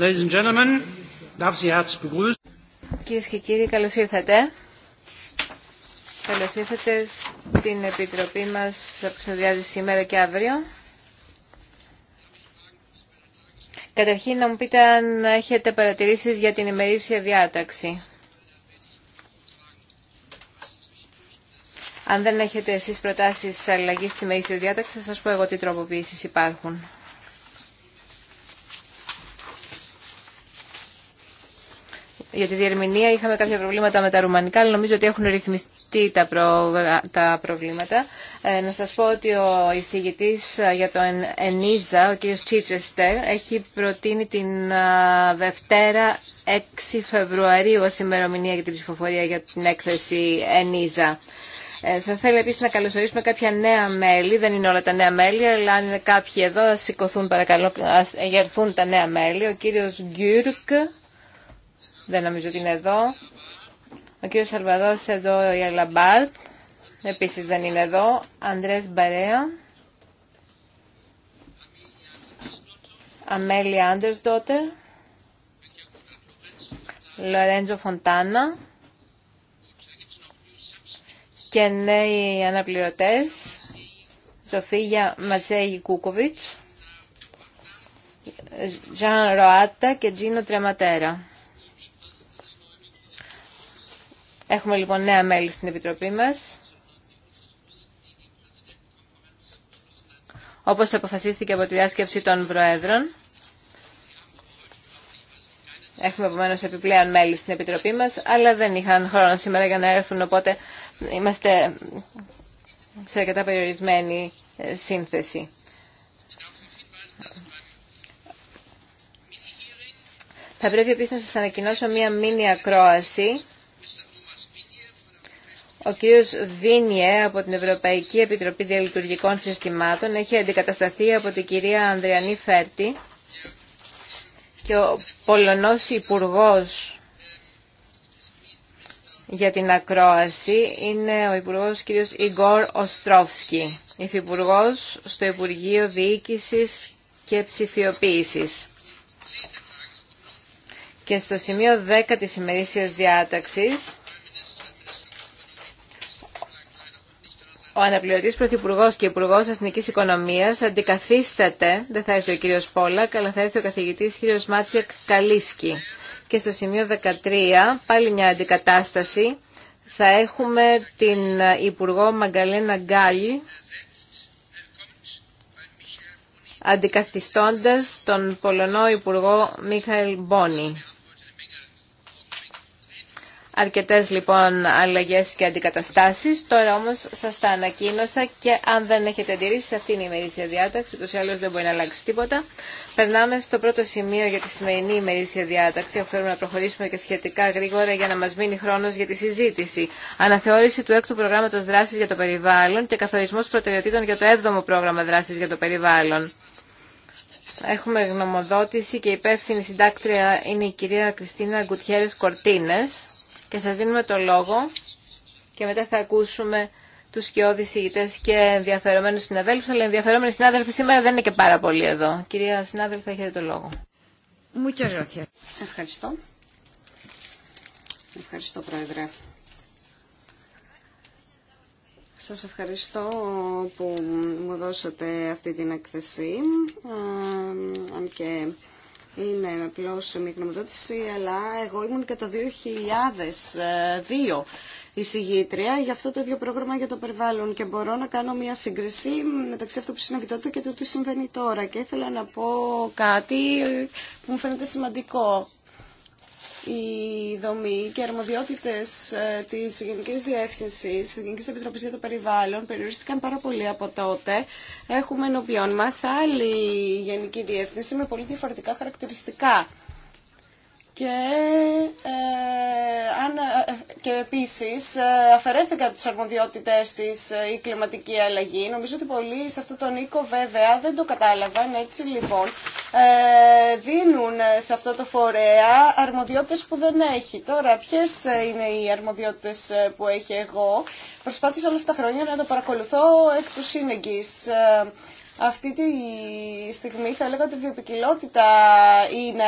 Ladies Κυρίες και κύριοι, καλώς ήρθατε. Καλώς ήρθατε στην Επιτροπή μας που συνδυάζει σήμερα και αύριο. Καταρχήν να μου πείτε αν έχετε παρατηρήσεις για την ημερήσια διάταξη. Αν δεν έχετε εσείς προτάσεις αλλαγή της ημερήσιας διάταξης, θα σας πω εγώ τι τροποποιήσεις υπάρχουν. Για τη διερμηνία είχαμε κάποια προβλήματα με τα ρουμανικά, αλλά νομίζω ότι έχουν ρυθμιστεί τα, τα προβλήματα. Ε, να σας πω ότι ο εισηγητής ε, για το ΕΝΙΖΑ, ο κ. Τσίτσεστερ, έχει προτείνει την ε, Δευτέρα 6 Φεβρουαρίου ως ημερομηνία για την ψηφοφορία για την έκθεση ΕΝΙΖΑ. Ε, θα θέλω επίσης να καλωσορίσουμε κάποια νέα μέλη. Δεν είναι όλα τα νέα μέλη, αλλά αν είναι κάποιοι εδώ, σηκωθούν παρακαλώ, ας εγερθούν τα νέα μέλη. Ο κύριος Γκιούρκ, δεν νομίζω ότι είναι εδώ. Ο κύριος Σαλβαδός εδώ, η Αλαμπάρτ. Επίσης δεν είναι εδώ. Αντρέ Μπαρέα. Αμέλια Ντότερ, Λορέντζο Φοντάνα. Και νέοι αναπληρωτές. Σοφία Ματσέγη Κούκοβιτς. Ζαν Ροάτα και Τζίνο Τρεματέρα. Έχουμε λοιπόν νέα μέλη στην Επιτροπή μας. όπως αποφασίστηκε από τη διάσκεψη των Προέδρων. Έχουμε επομένω επιπλέον μέλη στην Επιτροπή μας, αλλά δεν είχαν χρόνο σήμερα για να έρθουν, οπότε είμαστε σε αρκετά περιορισμένη ε, σύνθεση. Θα πρέπει επίσης να σας ανακοινώσω μία μίνι ακρόαση ο κύριος Βίνιε από την Ευρωπαϊκή Επιτροπή Διαλειτουργικών Συστημάτων έχει αντικατασταθεί από την κυρία Ανδριανή Φέρτη και ο Πολωνός Υπουργός για την ακρόαση είναι ο Υπουργός κύριος Ιγκόρ Οστρόφσκι, Υφυπουργός στο Υπουργείο Διοίκησης και Ψηφιοποίησης. Και στο σημείο 10 της ημερήσιας διάταξης ο αναπληρωτής Πρωθυπουργό και Υπουργό Εθνικής Οικονομίας αντικαθίσταται, δεν θα έρθει ο κύριος Πόλακ, αλλά θα έρθει ο καθηγητής κύριος Μάτσιακ Καλίσκι. Και στο σημείο 13, πάλι μια αντικατάσταση, θα έχουμε την Υπουργό Μαγκαλένα Γκάλι, αντικαθιστώντας τον Πολωνό Υπουργό Μίχαελ Μπόνι. Αρκετές λοιπόν αλλαγές και αντικαταστάσεις. Τώρα όμως σας τα ανακοίνωσα και αν δεν έχετε αντιρρήσει αυτή είναι η ημερήσια διάταξη, ούτως ή άλλως δεν μπορεί να αλλάξει τίποτα. Περνάμε στο πρώτο σημείο για τη σημερινή ημερήσια διάταξη, αφού θέλουμε να προχωρήσουμε και σχετικά γρήγορα για να μας μείνει χρόνος για τη συζήτηση. Αναθεώρηση του έκτου προγράμματος δράσης για το περιβάλλον και καθορισμός προτεραιοτήτων για το έβδομο ο πρόγραμμα δράσης για το περιβάλλον. Έχουμε γνωμοδότηση και υπεύθυνη συντάκτρια είναι η κυρία Κριστίνα Γκουτιέρες Κορτίνες και σας δίνουμε το λόγο και μετά θα ακούσουμε τους σκιώδεις ηγητές και ενδιαφερομένους συναδέλφους, αλλά ενδιαφερόμενοι συνάδελφοι σήμερα δεν είναι και πάρα πολλοί εδώ. Κυρία συνάδελφα, έχετε το λόγο. Ευχαριστώ. Ευχαριστώ, Πρόεδρε. Σας ευχαριστώ που μου δώσατε αυτή την έκθεση, αν και είναι απλώ μια γνωμοδότηση, αλλά εγώ ήμουν και το 2002 εισηγήτρια για αυτό το ίδιο πρόγραμμα για το περιβάλλον και μπορώ να κάνω μια σύγκριση μεταξύ αυτού που συνέβη τότε και του τι συμβαίνει τώρα. Και ήθελα να πω κάτι που μου φαίνεται σημαντικό η δομή και οι αρμοδιότητες ε, της γενική Διεύθυνσης, της Γενική Επιτροπή για το Περιβάλλον περιορίστηκαν πάρα πολύ από τότε. Έχουμε ενώπιον μα άλλη Γενική Διεύθυνση με πολύ διαφορετικά χαρακτηριστικά και, ε, αν, ε, και επίσης ε, αφαιρέθηκα από τις αρμοδιότητες της η κλιματική αλλαγή. Νομίζω ότι πολλοί σε αυτό τον οίκο βέβαια δεν το κατάλαβαν. Έτσι λοιπόν δίνουν σε αυτό το φορέα αρμοδιότητες που δεν έχει. Τώρα ποιες είναι οι αρμοδιότητες που έχει εγώ. Προσπάθησα όλα αυτά τα χρόνια να το παρακολουθώ εκ του σύνεγγυς. Αυτή τη στιγμή θα έλεγα ότι η βιοπικιλότητα είναι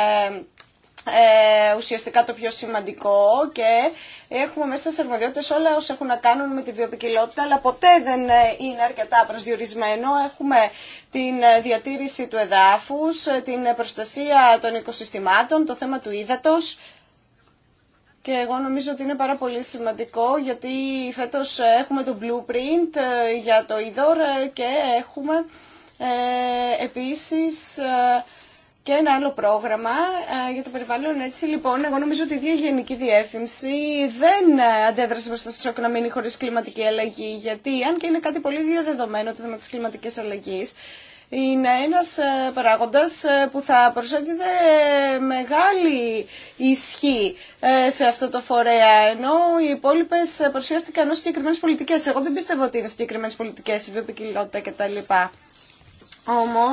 ε, ουσιαστικά το πιο σημαντικό και έχουμε μέσα σε αρμοδιότητες όλα όσα έχουν να κάνουν με τη βιοπικιλότητα αλλά ποτέ δεν ε, είναι αρκετά προσδιορισμένο. Έχουμε την ε, διατήρηση του εδάφους, την προστασία των οικοσυστημάτων, το θέμα του ύδατος και εγώ νομίζω ότι είναι πάρα πολύ σημαντικό γιατί φέτος έχουμε το blueprint για το είδωρ και έχουμε ε, επίσης και ένα άλλο πρόγραμμα ε, για το περιβάλλον. Έτσι λοιπόν, εγώ νομίζω ότι η ίδια Γενική Διεύθυνση δεν ε, αντέδρασε προ το στρόκ να μείνει χωρί κλιματική αλλαγή. Γιατί, αν και είναι κάτι πολύ διαδεδομένο το θέμα τη κλιματική αλλαγή, είναι ένας ε, παράγοντας που θα προσέδιδε μεγάλη ισχύ σε αυτό το φορέα, ενώ οι υπόλοιπε παρουσιάστηκαν ως συγκεκριμένε πολιτικές. Εγώ δεν πιστεύω ότι είναι συγκεκριμένε πολιτικές, η βιοπικιλότητα κτλ. Όμω,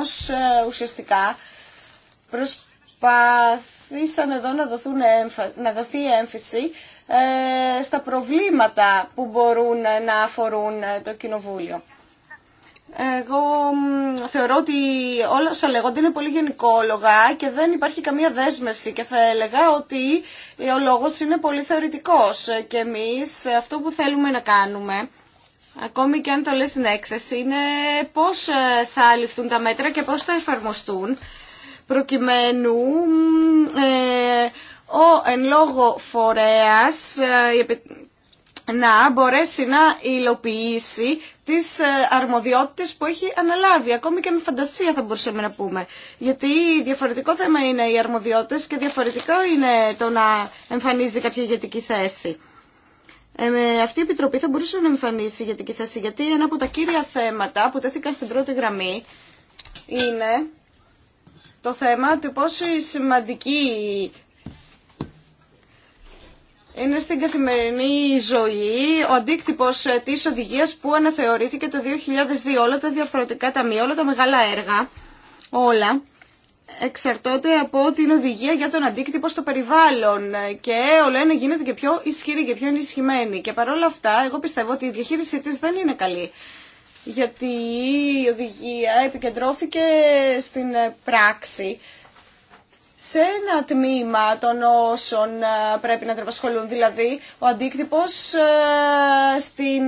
ουσιαστικά, προσπάθησαν εδώ να, δοθούν, να δοθεί έμφυση ε, στα προβλήματα που μπορούν να αφορούν το Κοινοβούλιο. Εγώ θεωρώ ότι όλα όσα λέγονται είναι πολύ γενικόλογα και δεν υπάρχει καμία δέσμευση και θα έλεγα ότι ο λόγος είναι πολύ θεωρητικός και εμείς αυτό που θέλουμε να κάνουμε ακόμη και αν το λες στην έκθεση είναι πώς ε, θα ληφθούν τα μέτρα και πώς θα εφαρμοστούν προκειμένου ε, ο εν λόγω φορέας ε, να μπορέσει να υλοποιήσει τις ε, αρμοδιότητες που έχει αναλάβει. Ακόμη και με φαντασία θα μπορούσαμε να πούμε. Γιατί διαφορετικό θέμα είναι οι αρμοδιότητες και διαφορετικό είναι το να εμφανίζει κάποια ηγετική θέση. αυτή η Επιτροπή θα μπορούσε να εμφανίσει ηγετική θέση, γιατί ένα από τα κύρια θέματα που τέθηκαν στην πρώτη γραμμή είναι το θέμα του πόσο σημαντική είναι στην καθημερινή ζωή ο αντίκτυπο τη οδηγία που αναθεωρήθηκε το 2002. Όλα τα διαφορετικά ταμεία, όλα τα μεγάλα έργα, όλα εξαρτώνται από την οδηγία για τον αντίκτυπο στο περιβάλλον και όλα είναι γίνεται και πιο ισχυρή και πιο ενισχυμένη. Και παρόλα αυτά, εγώ πιστεύω ότι η διαχείρισή τη δεν είναι καλή γιατί η οδηγία επικεντρώθηκε στην ε, πράξη σε ένα τμήμα των όσων ε, πρέπει να τρεπασχολούν. Δηλαδή, ο αντίκτυπος ε, στην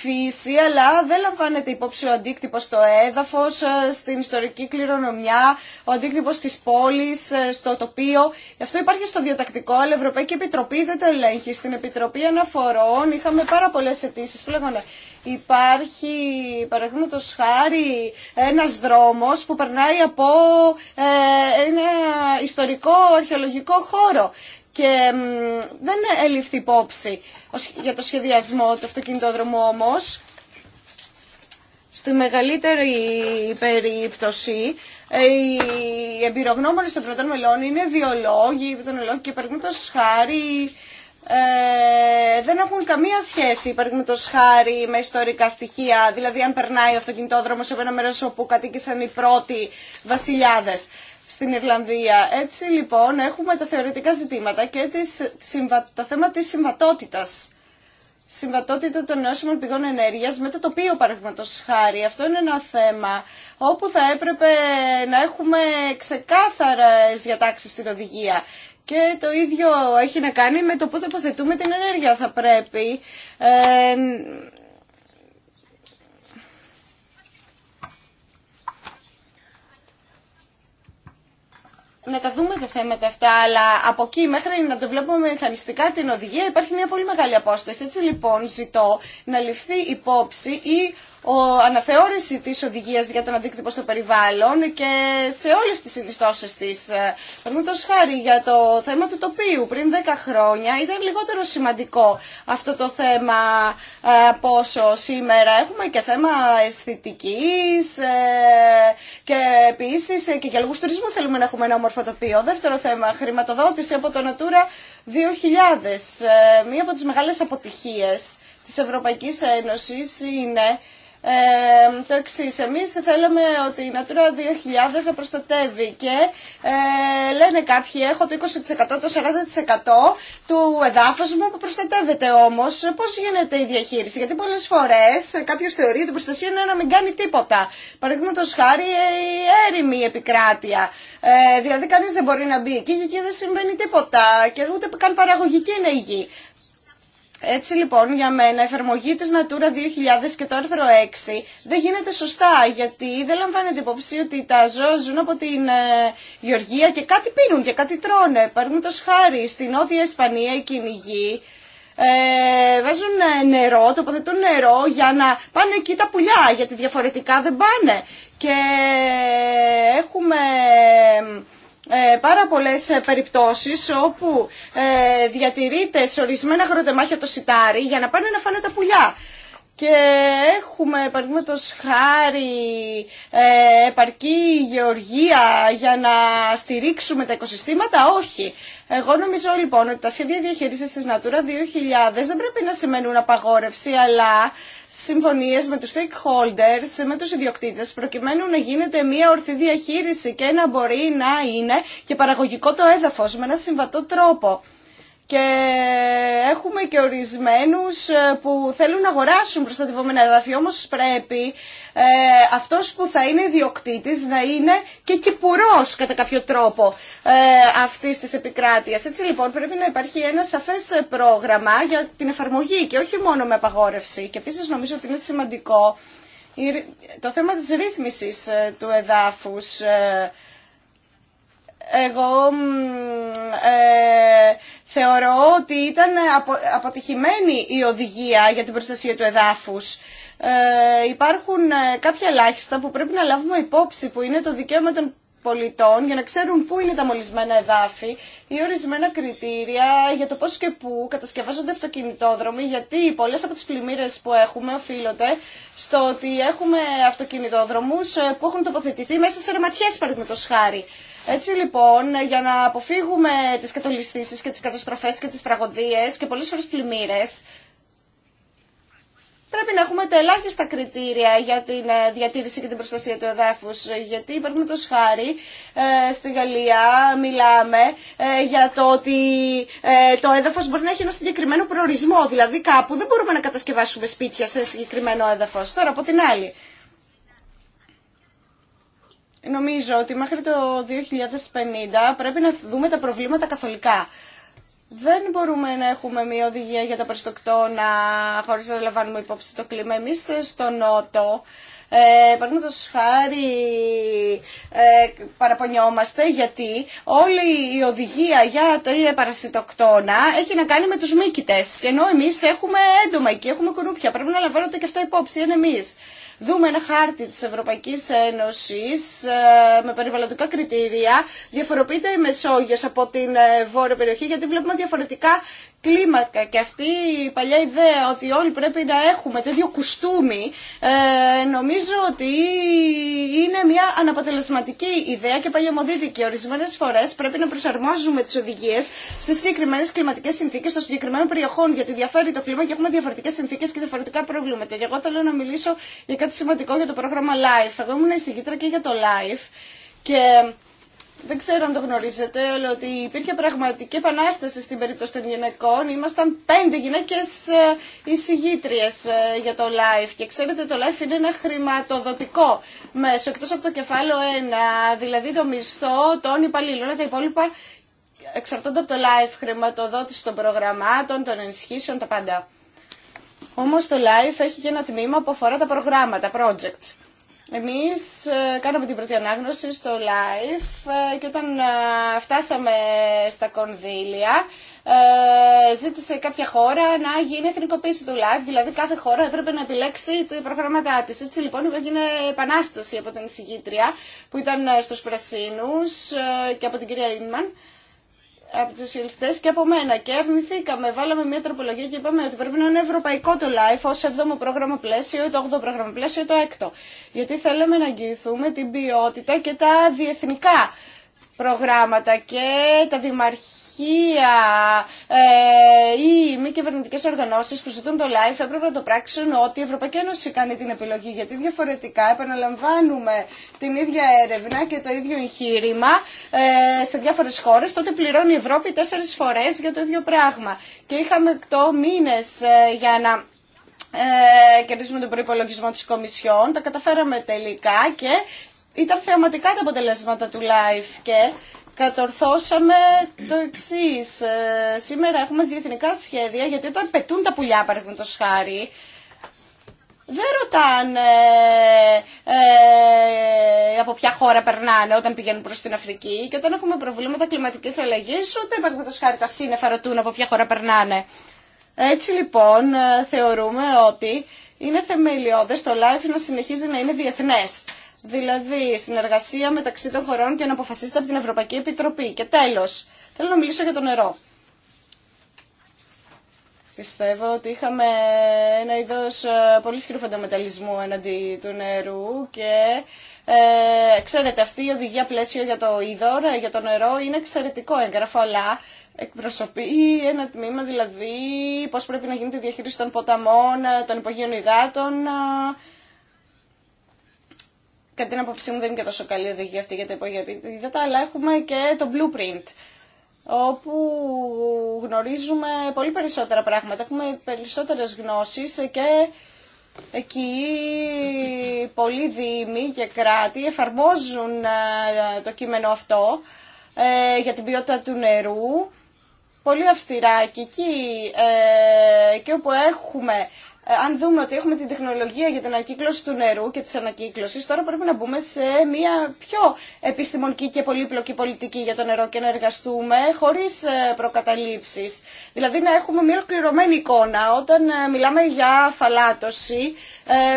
φύση, αλλά δεν λαμβάνεται υπόψη ο αντίκτυπο στο έδαφο, ε, στην ιστορική κληρονομιά, ο αντίκτυπο τη πόλη, ε, στο τοπίο. Γι' αυτό υπάρχει στο διατακτικό, αλλά η Ευρωπαϊκή Επιτροπή δεν το ελέγχει. Στην Επιτροπή Αναφορών είχαμε πάρα πολλέ αιτήσει που υπάρχει, παραδείγματο χάρη, ένα δρόμο που περνάει από ε, ένα ιστορικό αρχαιολογικό χώρο και δεν έλειφθη υπόψη για το σχεδιασμό του αυτοκινητόδρομου όμως. Στη μεγαλύτερη περίπτωση ε, οι εμπειρογνώμονες των κρατών μελών είναι βιολόγοι, βιτονολόγοι και παραδείγματος χάρη ε, δεν έχουν καμία σχέση παραδείγματο χάρη με ιστορικά στοιχεία. Δηλαδή, αν περνάει ο αυτοκινητόδρομο σε ένα μέρο όπου κατοίκησαν οι πρώτοι βασιλιάδε στην Ιρλανδία. Έτσι λοιπόν έχουμε τα θεωρητικά ζητήματα και το θέμα της συμβατότητας. Συμβατότητα των νεώσιμων πηγών ενέργειας με το τοπίο παραδείγματο χάρη. Αυτό είναι ένα θέμα όπου θα έπρεπε να έχουμε ξεκάθαρες διατάξεις στην οδηγία. Και το ίδιο έχει να κάνει με το πού τοποθετούμε την ενέργεια. Θα πρέπει ε, να τα δούμε τα θέματα αυτά, αλλά από εκεί μέχρι να το βλέπουμε μηχανιστικά την οδηγία υπάρχει μια πολύ μεγάλη απόσταση. Έτσι λοιπόν ζητώ να ληφθεί υπόψη η ο, αναθεώρηση της οδηγίας για τον αντίκτυπο στο περιβάλλον και σε όλες τις συνιστώσεις της. Ε, Παραδείγματο χάρη για το θέμα του τοπίου πριν 10 χρόνια ήταν λιγότερο σημαντικό αυτό το θέμα ε, από όσο σήμερα. Έχουμε και θέμα αισθητικής ε, και επίσης και για λόγους τουρισμού θέλουμε να έχουμε ένα όμορφο τοπίο. Δεύτερο θέμα, χρηματοδότηση από το Natura 2000. Μία από τις μεγάλες αποτυχίες της Ευρωπαϊκής Ένωσης είναι ε, το εξή. Εμεί θέλαμε ότι η Natura 2000 να προστατεύει και ε, λένε κάποιοι έχω το 20% το 40% του εδάφου μου που προστατεύεται όμω. Πώ γίνεται η διαχείριση, Γιατί πολλέ φορέ κάποιο θεωρεί ότι η προστασία είναι να μην κάνει τίποτα. Παραδείγματο χάρη ε, η έρημη επικράτεια. Ε, δηλαδή κανεί δεν μπορεί να μπει εκεί και δεν συμβαίνει τίποτα και ούτε καν παραγωγική είναι η γη. Έτσι λοιπόν για μένα η εφαρμογή της Natura 2000 και το άρθρο 6 δεν γίνεται σωστά γιατί δεν λαμβάνεται υπόψη ότι τα ζώα ζουν από την ε, Γεωργία και κάτι πίνουν και κάτι τρώνε. το χάρη στην Νότια Ισπανία οι κυνηγοί ε, βάζουν ε, νερό, τοποθετούν νερό για να πάνε εκεί τα πουλιά, γιατί διαφορετικά δεν πάνε. Και ε, έχουμε ε, πάρα πολλές ε, περιπτώσεις όπου ε, διατηρείται σε ορισμένα αγροτεμάχια το σιτάρι για να πάνε να φάνε τα πουλιά και έχουμε παραδείγματο χάρη ε, επαρκή γεωργία για να στηρίξουμε τα οικοσυστήματα, όχι. Εγώ νομίζω λοιπόν ότι τα σχέδια διαχείρισης της Natura 2000 δεν πρέπει να σημαίνουν απαγόρευση, αλλά συμφωνίες με τους stakeholders, με τους ιδιοκτήτες, προκειμένου να γίνεται μια ορθή διαχείριση και να μπορεί να είναι και παραγωγικό το έδαφος με ένα συμβατό τρόπο. Και έχουμε και ορισμένους ε, που θέλουν να αγοράσουν προστατευόμενα εδάφη, όμως πρέπει ε, αυτός που θα είναι διοκτήτης να είναι και κυπουρός κατά κάποιο τρόπο ε, αυτής της επικράτειας. Έτσι λοιπόν πρέπει να υπάρχει ένα σαφές πρόγραμμα για την εφαρμογή και όχι μόνο με απαγόρευση. Και επίσης νομίζω ότι είναι σημαντικό το θέμα της ρύθμισης ε, του εδάφους. Εγώ Θεωρώ ότι ήταν αποτυχημένη η οδηγία για την προστασία του εδάφους. Ε, υπάρχουν ε, κάποια ελάχιστα που πρέπει να λάβουμε υπόψη, που είναι το δικαίωμα των πολιτών για να ξέρουν πού είναι τα μολυσμένα εδάφη ή ορισμένα κριτήρια για το πώς και πού κατασκευάζονται αυτοκινητόδρομοι γιατί πολλές από τις πλημμύρες που έχουμε οφείλονται στο ότι έχουμε αυτοκινητόδρομους ε, που έχουν τοποθετηθεί μέσα σε ρεματιές παραδείγματος χάρη. Έτσι λοιπόν, για να αποφύγουμε τις κατολιστήσει και τις καταστροφές και τις τραγωδίες και πολλές φορές πλημμύρες, πρέπει να έχουμε τα ελάχιστα κριτήρια για την ε, διατήρηση και την προστασία του εδάφους. Γιατί, παραδείγματο χάρη, ε, στη Γαλλία μιλάμε ε, για το ότι το έδαφος μπορεί να έχει ένα συγκεκριμένο προορισμό. Δηλαδή, κάπου δεν μπορούμε να κατασκευάσουμε σπίτια σε συγκεκριμένο έδαφο. Τώρα, από την άλλη. Νομίζω ότι μέχρι το 2050 πρέπει να δούμε τα προβλήματα καθολικά. Δεν μπορούμε να έχουμε μια οδηγία για τα προστοκτόνα χωρίς να λαμβάνουμε υπόψη το κλίμα. Εμείς στο Νότο ε, Παραδείγματο χάρη ε, παραπονιόμαστε γιατί όλη η οδηγία για τα παρασιτοκτόνα έχει να κάνει με του μήκητε. ενώ εμεί έχουμε έντομα εκεί, έχουμε κουρούπια πρέπει να λαμβάνονται και αυτά υπόψη, είναι εμεί. Δούμε ένα χάρτη της Ευρωπαϊκής Ένωσης ε, με περιβαλλοντικά κριτήρια. Διαφοροποιείται η Μεσόγειος από την ε, βόρεια περιοχή γιατί βλέπουμε διαφορετικά κλίμακα. Και αυτή η παλιά ιδέα ότι όλοι πρέπει να έχουμε το ίδιο κουστούμι ε, νομίζω Νομίζω ότι είναι μια αναποτελεσματική ιδέα και παλιωμοδίτικη. Ορισμένε φορέ πρέπει να προσαρμόζουμε τι οδηγίε στι συγκεκριμένε κλιματικέ συνθήκε των συγκεκριμένων περιοχών, γιατί διαφέρει το κλίμα και έχουμε διαφορετικέ συνθήκε και διαφορετικά προβλήματα. Και εγώ θέλω να μιλήσω για κάτι σημαντικό για το πρόγραμμα LIFE. Εγώ ήμουν εισηγήτρια και για το LIFE. Και δεν ξέρω αν το γνωρίζετε, αλλά ότι υπήρχε πραγματική επανάσταση στην περίπτωση των γυναικών. Ήμασταν πέντε γυναίκες ε, εισηγήτριε ε, για το LIFE και ξέρετε το LIFE είναι ένα χρηματοδοτικό μέσο, εκτό από το κεφάλαιο 1, δηλαδή το μισθό των υπαλλήλων, τα υπόλοιπα εξαρτώνται από το LIFE, χρηματοδότηση των προγραμμάτων, των ενισχύσεων, τα πάντα. Όμω το LIFE έχει και ένα τμήμα που αφορά τα προγράμματα, projects. Εμείς ε, κάναμε την πρώτη ανάγνωση στο live ε, και όταν ε, φτάσαμε στα κονδύλια ζήτησε κάποια χώρα να γίνει εθνικοποίηση του live, δηλαδή κάθε χώρα έπρεπε να επιλέξει τα προγράμματά της. Έτσι λοιπόν έγινε επανάσταση από την εισηγήτρια που ήταν στους Πρασίνους και από την κυρία Ινμαν από του σοσιαλιστέ και από μένα και αρνηθήκαμε. Βάλαμε μια τροπολογία και είπαμε ότι πρέπει να είναι ευρωπαϊκό το LIFE ω 7ο πρόγραμμα πλαίσιο ή το 8ο πρόγραμμα πλαίσιο ή το 6ο. Γιατί θέλαμε να εγγυηθούμε την ποιότητα και τα διεθνικά προγράμματα και τα δημαρχία ή ε, μη κυβερνητικέ οργανώσει που ζητούν το live έπρεπε να το πράξουν ότι η Ευρωπαϊκή Ένωση κάνει την επιλογή. Γιατί διαφορετικά επαναλαμβάνουμε την ίδια έρευνα και το ίδιο εγχείρημα ε, σε διάφορε χώρε. Τότε πληρώνει η Ευρώπη τέσσερι φορέ για το ίδιο πράγμα. Και είχαμε εκτό μήνε ε, για να ε, τον προπολογισμό της Κομισιόν. Τα καταφέραμε τελικά και ήταν θεαματικά τα αποτελέσματα του live και κατορθώσαμε το εξή. Ε, σήμερα έχουμε διεθνικά σχέδια γιατί όταν πετούν τα πουλιά παραδείγματο χάρη δεν ρωτάνε ε, ε, από ποια χώρα περνάνε όταν πηγαίνουν προς την Αφρική και όταν έχουμε προβλήματα κλιματικής αλλαγής ούτε παραδείγματος χάρη τα σύννεφα ρωτούν από ποια χώρα περνάνε. Έτσι λοιπόν θεωρούμε ότι είναι θεμελιώδες το live να συνεχίζει να είναι διεθνές δηλαδή συνεργασία μεταξύ των χωρών και να αποφασίσετε από την Ευρωπαϊκή Επιτροπή. Και τέλος, θέλω να μιλήσω για το νερό. Πιστεύω ότι είχαμε ένα είδος ε, πολύ σκληρού φανταμεταλλισμού εναντί του νερού και ε, ξέρετε αυτή η οδηγία πλαίσιο για το είδωρ, ε, για το νερό είναι εξαιρετικό έγγραφο αλλά εκπροσωπεί ένα τμήμα δηλαδή πώς πρέπει να γίνεται η διαχείριση των ποταμών, ε, των υπογείων υδάτων κατά την άποψή μου δεν είναι και τόσο καλή οδηγία αυτή για τα υπόγεια επιδέτα, αλλά έχουμε και το blueprint όπου γνωρίζουμε πολύ περισσότερα πράγματα, έχουμε περισσότερες γνώσεις και εκεί πολλοί δήμοι και κράτη εφαρμόζουν ε, το κείμενο αυτό ε, για την ποιότητα του νερού πολύ αυστηρά και εκεί ε, και όπου έχουμε ε, αν δούμε ότι έχουμε την τεχνολογία για την ανακύκλωση του νερού και τη ανακύκλωση, τώρα πρέπει να μπούμε σε μια πιο επιστημονική και πολύπλοκη πολιτική για το νερό και να εργαστούμε χωρίς ε, προκαταλήψεις. Δηλαδή να έχουμε μια ολοκληρωμένη εικόνα. Όταν ε, μιλάμε για αφαλάτωση,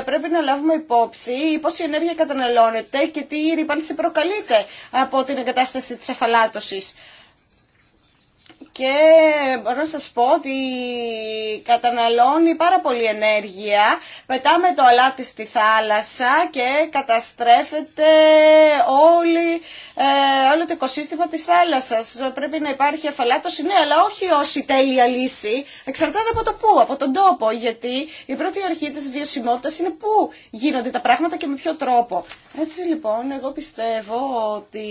πρέπει να λάβουμε υπόψη πώς η ενέργεια καταναλώνεται και τι ρήπανση προκαλείται από την εγκατάσταση τη αφαλάτωση και μπορώ να σας πω ότι καταναλώνει πάρα πολύ ενέργεια, πετάμε το αλάτι στη θάλασσα και καταστρέφεται όλη, ε, όλο το οικοσύστημα της θάλασσας. Πρέπει να υπάρχει αφαλάτωση, ναι, αλλά όχι ως η τέλεια λύση, εξαρτάται από το πού, από τον τόπο, γιατί η πρώτη αρχή της βιωσιμότητας είναι πού γίνονται τα πράγματα και με ποιο τρόπο. Έτσι λοιπόν, εγώ πιστεύω ότι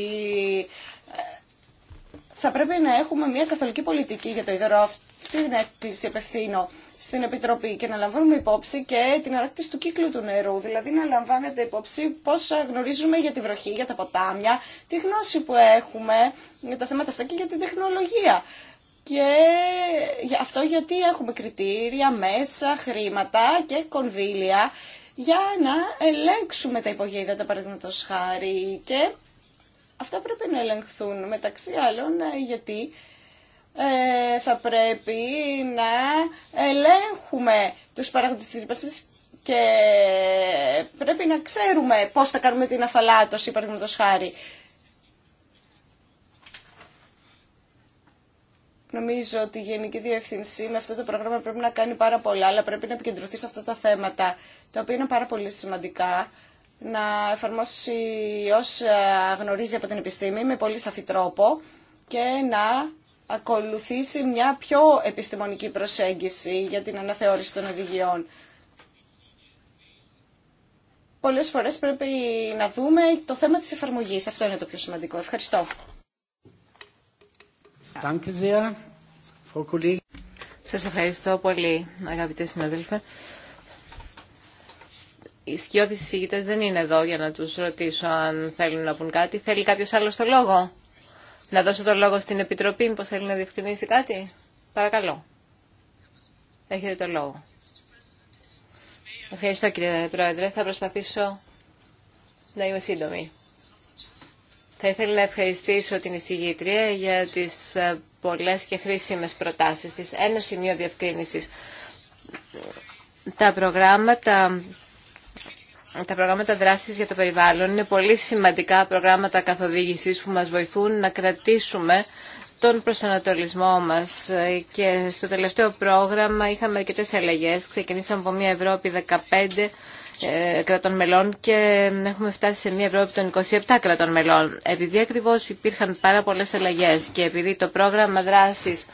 θα πρέπει να έχουμε μια καθολική πολιτική για το υδρό. Αυτή την έκκληση επευθύνω στην Επιτροπή και να λαμβάνουμε υπόψη και την ανάκτηση του κύκλου του νερού. Δηλαδή να λαμβάνεται υπόψη πώς γνωρίζουμε για τη βροχή, για τα ποτάμια, τη γνώση που έχουμε για τα θέματα αυτά και για την τεχνολογία. Και αυτό γιατί έχουμε κριτήρια, μέσα, χρήματα και κονδύλια για να ελέγξουμε τα τα παραδείγματος χάρη και Αυτά πρέπει να ελεγχθούν μεταξύ άλλων ε, γιατί ε, θα πρέπει να ελέγχουμε τους παράγοντες της ρήπασης και πρέπει να ξέρουμε πώς θα κάνουμε την αφαλάτωση, παραδείγματος χάρη. Νομίζω ότι η Γενική Διευθυνσή με αυτό το πρόγραμμα πρέπει να κάνει πάρα πολλά, αλλά πρέπει να επικεντρωθεί σε αυτά τα θέματα, τα οποία είναι πάρα πολύ σημαντικά να εφαρμόσει όσα ε, γνωρίζει από την επιστήμη με πολύ σαφή τρόπο και να ακολουθήσει μια πιο επιστημονική προσέγγιση για την αναθεώρηση των οδηγιών. Πολλές φορές πρέπει να δούμε το θέμα της εφαρμογής. Αυτό είναι το πιο σημαντικό. Ευχαριστώ. Σας ευχαριστώ πολύ, αγαπητέ συναδέλφε οι σκιώδεις συζητητές δεν είναι εδώ για να τους ρωτήσω αν θέλουν να πούν κάτι. Θέλει κάποιος άλλο το λόγο. Να δώσω το λόγο στην Επιτροπή, μήπως θέλει να διευκρινίσει κάτι. Παρακαλώ. Έχετε το λόγο. Ευχαριστώ κύριε Πρόεδρε. Θα προσπαθήσω να είμαι σύντομη. Θα ήθελα να ευχαριστήσω την εισηγήτρια για τις ε, πολλές και χρήσιμες προτάσεις της. Ένα σημείο διευκρίνησης. Τα προγράμματα τα προγράμματα δράσης για το περιβάλλον είναι πολύ σημαντικά προγράμματα καθοδήγησης που μας βοηθούν να κρατήσουμε τον προσανατολισμό μας και στο τελευταίο πρόγραμμα είχαμε αρκετές αλλαγές. Ξεκινήσαμε από μια Ευρώπη 15 ε, κρατών μελών και έχουμε φτάσει σε μια Ευρώπη των 27 κρατών μελών. Επειδή ακριβώς υπήρχαν πάρα πολλές αλλαγές και επειδή το πρόγραμμα δράσης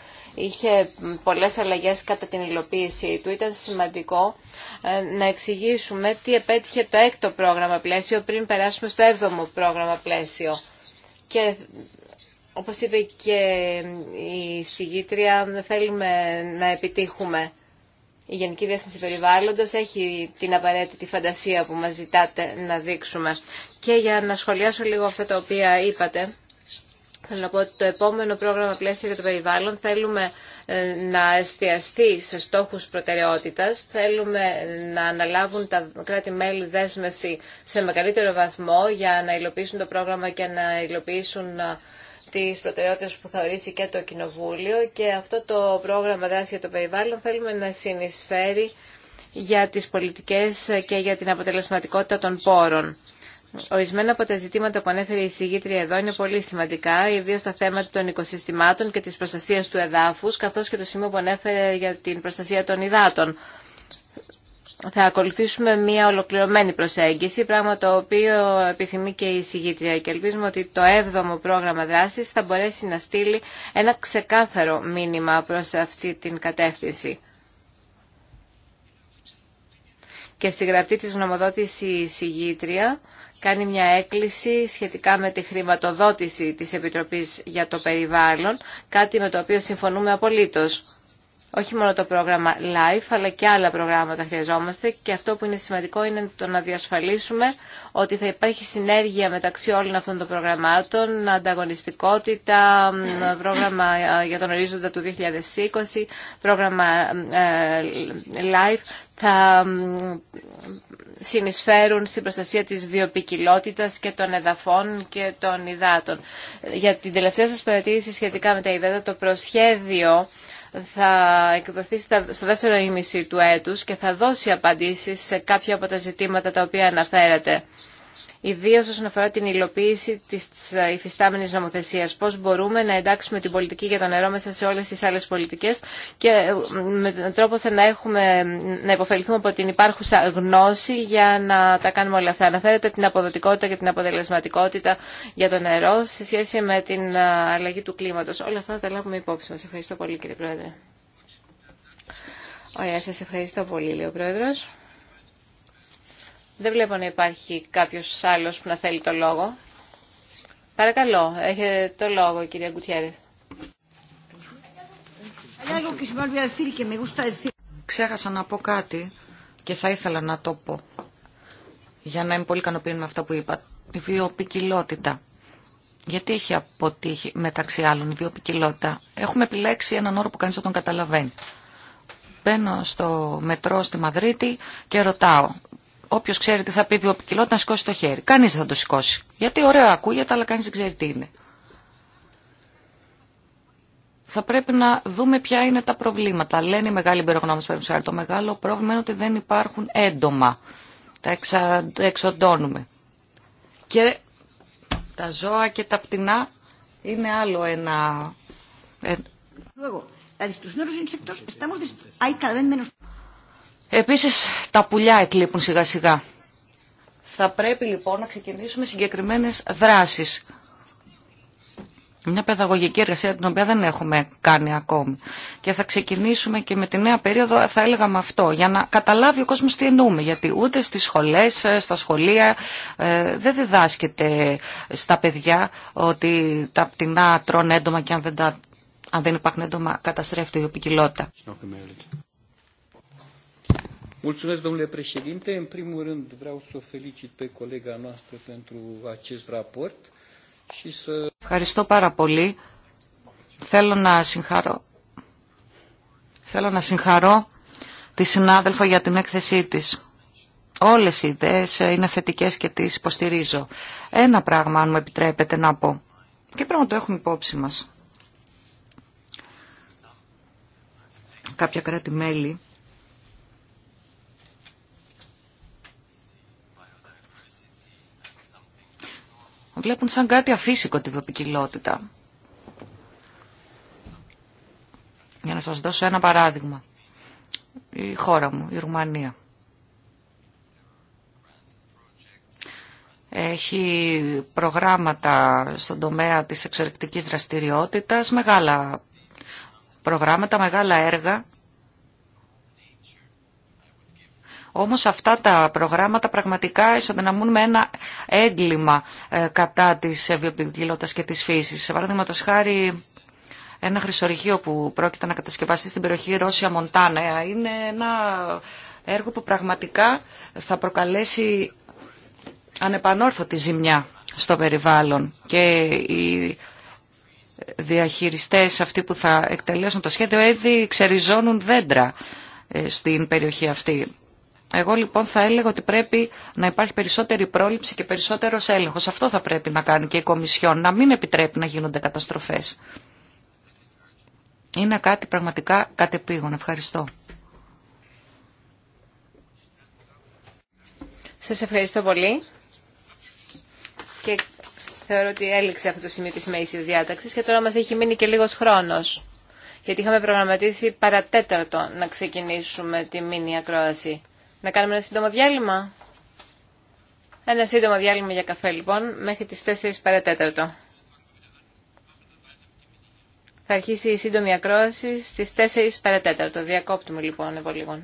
είχε πολλές αλλαγές κατά την υλοποίησή του. Ήταν σημαντικό ε, να εξηγήσουμε τι επέτυχε το έκτο πρόγραμμα πλαίσιο πριν περάσουμε στο έβδομο πρόγραμμα πλαίσιο. Και όπως είπε και η συγγήτρια, θέλουμε να επιτύχουμε. Η Γενική Διεύθυνση Περιβάλλοντος έχει την απαραίτητη φαντασία που μας ζητάτε να δείξουμε. Και για να σχολιάσω λίγο αυτά τα οποία είπατε, Θέλω να πω ότι το επόμενο πρόγραμμα πλαίσιο για το περιβάλλον θέλουμε ε, να εστιαστεί σε στόχους προτεραιότητας, θέλουμε ε, να αναλάβουν τα κράτη-μέλη δέσμευση σε μεγαλύτερο βαθμό για να υλοποιήσουν το πρόγραμμα και να υλοποιήσουν ε, τις προτεραιότητες που θα ορίσει και το Κοινοβούλιο και αυτό το πρόγραμμα δράση για το περιβάλλον θέλουμε να συνεισφέρει για τις πολιτικές και για την αποτελεσματικότητα των πόρων. Ορισμένα από τα ζητήματα που ανέφερε η συγγήτρια εδώ είναι πολύ σημαντικά, ιδίω τα θέματα των οικοσυστημάτων και τη προστασία του εδάφου, καθώ και το σημείο που ανέφερε για την προστασία των υδάτων. Θα ακολουθήσουμε μια ολοκληρωμένη προσέγγιση, πράγμα το οποίο επιθυμεί και η συγγήτρια και ελπίζουμε ότι το 7ο πρόγραμμα δράσης θα μπορέσει να στείλει ένα ξεκάθαρο μήνυμα προς αυτή την κατεύθυνση. και στη γραπτή της γνωμοδότηση η συγγήτρια κάνει μια έκκληση σχετικά με τη χρηματοδότηση της Επιτροπής για το Περιβάλλον, κάτι με το οποίο συμφωνούμε απολύτως όχι μόνο το πρόγραμμα LIFE, αλλά και άλλα προγράμματα χρειαζόμαστε και αυτό που είναι σημαντικό είναι το να διασφαλίσουμε ότι θα υπάρχει συνέργεια μεταξύ όλων αυτών των προγραμμάτων, ανταγωνιστικότητα, πρόγραμμα για τον ορίζοντα του 2020, πρόγραμμα ε, LIFE, θα συνεισφέρουν στην προστασία της βιοπικιλότητας και των εδαφών και των υδάτων. Για την τελευταία σας παρατήρηση σχετικά με τα υδάτα, το προσχέδιο θα εκδοθεί στο δεύτερο ήμιση του έτους και θα δώσει απαντήσεις σε κάποια από τα ζητήματα τα οποία αναφέρατε ιδίως όσον αφορά την υλοποίηση της υφιστάμενης νομοθεσίας. Πώς μπορούμε να εντάξουμε την πολιτική για το νερό μέσα σε όλες τις άλλες πολιτικές και ε, με τον τρόπο θα να, έχουμε, να υποφεληθούμε από την υπάρχουσα γνώση για να τα κάνουμε όλα αυτά. Αναφέρετε την αποδοτικότητα και την αποτελεσματικότητα για το νερό σε σχέση με την ε, αλλαγή του κλίματος. Όλα αυτά θα τα λάβουμε υπόψη μας. Ευχαριστώ πολύ κύριε Πρόεδρε. Ωραία, σας ευχαριστώ πολύ, λέει ο Πρόεδρος. Δεν βλέπω να υπάρχει κάποιο άλλο που να θέλει το λόγο. Παρακαλώ, έχετε το λόγο κυρία Κουτιέρη. Ξέχασα να πω κάτι και θα ήθελα να το πω για να είμαι πολύ ικανοποιημένη με αυτά που είπα. Η βιοπικιλότητα. Γιατί έχει αποτύχει μεταξύ άλλων η βιοπικιλότητα. Έχουμε επιλέξει έναν όρο που κανείς δεν τον καταλαβαίνει. Μπαίνω στο μετρό στη Μαδρίτη και ρωτάω Όποιο ξέρει τι θα πει ο να σηκώσει το χέρι. Κανείς δεν θα το σηκώσει. Γιατί ωραίο ακούγεται αλλά κανείς δεν ξέρει τι είναι. Θα πρέπει να δούμε ποια είναι τα προβλήματα. Λένε οι μεγάλοι εμπειρογνώμες περιουσιάρι. Το μεγάλο πρόβλημα είναι ότι δεν υπάρχουν έντομα. Τα εξα... εξοντώνουμε. Και τα ζώα και τα πτηνά είναι άλλο ένα... Επίσης τα πουλιά εκλείπουν σιγά σιγά. Θα πρέπει λοιπόν να ξεκινήσουμε συγκεκριμένες δράσεις. Μια παιδαγωγική εργασία την οποία δεν έχουμε κάνει ακόμη. Και θα ξεκινήσουμε και με τη νέα περίοδο, θα έλεγα με αυτό, για να καταλάβει ο κόσμος τι εννοούμε. Γιατί ούτε στις σχολές, ε, στα σχολεία ε, δεν διδάσκεται στα παιδιά ότι τα πτηνά τρώνε έντομα και αν δεν, τα, αν δεν υπάρχουν έντομα καταστρέφεται η ποικιλότητα. Mulțumesc, domnule președinte. În primul rând vreau să o felicit pe colega noastră pentru acest raport și să... Ευχαριστώ πάρα πολύ. Θέλω να συγχαρώ, Θέλω να συγχαρώ τη συνάδελφο για την έκθεσή της. Όλες οι ιδέες ε, είναι θετικές και τις υποστηρίζω. Ένα πράγμα, αν μου επιτρέπετε να πω, και πρέπει να το έχουμε υπόψη μας. Κάποια κράτη-μέλη βλέπουν σαν κάτι αφύσικο τη βιοπικιλότητα. Για να σας δώσω ένα παράδειγμα. Η χώρα μου, η Ρουμανία. Έχει προγράμματα στον τομέα της εξορρυκτικής δραστηριότητας, μεγάλα προγράμματα, μεγάλα έργα Όμως αυτά τα προγράμματα πραγματικά ισοδυναμούν με ένα έγκλημα ε, κατά της βιοποικιλότητας και της φύσης. Σε το σχάρι ένα χρυσορυγείο που πρόκειται να κατασκευαστεί στην περιοχή Ρώσια Μοντάνα είναι ένα έργο που πραγματικά θα προκαλέσει ανεπανόρθωτη ζημιά στο περιβάλλον και οι διαχειριστές αυτοί που θα εκτελέσουν το σχέδιο έδι ξεριζώνουν δέντρα ε, στην περιοχή αυτή. Εγώ λοιπόν θα έλεγα ότι πρέπει να υπάρχει περισσότερη πρόληψη και περισσότερο έλεγχο. Αυτό θα πρέπει να κάνει και η Κομισιόν, να μην επιτρέπει να γίνονται καταστροφέ. Είναι κάτι πραγματικά κατεπήγον. Ευχαριστώ. Σα ευχαριστώ πολύ. Και θεωρώ ότι έληξε αυτό το σημείο τη μέησης διάταξη και τώρα μα έχει μείνει και λίγο χρόνο. Γιατί είχαμε προγραμματίσει παρατέταρτο να ξεκινήσουμε τη μήνυα ακρόαση. Να κάνουμε ένα σύντομο διάλειμμα. Ένα σύντομο διάλειμμα για καφέ λοιπόν, μέχρι τις 4 παρατέταρτο. Θα αρχίσει η σύντομη ακρόαση στις 4 παρατέταρτο. Διακόπτουμε λοιπόν από λίγο.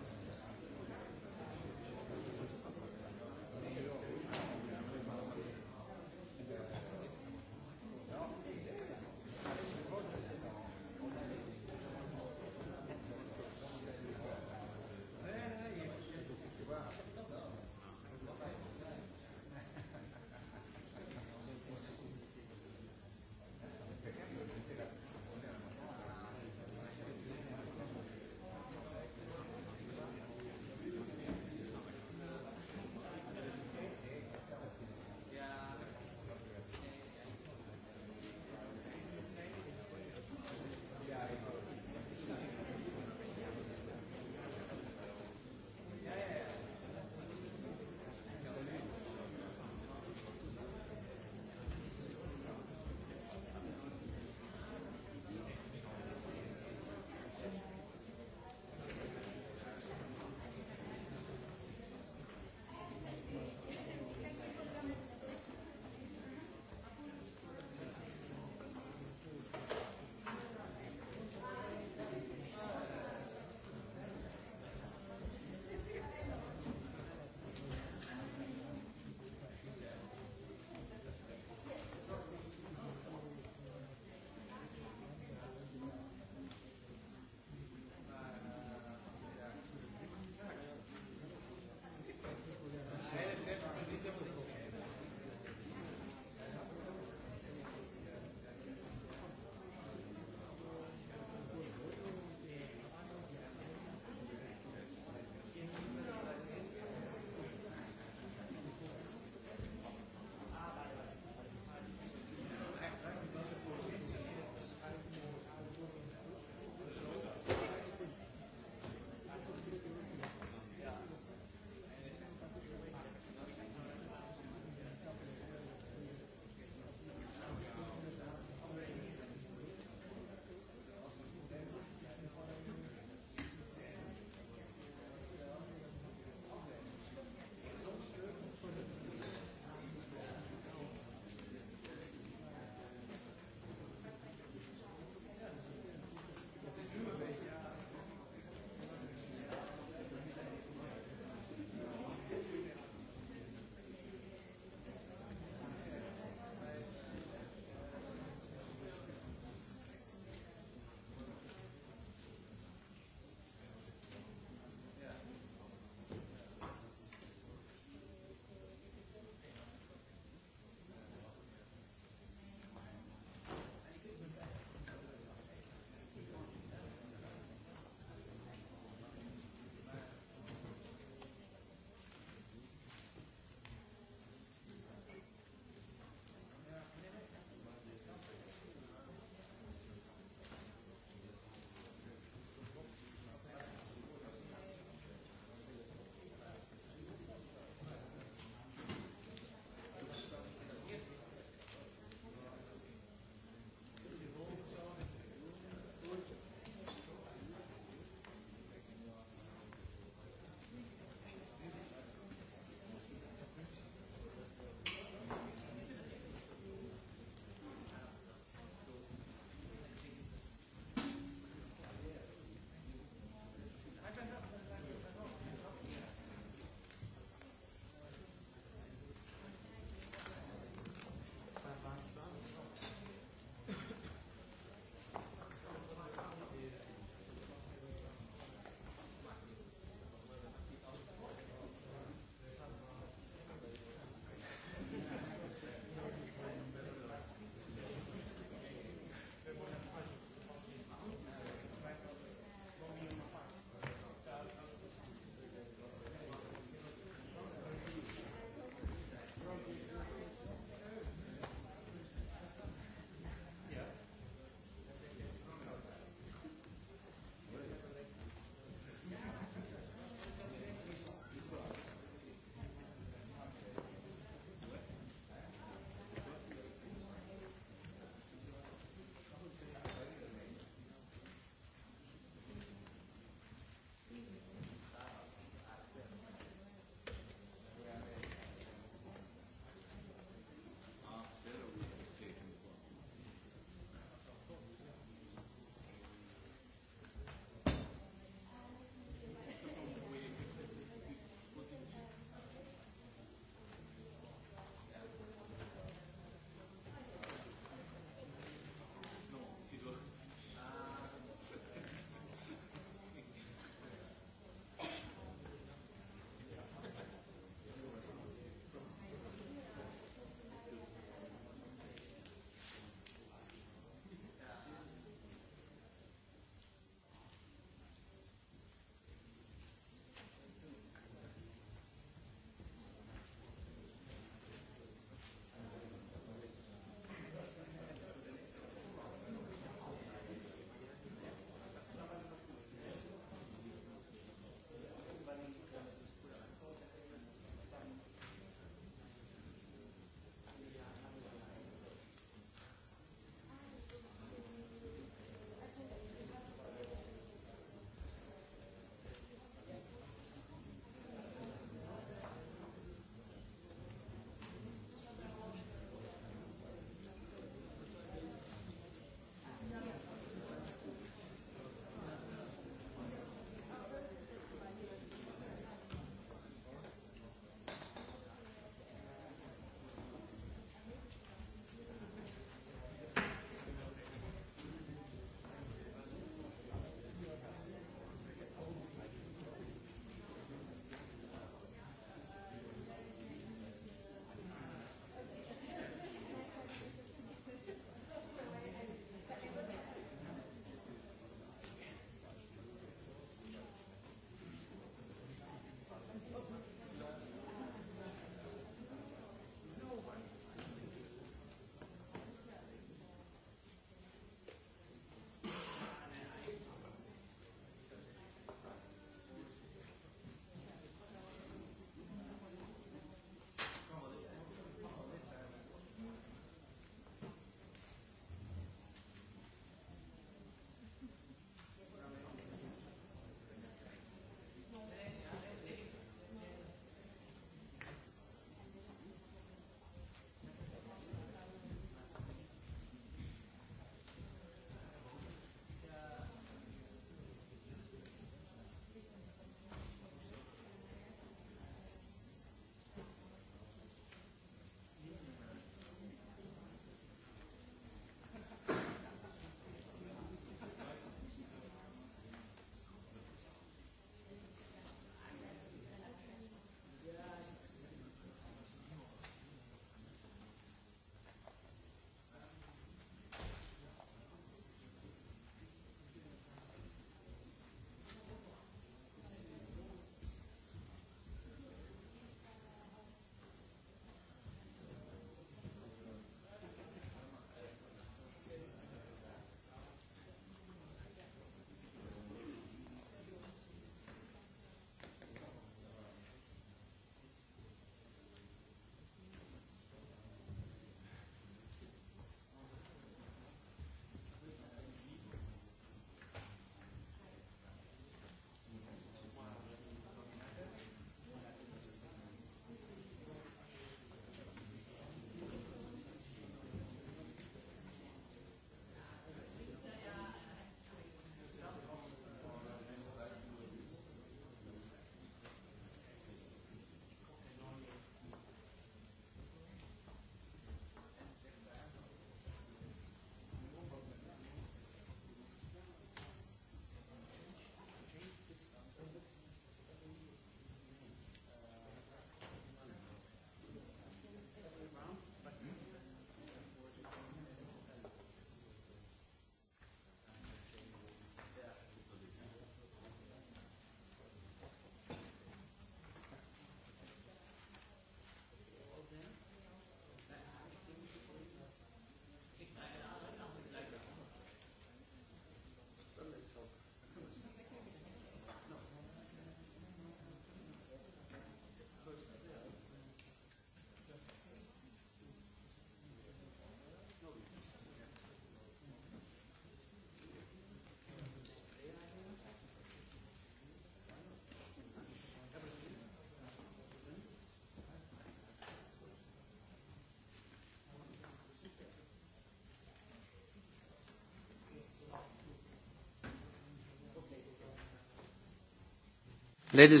Ladies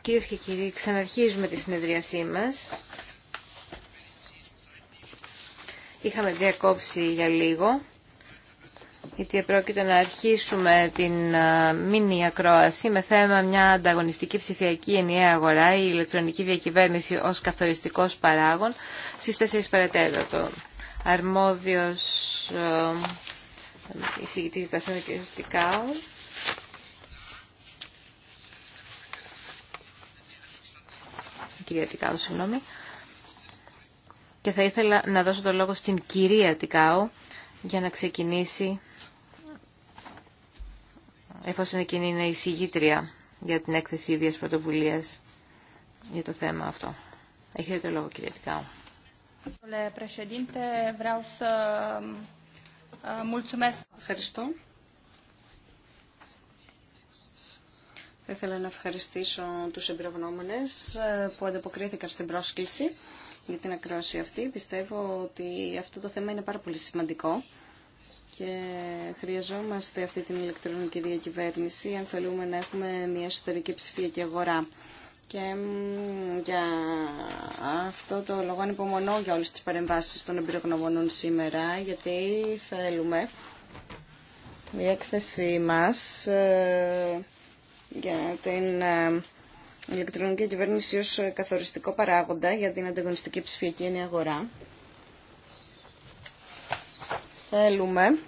Κυρίες και κύριοι, ξαναρχίζουμε τη συνεδρίασή μας. Είχαμε διακόψει για λίγο, γιατί επρόκειτο να αρχίσουμε την μήνυ ακρόαση με θέμα μια ανταγωνιστική ψηφιακή ενιαία αγορά, η ηλεκτρονική διακυβέρνηση ως καθοριστικός παράγων, στις 4 παρατέτατο. Αρμόδιος εισηγητής του Στικάου κυρία Τικάου, συγγνώμη. Και θα ήθελα να δώσω το λόγο στην κυρία Τικάου για να ξεκινήσει, εφόσον εκείνη είναι η συγγήτρια για την έκθεση ίδιας πρωτοβουλίας για το θέμα αυτό. Έχετε το λόγο, κυρία Τικάου. Ε, Ευχαριστώ. Θα ήθελα να ευχαριστήσω τους εμπειρογνώμονες ε, που ανταποκρίθηκαν στην πρόσκληση για την ακρόαση αυτή. Πιστεύω ότι αυτό το θέμα είναι πάρα πολύ σημαντικό και χρειαζόμαστε αυτή την ηλεκτρονική διακυβέρνηση αν θέλουμε να έχουμε μια εσωτερική ψηφιακή αγορά. Και για αυτό το λόγο ανυπομονώ για όλες τις παρεμβάσεις των εμπειρογνωμονών σήμερα, γιατί θέλουμε η έκθεση μας ε, για την ε, ηλεκτρονική κυβέρνηση ως ε, καθοριστικό παράγοντα για την ανταγωνιστική ψηφιακή ενιαγορά. Θέλουμε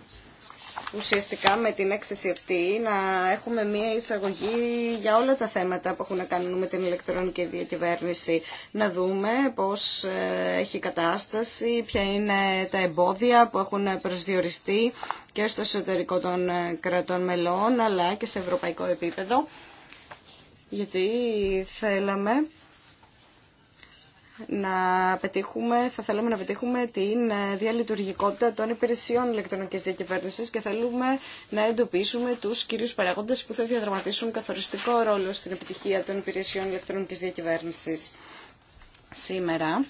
ουσιαστικά με την έκθεση αυτή να έχουμε μία εισαγωγή για όλα τα θέματα που έχουν να κάνουν με την ηλεκτρονική διακυβέρνηση. Να δούμε πώς ε, έχει κατάσταση, ποια είναι τα εμπόδια που έχουν προσδιοριστεί και στο εσωτερικό των ε, κρατών μελών αλλά και σε ευρωπαϊκό επίπεδο γιατί θέλαμε να πετύχουμε, θα θέλαμε να πετύχουμε την ε, διαλειτουργικότητα των υπηρεσιών ηλεκτρονικής διακυβέρνησης και θέλουμε να εντοπίσουμε τους κυρίους παράγοντες που θα διαδραματίσουν καθοριστικό ρόλο στην επιτυχία των υπηρεσιών ηλεκτρονικής διακυβέρνησης. Σήμερα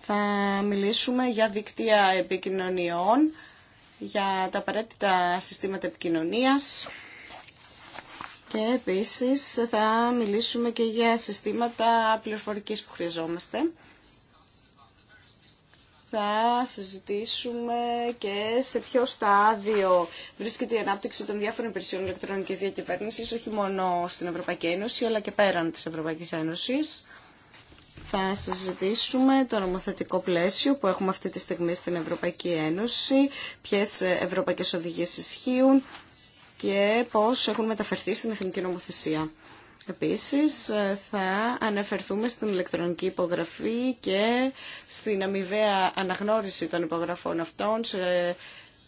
θα μιλήσουμε για δίκτυα επικοινωνιών, για τα απαραίτητα συστήματα επικοινωνίας, και επίσης θα μιλήσουμε και για συστήματα πληροφορικής που χρειαζόμαστε. Θα συζητήσουμε και σε ποιο στάδιο βρίσκεται η ανάπτυξη των διάφορων υπηρεσιών ηλεκτρονικής διακυβέρνησης, όχι μόνο στην Ευρωπαϊκή Ένωση, αλλά και πέραν της Ευρωπαϊκής Ένωσης. Θα συζητήσουμε το νομοθετικό πλαίσιο που έχουμε αυτή τη στιγμή στην Ευρωπαϊκή Ένωση, ποιες ευρωπαϊκές οδηγίες ισχύουν, και πώς έχουν μεταφερθεί στην εθνική νομοθεσία. Επίσης ε, θα αναφερθούμε στην ηλεκτρονική υπογραφή και στην αμοιβαία αναγνώριση των υπογραφών αυτών σε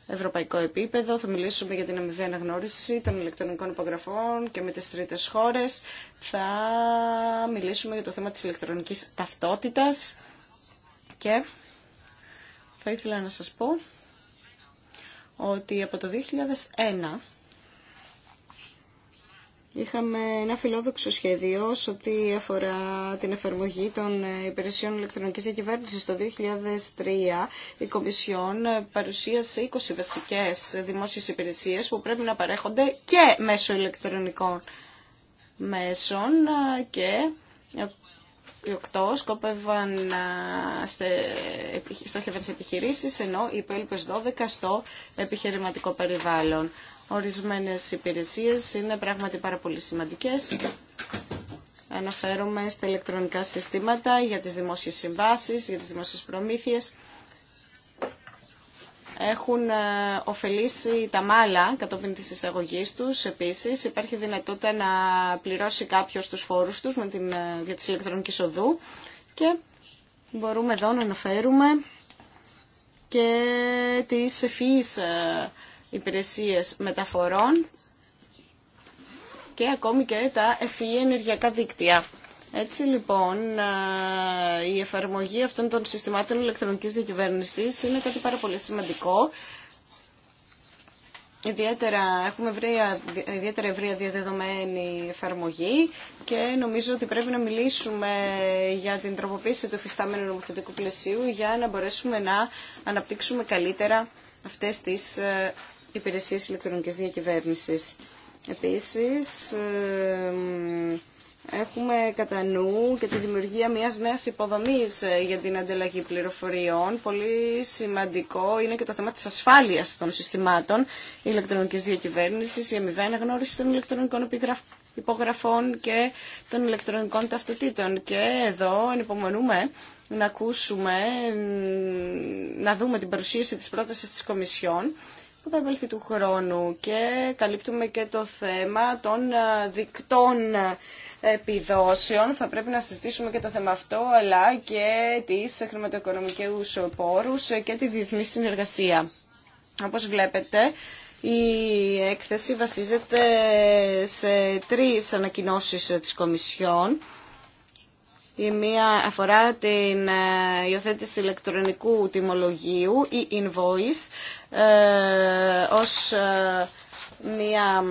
ευρωπαϊκό επίπεδο. Θα μιλήσουμε για την αμοιβαία αναγνώριση των ηλεκτρονικών υπογραφών και με τις τρίτες χώρες. Θα μιλήσουμε για το θέμα της ηλεκτρονικής ταυτότητας και θα ήθελα να σας πω ότι από το 2001 Είχαμε ένα φιλόδοξο σχέδιο ό,τι αφορά την εφαρμογή των υπηρεσιών ηλεκτρονικής διακυβέρνησης. Το 2003 η Κομισιόν παρουσίασε 20 βασικές δημόσιες υπηρεσίες που πρέπει να παρέχονται και μέσω ηλεκτρονικών μέσων και οι οκτώ σκόπευαν στο επιχειρήσεις, ενώ οι υπόλοιπες 12 στο επιχειρηματικό περιβάλλον. Ορισμένες υπηρεσίες είναι πράγματι πάρα πολύ σημαντικές. Αναφέρομαι στα ηλεκτρονικά συστήματα για τις δημόσιες συμβάσεις, για τις δημόσιες προμήθειες. Έχουν ε, ωφελήσει τα μάλα κατόπιν της εισαγωγής τους. Επίσης υπάρχει δυνατότητα να πληρώσει κάποιος τους φόρους τους με την, ε, για τις ηλεκτρονικές οδού. Και μπορούμε εδώ να αναφέρουμε και τις ευφύης ε, υπηρεσίες μεταφορών και ακόμη και τα ευφυή e ενεργειακά δίκτυα. Έτσι λοιπόν ε, η εφαρμογή αυτών των συστημάτων ηλεκτρονικής διακυβέρνησης είναι κάτι πάρα πολύ σημαντικό. Ιδιαίτερα, έχουμε ιδιαίτερα ευρεία διαδεδομένη εφαρμογή και νομίζω ότι πρέπει να μιλήσουμε για την τροποποίηση του εφιστάμενου νομοθετικού πλαισίου για να μπορέσουμε να αναπτύξουμε καλύτερα αυτές τις ε, υπηρεσίες ηλεκτρονικής διακυβέρνησης. Επίσης, Έχουμε κατά νου και τη δημιουργία μιας νέας υποδομής ε, για την ανταλλαγή πληροφοριών. Πολύ σημαντικό είναι και το θέμα της ασφάλειας των συστημάτων ηλεκτρονικής διακυβέρνησης, η αμοιβαία αναγνώριση των ηλεκτρονικών υπογραφών και των ηλεκτρονικών ταυτοτήτων. Και εδώ ενυπομονούμε να ακούσουμε, να δούμε την παρουσίαση της πρότασης της Κομισιόν που θα επέλθει του χρόνου και καλύπτουμε και το θέμα των ε, δικτών επιδόσεων. Θα πρέπει να συζητήσουμε και το θέμα αυτό, αλλά και τις χρηματοοικονομικές πόρους και τη διεθνή συνεργασία. Όπως βλέπετε, η έκθεση βασίζεται σε τρεις ανακοινώσεις της Κομισιόν. Η μία αφορά την ε, υιοθέτηση ηλεκτρονικού τιμολογίου ή invoice ε, ως ε, μια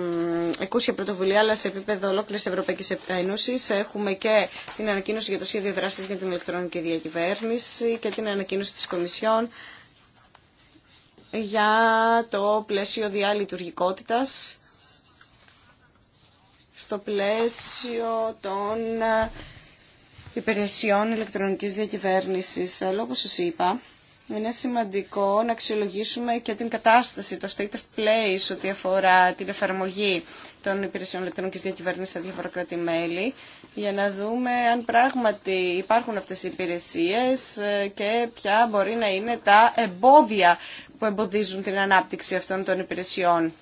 εκούσια πρωτοβουλία, αλλά σε επίπεδο ολόκληρη Ευρωπαϊκή Ένωση. Έχουμε και την ανακοίνωση για το σχέδιο δράση για την ηλεκτρονική διακυβέρνηση και την ανακοίνωση τη Κομισιόν για το πλαίσιο διαλειτουργικότητα στο πλαίσιο των υπηρεσιών ηλεκτρονικής διακυβέρνησης. Ε, Λόγω σας είπα, είναι σημαντικό να αξιολογήσουμε και την κατάσταση, το state of place, ό,τι αφορά την εφαρμογή των υπηρεσιών ηλεκτρονικής διακυβέρνησης στα διάφορα κράτη-μέλη, για να δούμε αν πράγματι υπάρχουν αυτές οι υπηρεσίες ε, και ποια μπορεί να είναι τα εμπόδια που εμποδίζουν την ανάπτυξη αυτών των υπηρεσιών.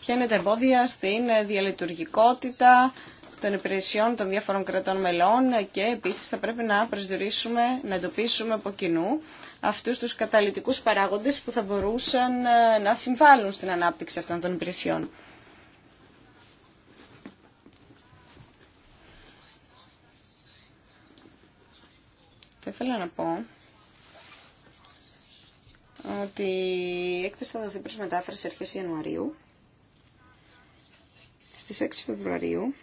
Ποια είναι τα εμπόδια στην ε, διαλειτουργικότητα, των υπηρεσιών των διάφορων κρατών μελών και επίσης θα πρέπει να προσδιορίσουμε, να εντοπίσουμε από κοινού αυτούς τους καταλητικούς παράγοντες που θα μπορούσαν ε, να συμβάλλουν στην ανάπτυξη αυτών των υπηρεσιών. Θα ήθελα να πω ότι η έκθεση θα δοθεί προς μετάφραση αρχές Ιανουαρίου. Στις 6 Φεβρουαρίου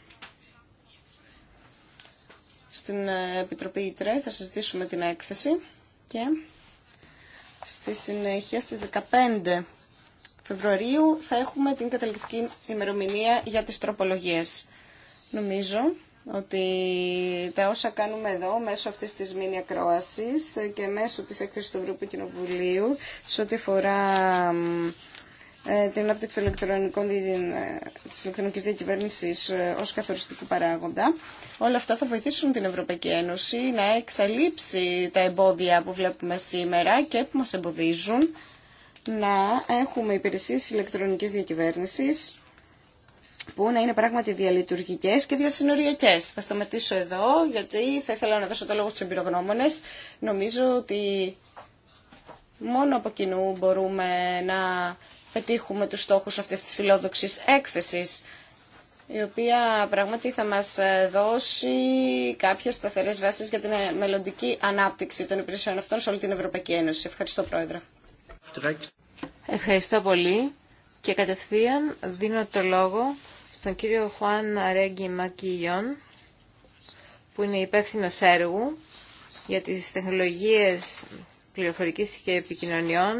στην ε, Επιτροπή ΙΤΡΕ θα συζητήσουμε την έκθεση και στη συνέχεια στις 15 Φεβρουαρίου θα έχουμε την καταληκτική ημερομηνία για τις τροπολογίες. Νομίζω ότι τα όσα κάνουμε εδώ μέσω αυτής της μήνυα Κρόασης και μέσω της έκθεσης του Ευρωπαϊκού Κοινοβουλίου σε ό,τι φορά... Ε, την ανάπτυξη τη ηλεκτρονικών, ε, της ηλεκτρονικής διακυβέρνησης ε, ως καθοριστικού παράγοντα. Όλα αυτά θα βοηθήσουν την Ευρωπαϊκή Ένωση να εξαλείψει τα εμπόδια που βλέπουμε σήμερα και που μα εμποδίζουν να έχουμε υπηρεσίε ηλεκτρονική διακυβέρνηση που να είναι πράγματι διαλειτουργικές και διασυνοριακές. Θα σταματήσω εδώ γιατί θα ήθελα να δώσω το λόγο στου εμπειρογνώμονε. Νομίζω ότι μόνο από κοινού μπορούμε να πετύχουμε τους στόχους αυτής της φιλόδοξης έκθεσης η οποία πράγματι θα μας ε, δώσει κάποιες σταθερές βάσεις για την ε, μελλοντική ανάπτυξη των υπηρεσιών αυτών σε όλη την Ευρωπαϊκή Ένωση. Ευχαριστώ, Πρόεδρε. Ευχαριστώ πολύ και κατευθείαν δίνω το λόγο στον κύριο Χουάν Αρέγγι Μακίγιον που είναι υπεύθυνο έργου για τις τεχνολογίες πληροφορικής και επικοινωνιών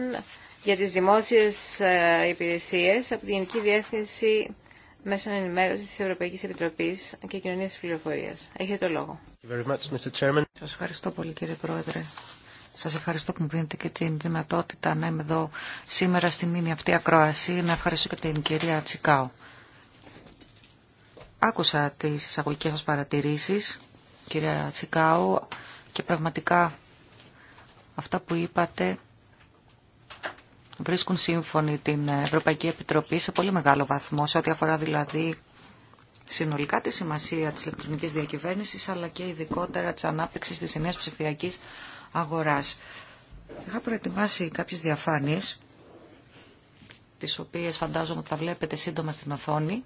για τις δημόσιες ε, υπηρεσίες από τη Γενική Διεύθυνση Μέσων Ενημέρωσης της Ευρωπαϊκής Επιτροπής και Κοινωνίας Πληροφορίας. Έχετε το λόγο. Σας ευχαριστώ πολύ κύριε Πρόεδρε. Σας ευχαριστώ που μου δίνετε και την δυνατότητα να είμαι εδώ σήμερα στη μήνυ αυτή ακρόαση. Να ευχαριστώ και την κυρία Τσικάου. Άκουσα τις εισαγωγικές σας παρατηρήσεις, κυρία Τσικάου, και πραγματικά αυτά που είπατε βρίσκουν σύμφωνη την Ευρωπαϊκή Επιτροπή σε πολύ μεγάλο βαθμό, σε ό,τι αφορά δηλαδή συνολικά τη σημασία της ηλεκτρονικής διακυβέρνησης, αλλά και ειδικότερα της ανάπτυξης της νέας ψηφιακή αγοράς. Είχα προετοιμάσει κάποιες διαφάνειες, τις οποίες φαντάζομαι ότι θα βλέπετε σύντομα στην οθόνη.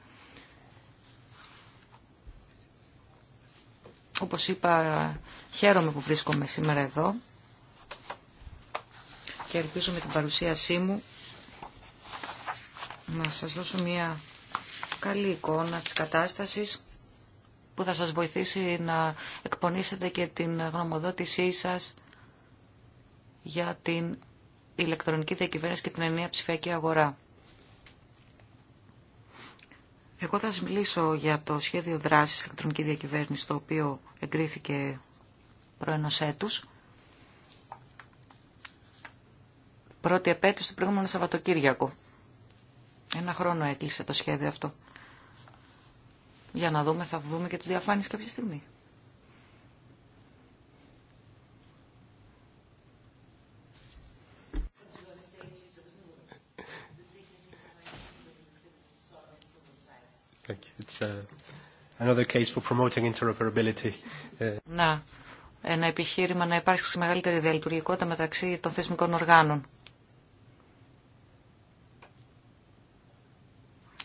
Όπως είπα, χαίρομαι που βρίσκομαι σήμερα εδώ και ελπίζω με την παρουσίασή μου να σας δώσω μια καλή εικόνα της κατάστασης που θα σας βοηθήσει να εκπονήσετε και την γνωμοδότησή σας για την ηλεκτρονική διακυβέρνηση και την ενιαία ψηφιακή αγορά. Εγώ θα σας μιλήσω για το σχέδιο δράσης ηλεκτρονική διακυβέρνηση το οποίο εγκρίθηκε προενός έτους. πρώτη επέτειο του προηγούμενου Σαββατοκύριακου. Ένα χρόνο έκλεισε το σχέδιο αυτό. Για να δούμε, θα δούμε και τις διαφάνειες κάποια στιγμή. Uh, uh, να, ένα επιχείρημα να υπάρξει μεγαλύτερη διαλειτουργικότητα μεταξύ των θεσμικών οργάνων.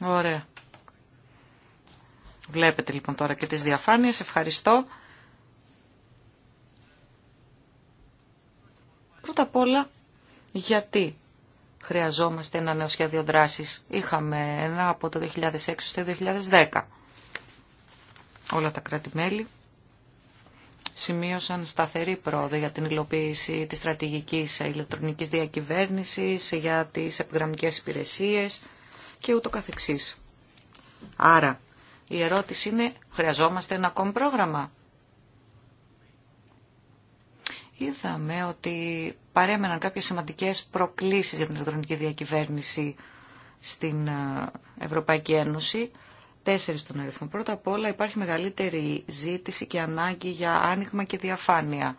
Ωραία. Βλέπετε λοιπόν τώρα και τις διαφάνειες. Ευχαριστώ. Πρώτα απ' όλα, γιατί χρειαζόμαστε ένα νέο σχέδιο δράσης. Είχαμε ένα από το 2006 στο 2010. Όλα τα κράτη-μέλη σημείωσαν σταθερή πρόοδο για την υλοποίηση της στρατηγικής ηλεκτρονικής διακυβέρνησης, για τις επιγραμμικές υπηρεσίες, και ούτω καθεξής. Άρα, η ερώτηση είναι, χρειαζόμαστε ένα ακόμη πρόγραμμα. Είδαμε ότι παρέμεναν κάποιες σημαντικές προκλήσεις για την ηλεκτρονική διακυβέρνηση στην ε, Ευρωπαϊκή Ένωση. Τέσσερις στον αριθμό. Πρώτα απ' όλα υπάρχει μεγαλύτερη ζήτηση και ανάγκη για άνοιγμα και διαφάνεια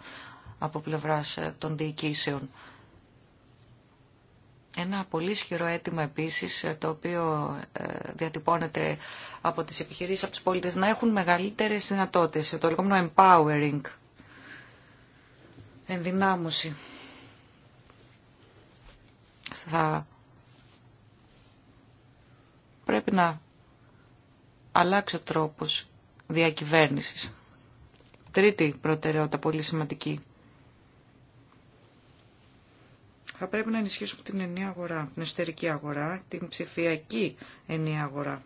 από πλευράς ε, των διοικήσεων. Ένα πολύ ισχυρό αίτημα επίσης, ε, το οποίο ε, διατυπώνεται από τις επιχειρήσει από του πολίτε να έχουν μεγαλύτερες δυνατότητε, ε, το λεγόμενο empowering, ενδυνάμωση. Θα πρέπει να αλλάξει ο τρόπος διακυβέρνησης. Τρίτη προτεραιότητα, πολύ σημαντική θα πρέπει να ενισχύσουμε την ενιαία αγορά, την εσωτερική αγορά, την ψηφιακή ενιαία αγορά.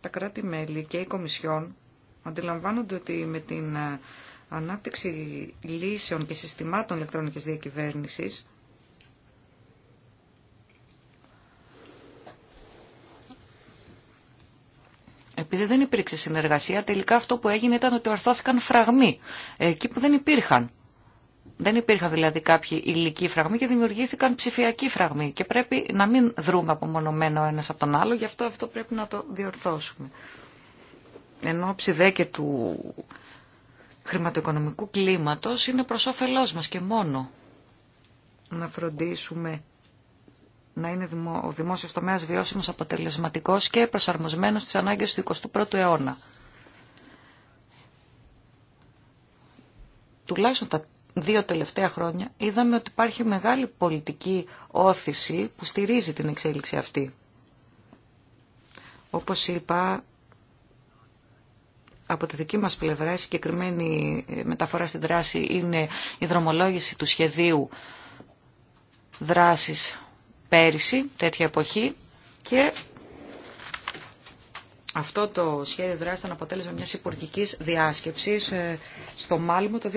Τα κράτη-μέλη και οι Κομισιόν αντιλαμβάνονται ότι με την ε, ανάπτυξη λύσεων και συστημάτων ηλεκτρονικής διακυβέρνησης επειδή δεν υπήρξε συνεργασία, τελικά αυτό που έγινε ήταν ότι ορθώθηκαν φραγμοί εκεί που δεν υπήρχαν. Δεν υπήρχαν δηλαδή κάποιοι υλικοί φραγμοί και δημιουργήθηκαν ψηφιακοί φραγμοί και πρέπει να μην δρούμε απομονωμένο ένας από τον άλλο, γι' αυτό αυτό πρέπει να το διορθώσουμε. Ενώ ψηδέ και του χρηματοοικονομικού κλίματος είναι προς όφελός μας και μόνο να φροντίσουμε να είναι ο δημόσιος τομέας βιώσιμος αποτελεσματικός και προσαρμοσμένος στις ανάγκες του 21ου αιώνα. Τουλάχιστον τα δύο τελευταία χρόνια είδαμε ότι υπάρχει μεγάλη πολιτική όθηση που στηρίζει την εξέλιξη αυτή. Όπως είπα, από τη δική μας πλευρά η συγκεκριμένη μεταφορά στην δράση είναι η δρομολόγηση του σχεδίου δράσης πέρυσι, τέτοια εποχή και αυτό το σχέδιο δράσης ήταν αποτέλεσμα μιας υπουργικής διάσκεψης ε, στο Μάλμο το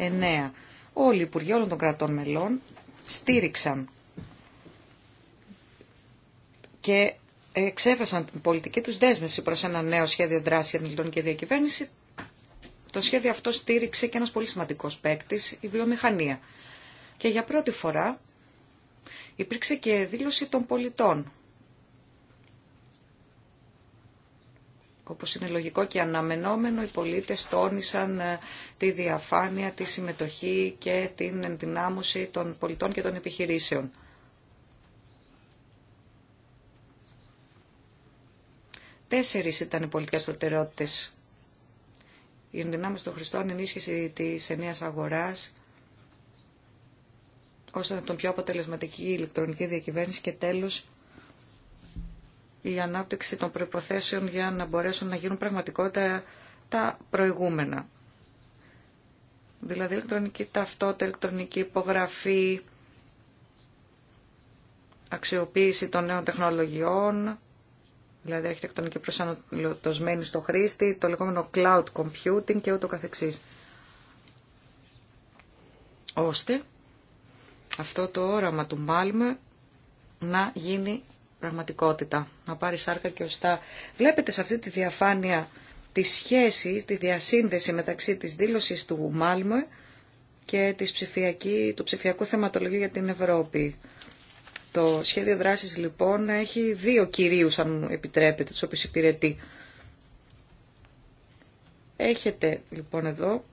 2009. Όλοι οι Υπουργοί όλων των κρατών μελών στήριξαν και εξέφρασαν την πολιτική τους δέσμευση προς ένα νέο σχέδιο δράσης για την λιτωνική διακυβέρνηση. Το σχέδιο αυτό στήριξε και ένας πολύ σημαντικός παίκτη, η βιομηχανία. Και για πρώτη φορά υπήρξε και δήλωση των πολιτών Όπως είναι λογικό και αναμενόμενο, οι πολίτες τόνισαν ε, τη διαφάνεια, τη συμμετοχή και την ενδυνάμωση των πολιτών και των επιχειρήσεων. Τέσσερις ήταν οι πολιτικές προτεραιότητες. Η ενδυνάμωση των χρηστών, ενίσχυση της ενίας αγοράς, ώστε να τον πιο αποτελεσματική ηλεκτρονική διακυβέρνηση και τέλος η ανάπτυξη των προϋποθέσεων για να μπορέσουν να γίνουν πραγματικότητα τα προηγούμενα. Δηλαδή ηλεκτρονική ταυτότητα, ηλεκτρονική υπογραφή, αξιοποίηση των νέων τεχνολογιών, δηλαδή αρχιτεκτονική προσανατολισμένη στο χρήστη, το λεγόμενο cloud computing και ούτω καθεξής. Ώστε αυτό το όραμα του Μάλμε να γίνει πραγματικότητα, να πάρει σάρκα και οστά. Βλέπετε σε αυτή τη διαφάνεια τη σχέση, τη διασύνδεση μεταξύ της δήλωσης του Μάλμε και της ψηφιακή, του ψηφιακού θεματολογίου για την Ευρώπη. Το σχέδιο δράσης λοιπόν έχει δύο κυρίους, αν μου επιτρέπετε, τους οποίους υπηρετεί. Έχετε λοιπόν εδώ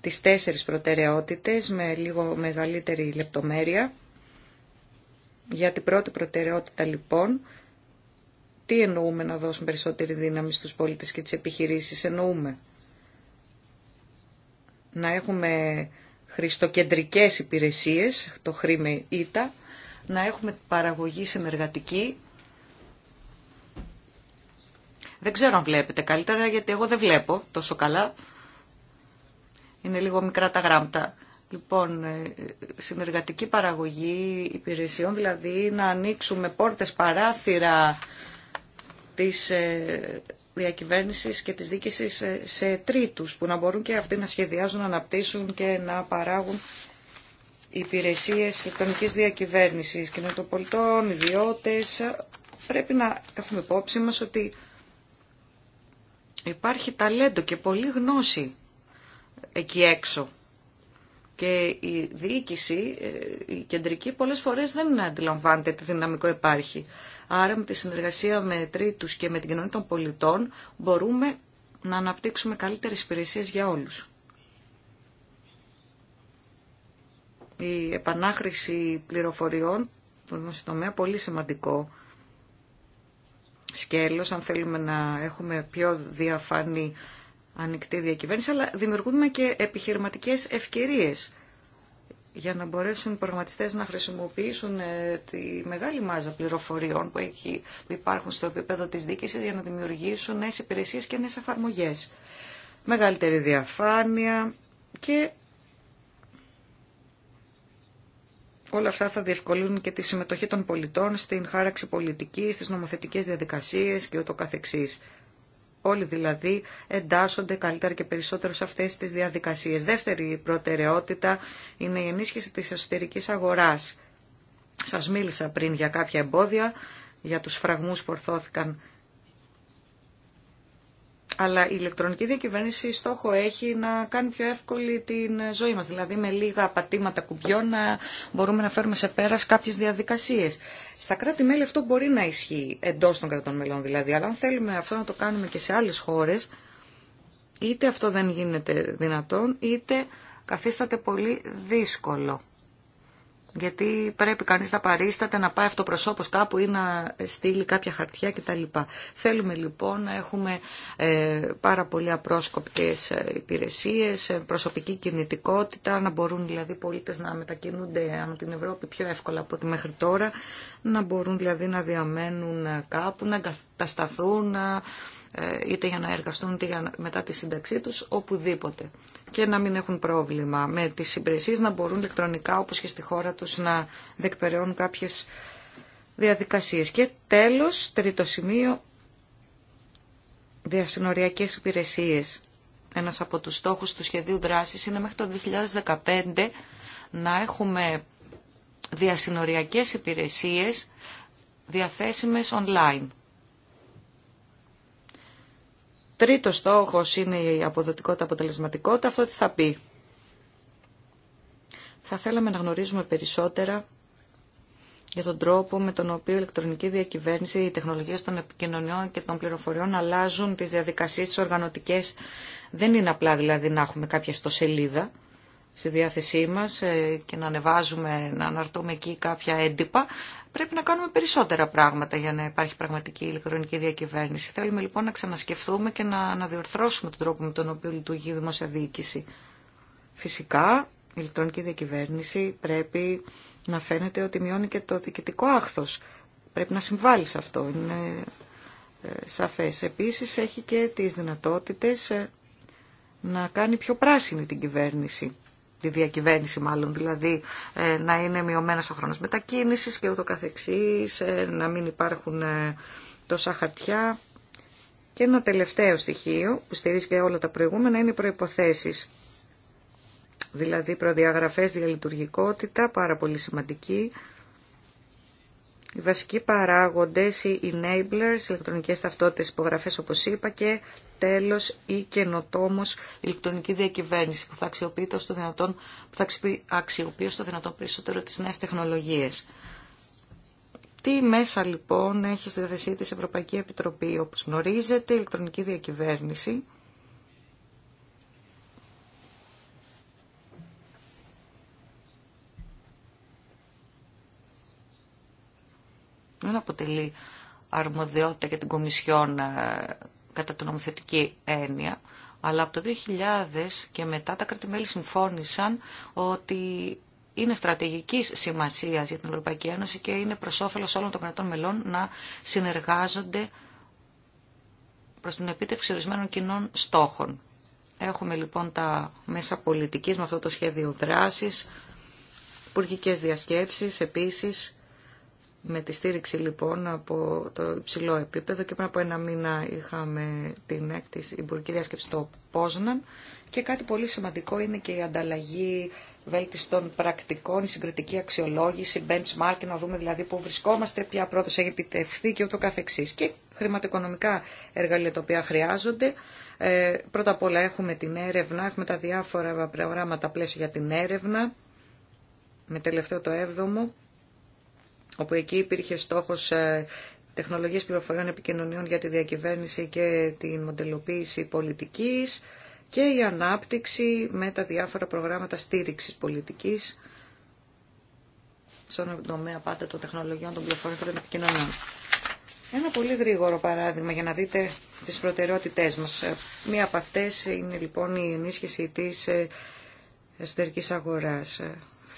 τις τέσσερις προτεραιότητες με λίγο μεγαλύτερη λεπτομέρεια. Για την πρώτη προτεραιότητα λοιπόν, τι εννοούμε να δώσουμε περισσότερη δύναμη στους πολίτες και τις επιχειρήσεις, εννοούμε να έχουμε χριστοκεντρικές υπηρεσίες, το χρήμα ΙΤΑ, να έχουμε παραγωγή συνεργατική. Δεν ξέρω αν βλέπετε καλύτερα, γιατί εγώ δεν βλέπω τόσο καλά. Είναι λίγο μικρά τα γράμματα. Λοιπόν, ε, συνεργατική παραγωγή υπηρεσιών, δηλαδή να ανοίξουμε πόρτες παράθυρα της ε, διακυβέρνησης και της δίκησης ε, σε τρίτους που να μπορούν και αυτοί να σχεδιάζουν, να αναπτύσσουν και να παράγουν υπηρεσίες οικονομικής διακυβέρνησης κοινοτοπολιτών, ιδιώτες. Πρέπει να έχουμε υπόψη μας ότι υπάρχει ταλέντο και πολλή γνώση εκεί έξω και η διοίκηση, ε, η κεντρική, πολλές φορές δεν αντιλαμβάνεται τι δυναμικό υπάρχει. Άρα με τη συνεργασία με τρίτους και με την κοινωνία των πολιτών μπορούμε να αναπτύξουμε καλύτερες υπηρεσίε για όλους. Η επανάχρηση πληροφοριών στον δημόσιο τομέα πολύ σημαντικό σκέλος αν θέλουμε να έχουμε πιο διαφανή ανοιχτή διακυβέρνηση, αλλά δημιουργούμε και επιχειρηματικές ευκαιρίες για να μπορέσουν οι προγραμματιστές να χρησιμοποιήσουν ε, τη μεγάλη μάζα πληροφοριών που, έχει, υπάρχουν στο επίπεδο της δίκησης για να δημιουργήσουν νέες υπηρεσίες και νέες εφαρμογές. Μεγαλύτερη διαφάνεια και όλα αυτά θα διευκολύνουν και τη συμμετοχή των πολιτών στην χάραξη πολιτικής, στις νομοθετικές διαδικασίες και ούτω καθεξής. Όλοι δηλαδή εντάσσονται καλύτερα και περισσότερο σε αυτές τις διαδικασίες. Δεύτερη προτεραιότητα είναι η ενίσχυση της εσωτερικής αγοράς. Σας μίλησα πριν για κάποια εμπόδια, για τους φραγμούς που ορθώθηκαν αλλά η ηλεκτρονική διακυβέρνηση στόχο έχει να κάνει πιο εύκολη την ζωή μας. Δηλαδή με λίγα πατήματα κουμπιών να μπορούμε να φέρουμε σε πέρας κάποιες διαδικασίες. Στα κράτη-μέλη αυτό μπορεί να ισχύει εντός των κρατών μελών δηλαδή. Αλλά αν θέλουμε αυτό να το κάνουμε και σε άλλες χώρες, είτε αυτό δεν γίνεται δυνατόν, είτε καθίσταται πολύ δύσκολο γιατί πρέπει κανείς να παρίσταται, να πάει αυτοπροσώπως κάπου ή να στείλει κάποια χαρτιά κτλ. Θέλουμε λοιπόν να έχουμε ε, πάρα πολύ απρόσκοπτες ε, υπηρεσίες, ε, προσωπική κινητικότητα, να μπορούν δηλαδή πολίτες να μετακινούνται ανά την Ευρώπη πιο εύκολα από ό,τι μέχρι τώρα, να μπορούν δηλαδή να διαμένουν κάπου, να εγκατασταθούν, να ε, είτε για να εργαστούν είτε για μετά τη σύνταξή τους, οπουδήποτε. Και να μην έχουν πρόβλημα με τις υπηρεσίες να μπορούν ηλεκτρονικά όπως και στη χώρα τους να δεκπεραιώνουν κάποιες διαδικασίες. Και τέλος, τρίτο σημείο, διασυνοριακές υπηρεσίες. Ένας από τους στόχους του σχεδίου δράσης είναι μέχρι το 2015 να έχουμε διασυνοριακές υπηρεσίες διαθέσιμες online. Τρίτο στόχο είναι η αποδοτικότητα, αποτελεσματικότητα. Αυτό τι θα πει. Θα θέλαμε να γνωρίζουμε περισσότερα για τον τρόπο με τον οποίο η ηλεκτρονική διακυβέρνηση, οι τεχνολογίες των επικοινωνιών και των πληροφοριών αλλάζουν τις διαδικασίες τις οργανωτικές. Δεν είναι απλά δηλαδή να έχουμε κάποια στοσελίδα στη διάθεσή μας ε, και να ανεβάζουμε, να αναρτούμε εκεί κάποια έντυπα πρέπει να κάνουμε περισσότερα πράγματα για να υπάρχει πραγματική ηλεκτρονική διακυβέρνηση. Θέλουμε λοιπόν να ξανασκεφτούμε και να αναδιορθώσουμε τον τρόπο με τον οποίο λειτουργεί η δημόσια διοίκηση. Φυσικά, η ηλεκτρονική διακυβέρνηση πρέπει να φαίνεται ότι μειώνει και το διοικητικό άχθο. Πρέπει να συμβάλλει σε αυτό, είναι ε, σαφές. Επίσης, έχει και τις δυνατότητες ε, να κάνει πιο πράσινη την κυβέρνηση τη διακυβέρνηση μάλλον, δηλαδή ε, να είναι μειωμένα ο χρόνος μετακίνησης και ούτω καθεξής, ε, να μην υπάρχουν ε, τόσα χαρτιά. Και ένα τελευταίο στοιχείο που στηρίζει και όλα τα προηγούμενα είναι οι προϋποθέσεις. Δηλαδή προδιαγραφές, διαλειτουργικότητα, πάρα πολύ σημαντική. Οι βασικοί παράγοντες, οι enablers, ηλεκτρονικές ταυτότητες, υπογραφές όπως είπα και τέλος η καινοτόμος ηλεκτρονική διακυβέρνηση που θα αξιοποιεί το δυνατόν, που θα αξιοποιεί δυνατόν περισσότερο τις νέες τεχνολογίες. Τι μέσα λοιπόν έχει στη διάθεσή της Ευρωπαϊκή Επιτροπή, όπως γνωρίζετε, η ηλεκτρονική διακυβέρνηση. Δεν αποτελεί αρμοδιότητα για την Κομισιόν ε, κατά την νομοθετική έννοια, αλλά από το 2000 και μετά τα κρατη συμφώνησαν ότι είναι στρατηγική σημασία για την Ευρωπαϊκή Ένωση και είναι προ όφελο όλων των κρατών μελών να συνεργάζονται προ την επίτευξη ορισμένων κοινών στόχων. Έχουμε λοιπόν τα μέσα πολιτική με αυτό το σχέδιο δράση, υπουργικέ διασκέψει επίση με τη στήριξη λοιπόν από το υψηλό επίπεδο και πριν από ένα μήνα είχαμε την έκτη Υπουργική Διάσκεψη στο Πόσναν και κάτι πολύ σημαντικό είναι και η ανταλλαγή βέλτιστων πρακτικών, η συγκριτική αξιολόγηση, benchmark, να δούμε δηλαδή πού βρισκόμαστε, ποια πρόοδο έχει επιτευχθεί και ούτω καθεξής. Και χρηματοοικονομικά εργαλεία τα οποία χρειάζονται. Ε, πρώτα απ' όλα έχουμε την έρευνα, έχουμε τα διάφορα προγράμματα πλαίσιο για την έρευνα, με τελευταίο το έβδομο όπου εκεί υπήρχε στόχος ε, τεχνολογίες πληροφοριών επικοινωνιών για τη διακυβέρνηση και την μοντελοποίηση πολιτικής και η ανάπτυξη με τα διάφορα προγράμματα στήριξης πολιτικής στον τομέα πάντα των τεχνολογιών, των πληροφοριών και των επικοινωνιών. Ένα πολύ γρήγορο παράδειγμα για να δείτε τις προτεραιότητές μας. Μία από αυτές είναι λοιπόν η ενίσχυση της ε, εσωτερικής αγοράς.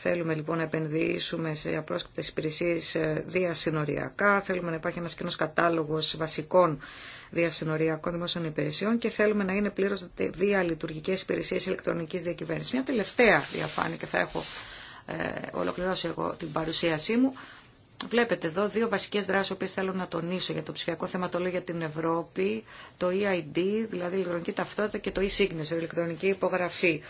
Θέλουμε λοιπόν να επενδύσουμε σε απρόσκοπτε υπηρεσίε ε, διασυνοριακά, θέλουμε να υπάρχει ένα κοινό κατάλογο βασικών διασυνοριακών δημόσιων υπηρεσιών και θέλουμε να είναι πλήρως διαλειτουργικέ υπηρεσίε ηλεκτρονική διακυβέρνηση. Μια τελευταία διαφάνεια και θα έχω ε, ολοκληρώσει εγώ την παρουσίασή μου. Βλέπετε εδώ δύο βασικές δράσεις που θέλω να τονίσω για το ψηφιακό θεματολόγιο για την Ευρώπη, το EID, δηλαδή ηλεκτρονική ταυτότητα και το e-signature, ηλεκτρονική υπογραφή.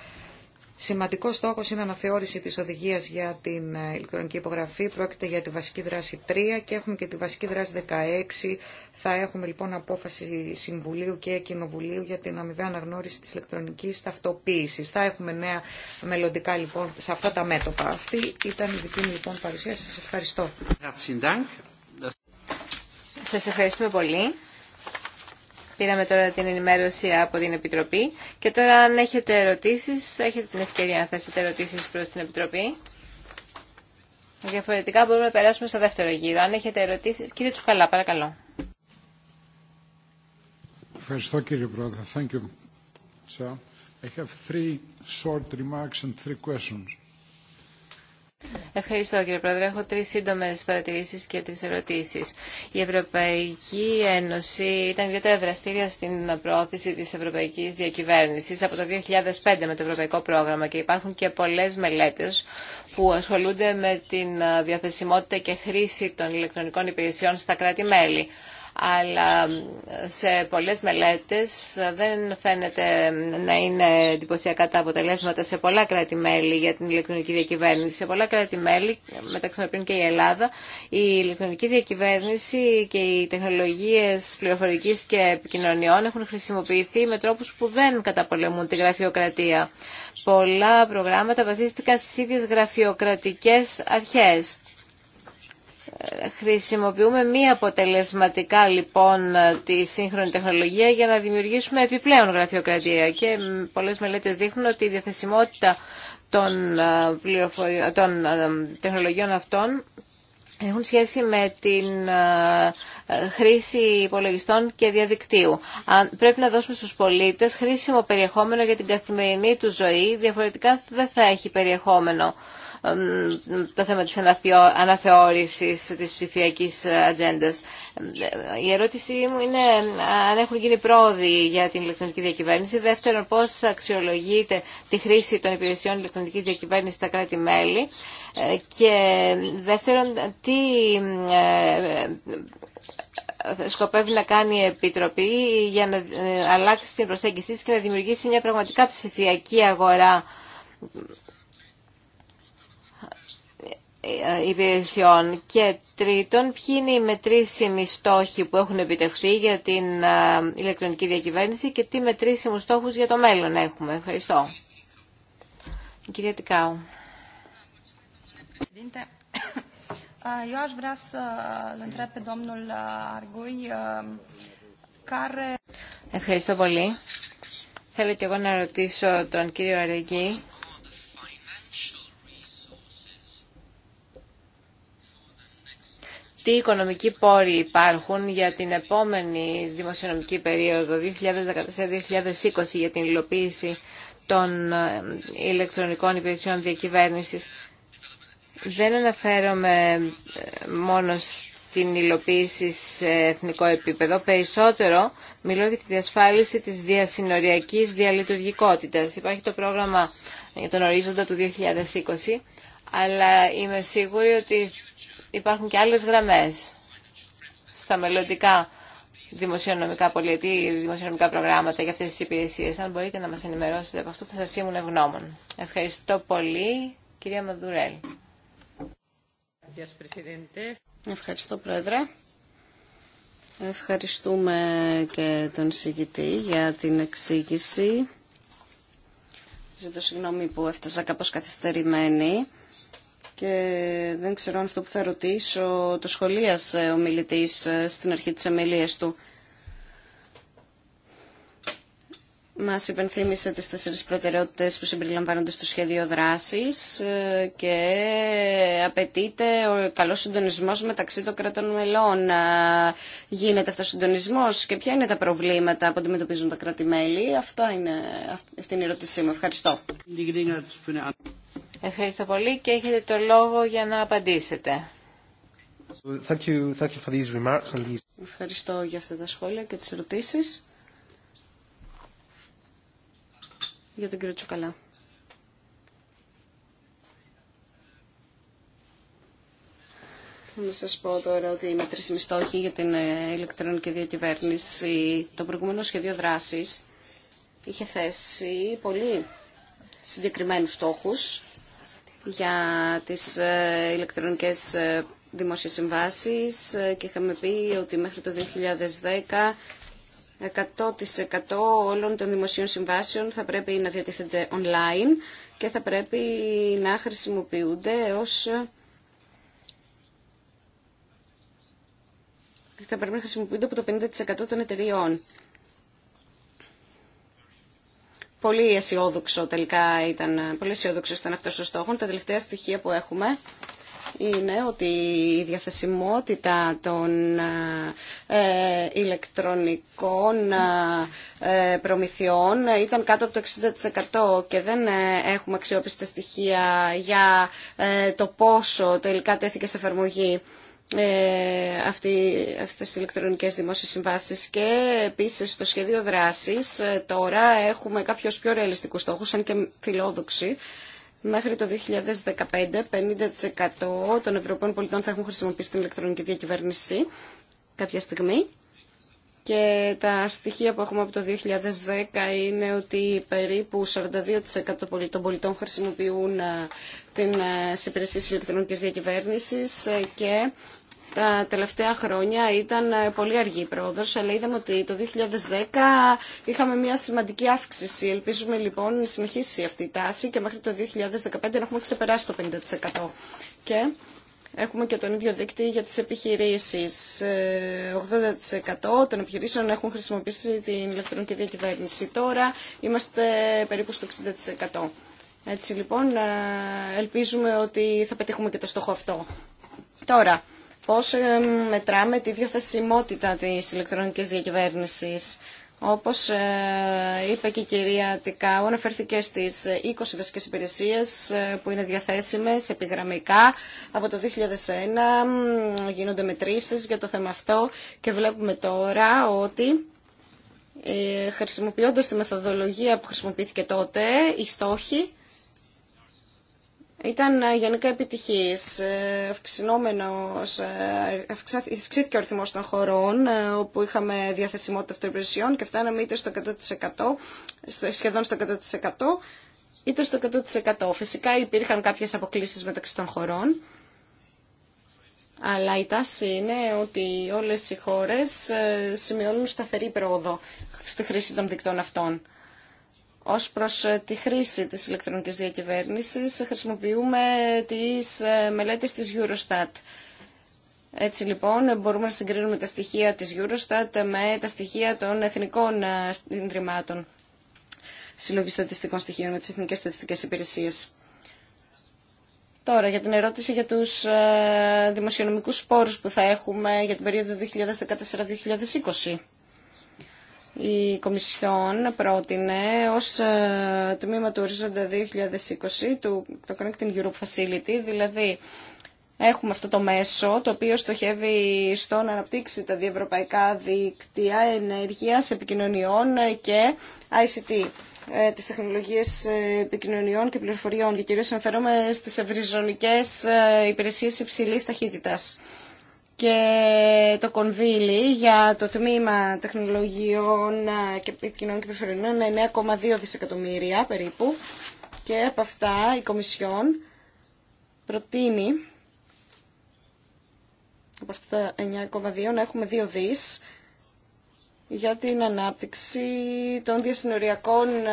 Σημαντικό στόχο είναι αναθεώρηση τη οδηγία για την ε, ηλεκτρονική υπογραφή. Πρόκειται για τη βασική δράση 3 και έχουμε και τη βασική δράση 16. Θα έχουμε λοιπόν απόφαση Συμβουλίου και Κοινοβουλίου για την αμοιβαία αναγνώριση τη ηλεκτρονική ταυτοποίηση. Θα έχουμε νέα μελλοντικά λοιπόν σε αυτά τα μέτωπα. Αυτή ήταν η δική μου λοιπόν παρουσίαση. Σα ευχαριστώ. Σα ευχαριστούμε πολύ. Πήραμε τώρα την ενημέρωση από την Επιτροπή και τώρα αν έχετε ερωτήσεις, έχετε την ευκαιρία να θέσετε ερωτήσεις προς την Επιτροπή. Διαφορετικά μπορούμε να περάσουμε στο δεύτερο γύρο. Αν έχετε ερωτήσεις, κύριε Τσουκαλά, παρακαλώ. Ευχαριστώ κύριε Πρόεδρε. Thank you. So, I have three short remarks and three questions. Ευχαριστώ κύριε Πρόεδρε. Έχω τρει σύντομε παρατηρήσει και τρει ερωτήσει. Η Ευρωπαϊκή Ένωση ήταν ιδιαίτερα δραστήρια στην προώθηση τη ευρωπαϊκή διακυβέρνηση από το 2005 με το Ευρωπαϊκό Πρόγραμμα και υπάρχουν και πολλέ μελέτε που ασχολούνται με την διαθεσιμότητα και χρήση των ηλεκτρονικών υπηρεσιών στα κράτη-μέλη αλλά σε πολλές μελέτες ε, δεν φαίνεται να είναι εντυπωσιακά τα αποτελέσματα σε πολλά κράτη-μέλη για την ηλεκτρονική διακυβέρνηση. Σε πολλά κράτη-μέλη, μεταξύ των οποίων και η Ελλάδα, η ηλεκτρονική διακυβέρνηση και οι τεχνολογίες πληροφορικής και επικοινωνιών έχουν χρησιμοποιηθεί με τρόπους που δεν καταπολεμούν τη γραφειοκρατία. Πολλά προγράμματα βασίστηκαν στις ίδιες γραφειοκρατικές αρχές Χρησιμοποιούμε μη αποτελεσματικά λοιπόν τη σύγχρονη τεχνολογία για να δημιουργήσουμε επιπλέον γραφειοκρατία και πολλές μελέτες δείχνουν ότι η διαθεσιμότητα των, ε, ε, τεχνολογιών αυτών έχουν σχέση με την ε, χρήση υπολογιστών και διαδικτύου. Πρέπει να δώσουμε στους πολίτες χρήσιμο περιεχόμενο για την καθημερινή του ζωή, διαφορετικά δεν θα έχει περιεχόμενο το θέμα της αναθεώρησης της ψηφιακής ατζέντα. Η ερώτησή μου είναι αν έχουν γίνει πρόοδοι για την ηλεκτρονική διακυβέρνηση. Δεύτερον, πώς αξιολογείται τη χρήση των υπηρεσιών ηλεκτρονικής διακυβέρνησης στα κράτη-μέλη. Ε, και δεύτερον, τι ε, σκοπεύει να κάνει η Επιτροπή για να ε, αλλάξει την προσέγγιση της και να δημιουργήσει μια πραγματικά ψηφιακή αγορά ε, υπηρεσιών και τρίτον ποιοι είναι οι μετρήσιμοι στόχοι που έχουν επιτευχθεί για την ε, ηλεκτρονική διακυβέρνηση και τι μετρήσιμους στόχους για το μέλλον έχουμε. Ευχαριστώ. Κυρία Τικάου. Ε, eu aș vrea să întreb Ευχαριστώ πολύ. Θέλω και εγώ να ρωτήσω τον κύριο Αρεγκή τι οικονομικοί πόροι υπάρχουν για την επόμενη δημοσιονομική περίοδο 2014-2020 για την υλοποίηση των ε, ηλεκτρονικών υπηρεσιών διακυβέρνησης. Δεν αναφέρομαι ε, μόνο στην υλοποίηση σε εθνικό επίπεδο. Περισσότερο μιλώ για τη διασφάλιση της διασυνοριακής διαλειτουργικότητας. Υπάρχει το πρόγραμμα για τον ορίζοντα του 2020, αλλά είμαι σίγουρη ότι υπάρχουν και άλλες γραμμές στα μελλοντικά δημοσιονομικά πολιτικά δημοσιονομικά προγράμματα για αυτές τις υπηρεσίες. Αν μπορείτε να μας ενημερώσετε από αυτό θα σας ήμουν ευγνώμων. Ευχαριστώ πολύ, κυρία Μαδουρέλ. Ευχαριστώ, Πρόεδρε. Ευχαριστούμε και τον εισηγητή για την εξήγηση. Ζητώ συγγνώμη που έφτασα κάπως καθυστερημένη και δεν ξέρω αν αυτό που θα ρωτήσω το σχολίασε ο μιλητής ε, στην αρχή της ομιλίας του. Μας υπενθύμησε τις τέσσερις προτεραιότητες που συμπεριλαμβάνονται στο σχέδιο δράσης ε, και απαιτείται ο καλός συντονισμός μεταξύ των κρατών μελών. Γίνεται αυτός ο συντονισμός και ποια είναι τα προβλήματα που αντιμετωπίζουν τα κράτη-μέλη. Αυτή είναι η ερώτησή μου. Ευχαριστώ. Ευχαριστώ πολύ και έχετε το λόγο για να απαντήσετε. Ευχαριστώ για αυτά τα σχόλια και τις ερωτήσεις. Για τον κύριο Τσουκαλά. Να σας πω τώρα ότι οι μετρήσιμοι στόχοι για την ε, ηλεκτρονική διακυβέρνηση, το προηγούμενο σχεδίο δράσης είχε θέσει πολύ συγκεκριμένους στόχους για τις ε, ηλεκτρονικές ε, δημόσιες συμβάσεις ε, και είχαμε πει ότι μέχρι το 2010 100% όλων των δημοσίων συμβάσεων θα πρέπει να διατίθενται online και θα πρέπει να χρησιμοποιούνται ως θα πρέπει να χρησιμοποιούνται από το 50% των εταιριών πολύ αισιόδοξο τελικά ήταν, πολύ αισιόδοξο ήταν αυτός ο στόχος. Τα τελευταία στοιχεία που έχουμε είναι ότι η διαθεσιμότητα των ε, ηλεκτρονικών ε, προμηθειών ήταν κάτω από το 60% και δεν ε, έχουμε αξιόπιστα στοιχεία για το πόσο τελικά τέθηκε σε εφαρμογή ε, αυτή, αυτές τις ηλεκτρονικές δημόσιες συμβάσεις και επίσης στο σχέδιο δράσης ε, τώρα έχουμε κάποιους πιο ρεαλιστικούς στόχους αν και φιλόδοξοι Μέχρι το 2015, 50% των Ευρωπαίων πολιτών θα έχουν χρησιμοποιήσει την ηλεκτρονική διακυβέρνηση κάποια στιγμή. Και τα στοιχεία που έχουμε από το 2010 είναι ότι περίπου 42% των πολιτών χρησιμοποιούν ε, την υπηρεσία ηλεκτρονικής διακυβέρνησης και τα τελευταία χρόνια ήταν ε, πολύ αργή η πρόοδος, αλλά είδαμε ότι το 2010 είχαμε μια σημαντική αύξηση. Ελπίζουμε λοιπόν να συνεχίσει αυτή η τάση και μέχρι το 2015 να έχουμε ξεπεράσει το 50%. Και έχουμε και τον ίδιο δείκτη για τις επιχειρήσεις. 80% ε, των επιχειρήσεων έχουν χρησιμοποιήσει την ηλεκτρονική διακυβέρνηση. Τώρα είμαστε περίπου στο 60%. Έτσι λοιπόν, ε, ελπίζουμε ότι θα πετύχουμε και το στόχο αυτό. Τώρα, πώς ε, μετράμε τη διαθεσιμότητα της ηλεκτρονικής διακυβέρνησης. Όπως ε, είπε και η κυρία Τικάου, αναφέρθηκε στις 20 ε, δασικές υπηρεσίες που είναι διαθέσιμες επιγραμμικά. Από το 2001 γίνονται μετρήσεις για το θέμα αυτό και βλέπουμε τώρα ότι χρησιμοποιώντας τη μεθοδολογία που χρησιμοποιήθηκε τότε, οι στόχοι ήταν ε, γενικά επιτυχής. Ε, αυξηνόμενος, ε, αυξήθηκε ο αριθμός των χωρών όπου είχαμε διαθεσιμότητα αυτοϋπηρεσιών και φτάναμε είτε στο 100%, σχεδόν στο 100% είτε στο 100%. Φυσικά υπήρχαν κάποιες αποκλήσεις μεταξύ των χωρών. Αλλά η τάση είναι ότι όλες οι χώρες σημειώνουν σταθερή πρόοδο στη χρήση των δικτών αυτών. Ως προς ε, τη χρήση της ηλεκτρονικής διακυβέρνησης χρησιμοποιούμε τις ε, μελέτες της Eurostat. Έτσι λοιπόν μπορούμε να συγκρίνουμε τα στοιχεία της Eurostat με τα στοιχεία των εθνικών Συνδρυμάτων ε, συλλογή στατιστικών στοιχείων με τις Εθνικές Στατιστικές Υπηρεσίες. Τώρα για την ερώτηση για τους δημοσιονομικούς σπόρους που θα έχουμε για την περίοδο 2014-2020 η Κομισιόν πρότεινε ως ε, τμήμα του ορίζοντα 2020 του, το Connecting Europe Facility, δηλαδή έχουμε αυτό το μέσο το οποίο στοχεύει στο να αναπτύξει τα διευρωπαϊκά δίκτυα ενέργειας, επικοινωνιών και ICT ε, τις τεχνολογίες ε, επικοινωνιών και πληροφοριών και κυρίως αναφέρομαι στις ευρυζωνικές υπηρεσίες υψηλής ταχύτητας και το κονδύλι για το τμήμα τεχνολογιών ε, και επικοινωνών και περιφερειών είναι 9,2 δισεκατομμύρια περίπου και από αυτά η Κομισιόν προτείνει από αυτά τα 9,2 να έχουμε 2 δις για την ανάπτυξη των διασυνοριακών ε,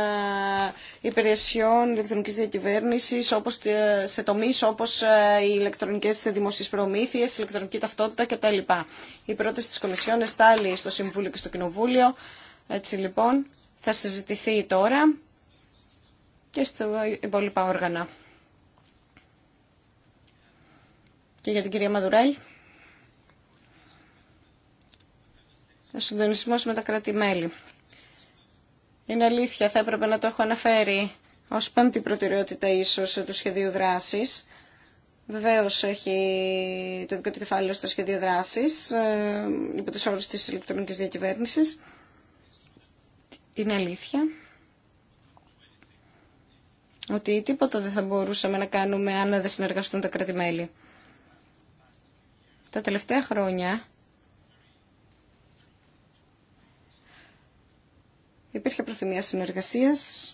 υπηρεσιών ηλεκτρονικής διακυβέρνησης όπως ε, σε τομείς όπως ε, οι ηλεκτρονικές δημοσίες προμήθειες, η ηλεκτρονική ταυτότητα κτλ. Η πρόταση της Κομισιόν εστάλει στο Συμβούλιο και στο Κοινοβούλιο. Έτσι λοιπόν θα συζητηθεί τώρα και στα υπόλοιπα όργανα. Και για την κυρία Μαδουρέλ. συντονισμός με τα κράτη-μέλη. Είναι αλήθεια, θα έπρεπε να το έχω αναφέρει ως πέμπτη προτεραιότητα ίσως του σχεδίου δράσης. Βεβαίως έχει το δικό του κεφάλαιο στο σχέδιο δράση ε, υπό του όρου τη ηλεκτρονική διακυβέρνηση. Είναι αλήθεια ότι τίποτα δεν θα μπορούσαμε να κάνουμε αν δεν συνεργαστούν τα κράτη-μέλη. Τα τελευταία χρόνια Υπήρχε προθυμία συνεργασίας.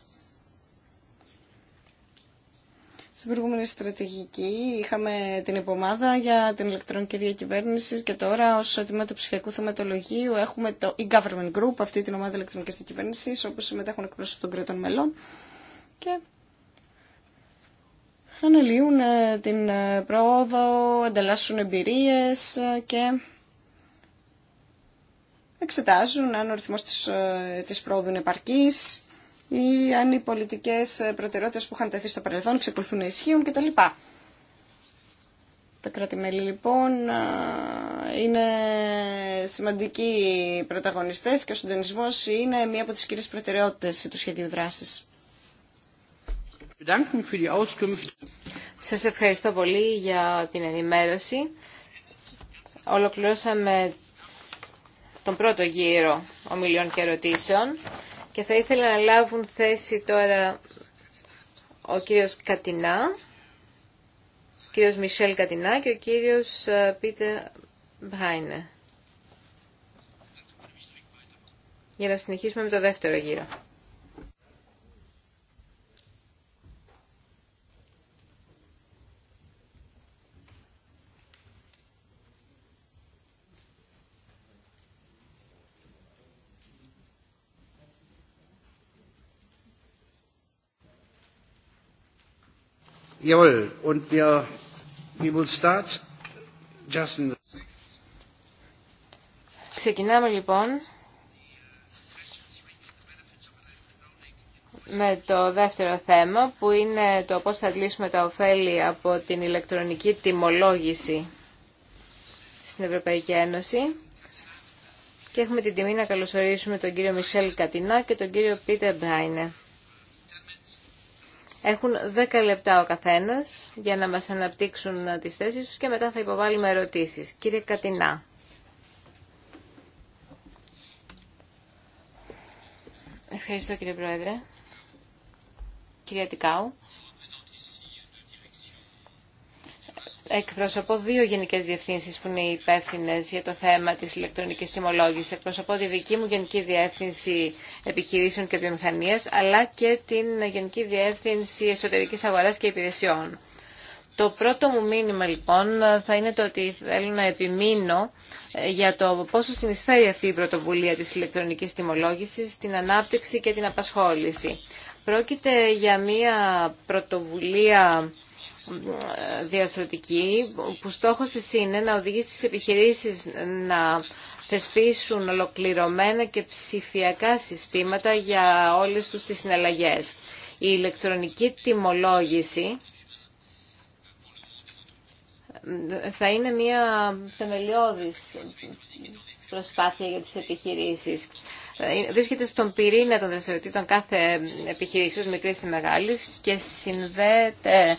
Στην προηγούμενη στρατηγική είχαμε την υπομάδα για την ηλεκτρονική διακυβέρνηση και τώρα ω τμήμα του ψηφιακού θεματολογίου έχουμε το e-government group, αυτή την ομάδα ηλεκτρονικής διακυβέρνησης, όπου συμμετέχουν εκπρόσωποι των κρατών μελών και αναλύουν ε, την ε, πρόοδο, ανταλλάσσουν εμπειρίες ε, και εξετάζουν αν ο ρυθμός της, ε, της πρόοδου είναι επαρκής ή αν οι πολιτικές ε, προτεραιότητες που είχαν τεθεί στο παρελθόν ξεκολουθούν να ισχύουν κτλ. Τα κράτη-μέλη λοιπόν ε, είναι σημαντικοί πρωταγωνιστές και ο συντονισμό είναι μία από τις κύριες προτεραιότητες του σχεδίου δράσης. Σας ευχαριστώ πολύ για την ενημέρωση. Ολοκληρώσαμε τον πρώτο γύρο ομιλιών και ερωτήσεων και θα ήθελα να λάβουν θέση τώρα ο κύριος Κατινά, ο κύριος Μισελ Κατινά και ο κύριος ε, Πίτερ Μπάινε Για να συνεχίσουμε με το δεύτερο γύρο. Ξεκινάμε λοιπόν με το δεύτερο θέμα που είναι το πώς θα τλήσουμε τα ωφέλη από την ηλεκτρονική τιμολόγηση στην Ευρωπαϊκή Ένωση και έχουμε την τιμή να καλωσορίσουμε τον κύριο Μισελ Κατινά και τον κύριο Πίτερ Μπράινε. Έχουν 10 λεπτά ο καθένας για να μας αναπτύξουν τις θέσεις τους και μετά θα υποβάλουμε ερωτήσεις. Κύριε Κατινά. Ευχαριστώ κύριε Πρόεδρε. Κυρία Τικάου. Εκπροσωπώ δύο γενικέ διευθύνσει που είναι υπεύθυνε για το θέμα τη ηλεκτρονική τιμολόγηση. Εκπροσωπώ τη δική μου Γενική Διεύθυνση Επιχειρήσεων και Βιομηχανία, αλλά και την Γενική Διεύθυνση Εσωτερική Αγορά και Υπηρεσιών. Το πρώτο μου μήνυμα λοιπόν θα είναι το ότι θέλω να επιμείνω ε, για το πόσο συνεισφέρει αυτή η πρωτοβουλία της ηλεκτρονικής τιμολόγησης στην ανάπτυξη και την απασχόληση. Πρόκειται για μια πρωτοβουλία διαρθρωτική που στόχος της είναι να οδηγήσει τις επιχειρήσεις να θεσπίσουν ολοκληρωμένα και ψηφιακά συστήματα για όλες τους τις συναλλαγές. Η ηλεκτρονική τιμολόγηση θα είναι μια θεμελιώδης προσπάθεια για τις επιχειρήσεις. Ε, βρίσκεται στον πυρήνα των δραστηριοτήτων κάθε επιχειρήσεως, μικρής ή μεγάλης και συνδέεται,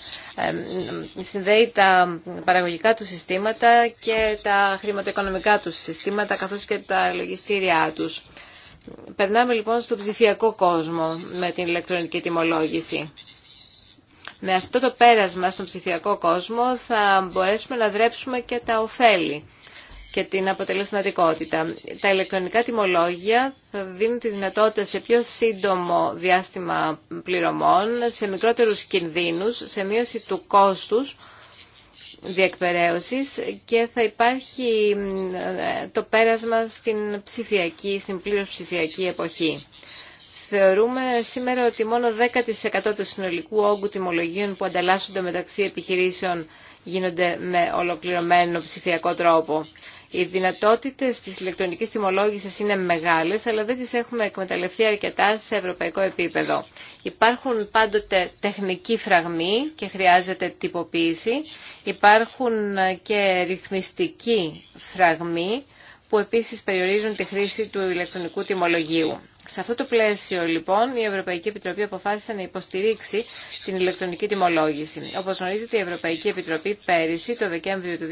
συνδέει τα παραγωγικά του συστήματα και τα χρηματοοικονομικά του συστήματα καθώς και τα λογιστήριά τους. Περνάμε λοιπόν στο ψηφιακό κόσμο με την ηλεκτρονική τιμολόγηση. Με αυτό το πέρασμα στον ψηφιακό κόσμο θα μπορέσουμε να δρέψουμε και τα ωφέλη και την αποτελεσματικότητα. Τα ηλεκτρονικά τιμολόγια θα δίνουν τη δυνατότητα σε πιο σύντομο διάστημα πληρωμών, σε μικρότερους κινδύνους, σε μείωση του κόστους διεκπαιρέωσης και θα υπάρχει ε, το πέρασμα στην ψηφιακή, στην πλήρως ψηφιακή εποχή. Θεωρούμε σήμερα ότι μόνο 10% του συνολικού όγκου τιμολογίων που ανταλλάσσονται μεταξύ επιχειρήσεων γίνονται με ολοκληρωμένο ψηφιακό τρόπο. Οι δυνατότητε τη ηλεκτρονική τιμολόγηση είναι μεγάλε, αλλά δεν τι έχουμε εκμεταλλευτεί αρκετά σε ευρωπαϊκό επίπεδο. Υπάρχουν πάντοτε τεχνικοί φραγμοί και χρειάζεται τυποποίηση. Υπάρχουν ε, και ρυθμιστικοί φραγμοί που επίσης περιορίζουν τη χρήση του ηλεκτρονικού τιμολογίου. Σε αυτό το πλαίσιο, λοιπόν, η Ευρωπαϊκή Επιτροπή αποφάσισε να υποστηρίξει την ηλεκτρονική τιμολόγηση. Όπως γνωρίζετε, η Ευρωπαϊκή Επιτροπή πέρυσι, το Δεκέμβριο του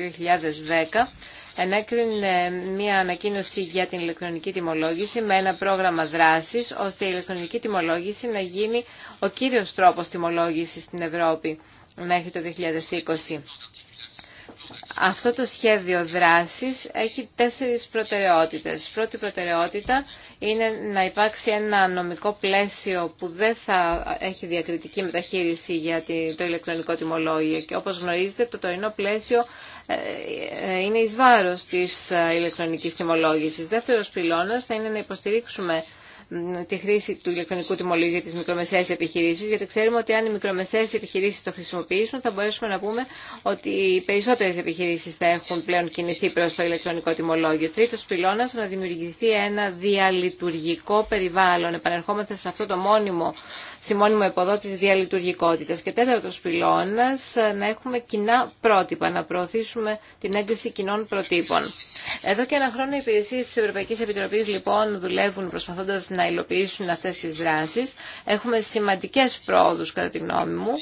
2010, ενέκρινε μια ανακοίνωση για την ηλεκτρονική τιμολόγηση με ένα πρόγραμμα δράσης, ώστε η ηλεκτρονική τιμολόγηση να γίνει ο κύριος τρόπος τιμολόγησης στην Ευρώπη μέχρι το 2020. Αυτό το σχέδιο δράσης έχει τέσσερις προτεραιότητες. Πρώτη προτεραιότητα είναι να υπάρξει ένα νομικό πλαίσιο που δεν θα έχει διακριτική μεταχείριση για το ηλεκτρονικό τιμολόγιο. Και όπως γνωρίζετε το τωρινό πλαίσιο ε, ε, είναι εις βάρος της ε, ηλεκτρονικής τιμολόγησης. Δεύτερος πυλώνας θα είναι να υποστηρίξουμε τη χρήση του ηλεκτρονικού τιμολογίου για τι μικρομεσαίες επιχειρήσεις, γιατί ξέρουμε ότι αν οι μικρομεσαίες επιχειρήσει το χρησιμοποιήσουν, θα μπορέσουμε να πούμε ότι οι περισσότερε επιχειρήσει θα έχουν πλέον κινηθεί προ το ηλεκτρονικό τιμολόγιο. Τρίτο πυλώνας, να δημιουργηθεί ένα διαλειτουργικό περιβάλλον. Επανερχόμαστε σε αυτό το μόνιμο στη μόνιμο εποδό της διαλειτουργικότητας. Και τέταρτος πυλώνας, να έχουμε κοινά πρότυπα, να προωθήσουμε την έγκριση κοινών προτύπων. Εδώ και ένα χρόνο οι υπηρεσίες της Ευρωπαϊκής Επιτροπής λοιπόν δουλεύουν προσπαθώντας να να υλοποιήσουν αυτές τις δράσεις. Έχουμε σημαντικές πρόοδους κατά τη γνώμη μου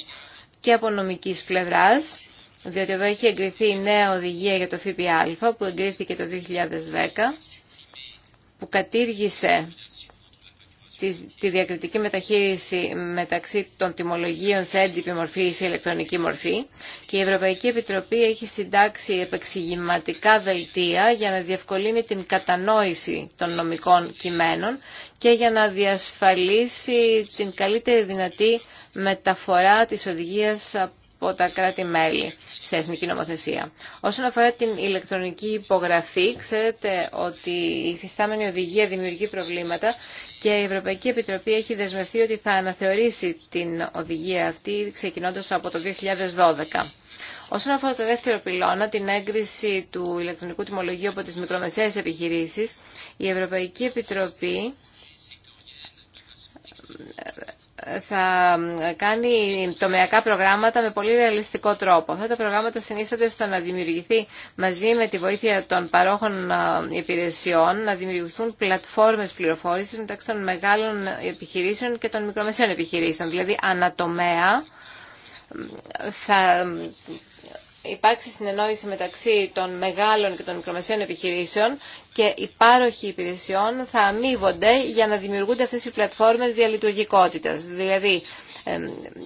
και από νομικής πλευράς, διότι εδώ έχει εγκριθεί η νέα οδηγία για το ΦΠΑ που εγκρίθηκε το 2010, που κατήργησε τη διακριτική μεταχείριση μεταξύ των τιμολογίων σε έντυπη μορφή ή σε ηλεκτρονική μορφή και η Ευρωπαϊκή Επιτροπή έχει συντάξει επεξηγηματικά δελτία για να διευκολύνει την κατανόηση των νομικών κειμένων και για να διασφαλίσει την καλύτερη δυνατή μεταφορά της οδηγίας από τα κράτη-μέλη σε εθνική νομοθεσία. Όσον αφορά την ηλεκτρονική υπογραφή, ξέρετε ότι η φυστάμενη οδηγία δημιουργεί προβλήματα και η Ευρωπαϊκή Επιτροπή έχει δεσμευθεί ότι θα αναθεωρήσει την οδηγία αυτή ξεκινώντας από το 2012. Όσον αφορά το δεύτερο πυλώνα, την έγκριση του ηλεκτρονικού τιμολογίου από τις μικρομεσαίες επιχειρήσεις, η Ευρωπαϊκή Επιτροπή θα κάνει τομεακά προγράμματα με πολύ ρεαλιστικό τρόπο. Αυτά τα προγράμματα συνίσταται στο να δημιουργηθεί μαζί με τη βοήθεια των παρόχων υπηρεσιών να δημιουργηθούν πλατφόρμες πληροφόρησης μεταξύ των μεγάλων επιχειρήσεων και των μικρομεσαίων επιχειρήσεων. Δηλαδή ανατομέα θα υπάρξει συνεννόηση μεταξύ των μεγάλων και των μικρομεσαίων επιχειρήσεων και οι πάροχοι υπηρεσιών θα αμείβονται για να δημιουργούνται αυτές οι πλατφόρμες διαλειτουργικότητας. Δηλαδή,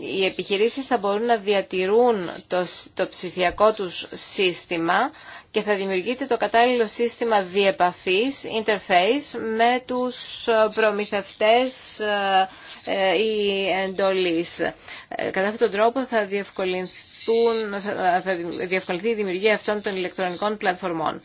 οι επιχειρήσεις θα μπορούν να διατηρούν το, το ψηφιακό τους σύστημα και θα δημιουργείται το κατάλληλο σύστημα διεπαφής, interface, με τους ε, προμηθευτές ε, ε, ή εντολής. Κατά αυτόν τον τρόπο θα, διευκολυνθούν, θα διευκολυνθεί η δημιουργία αυτών των ηλεκτρονικών πλατφορμών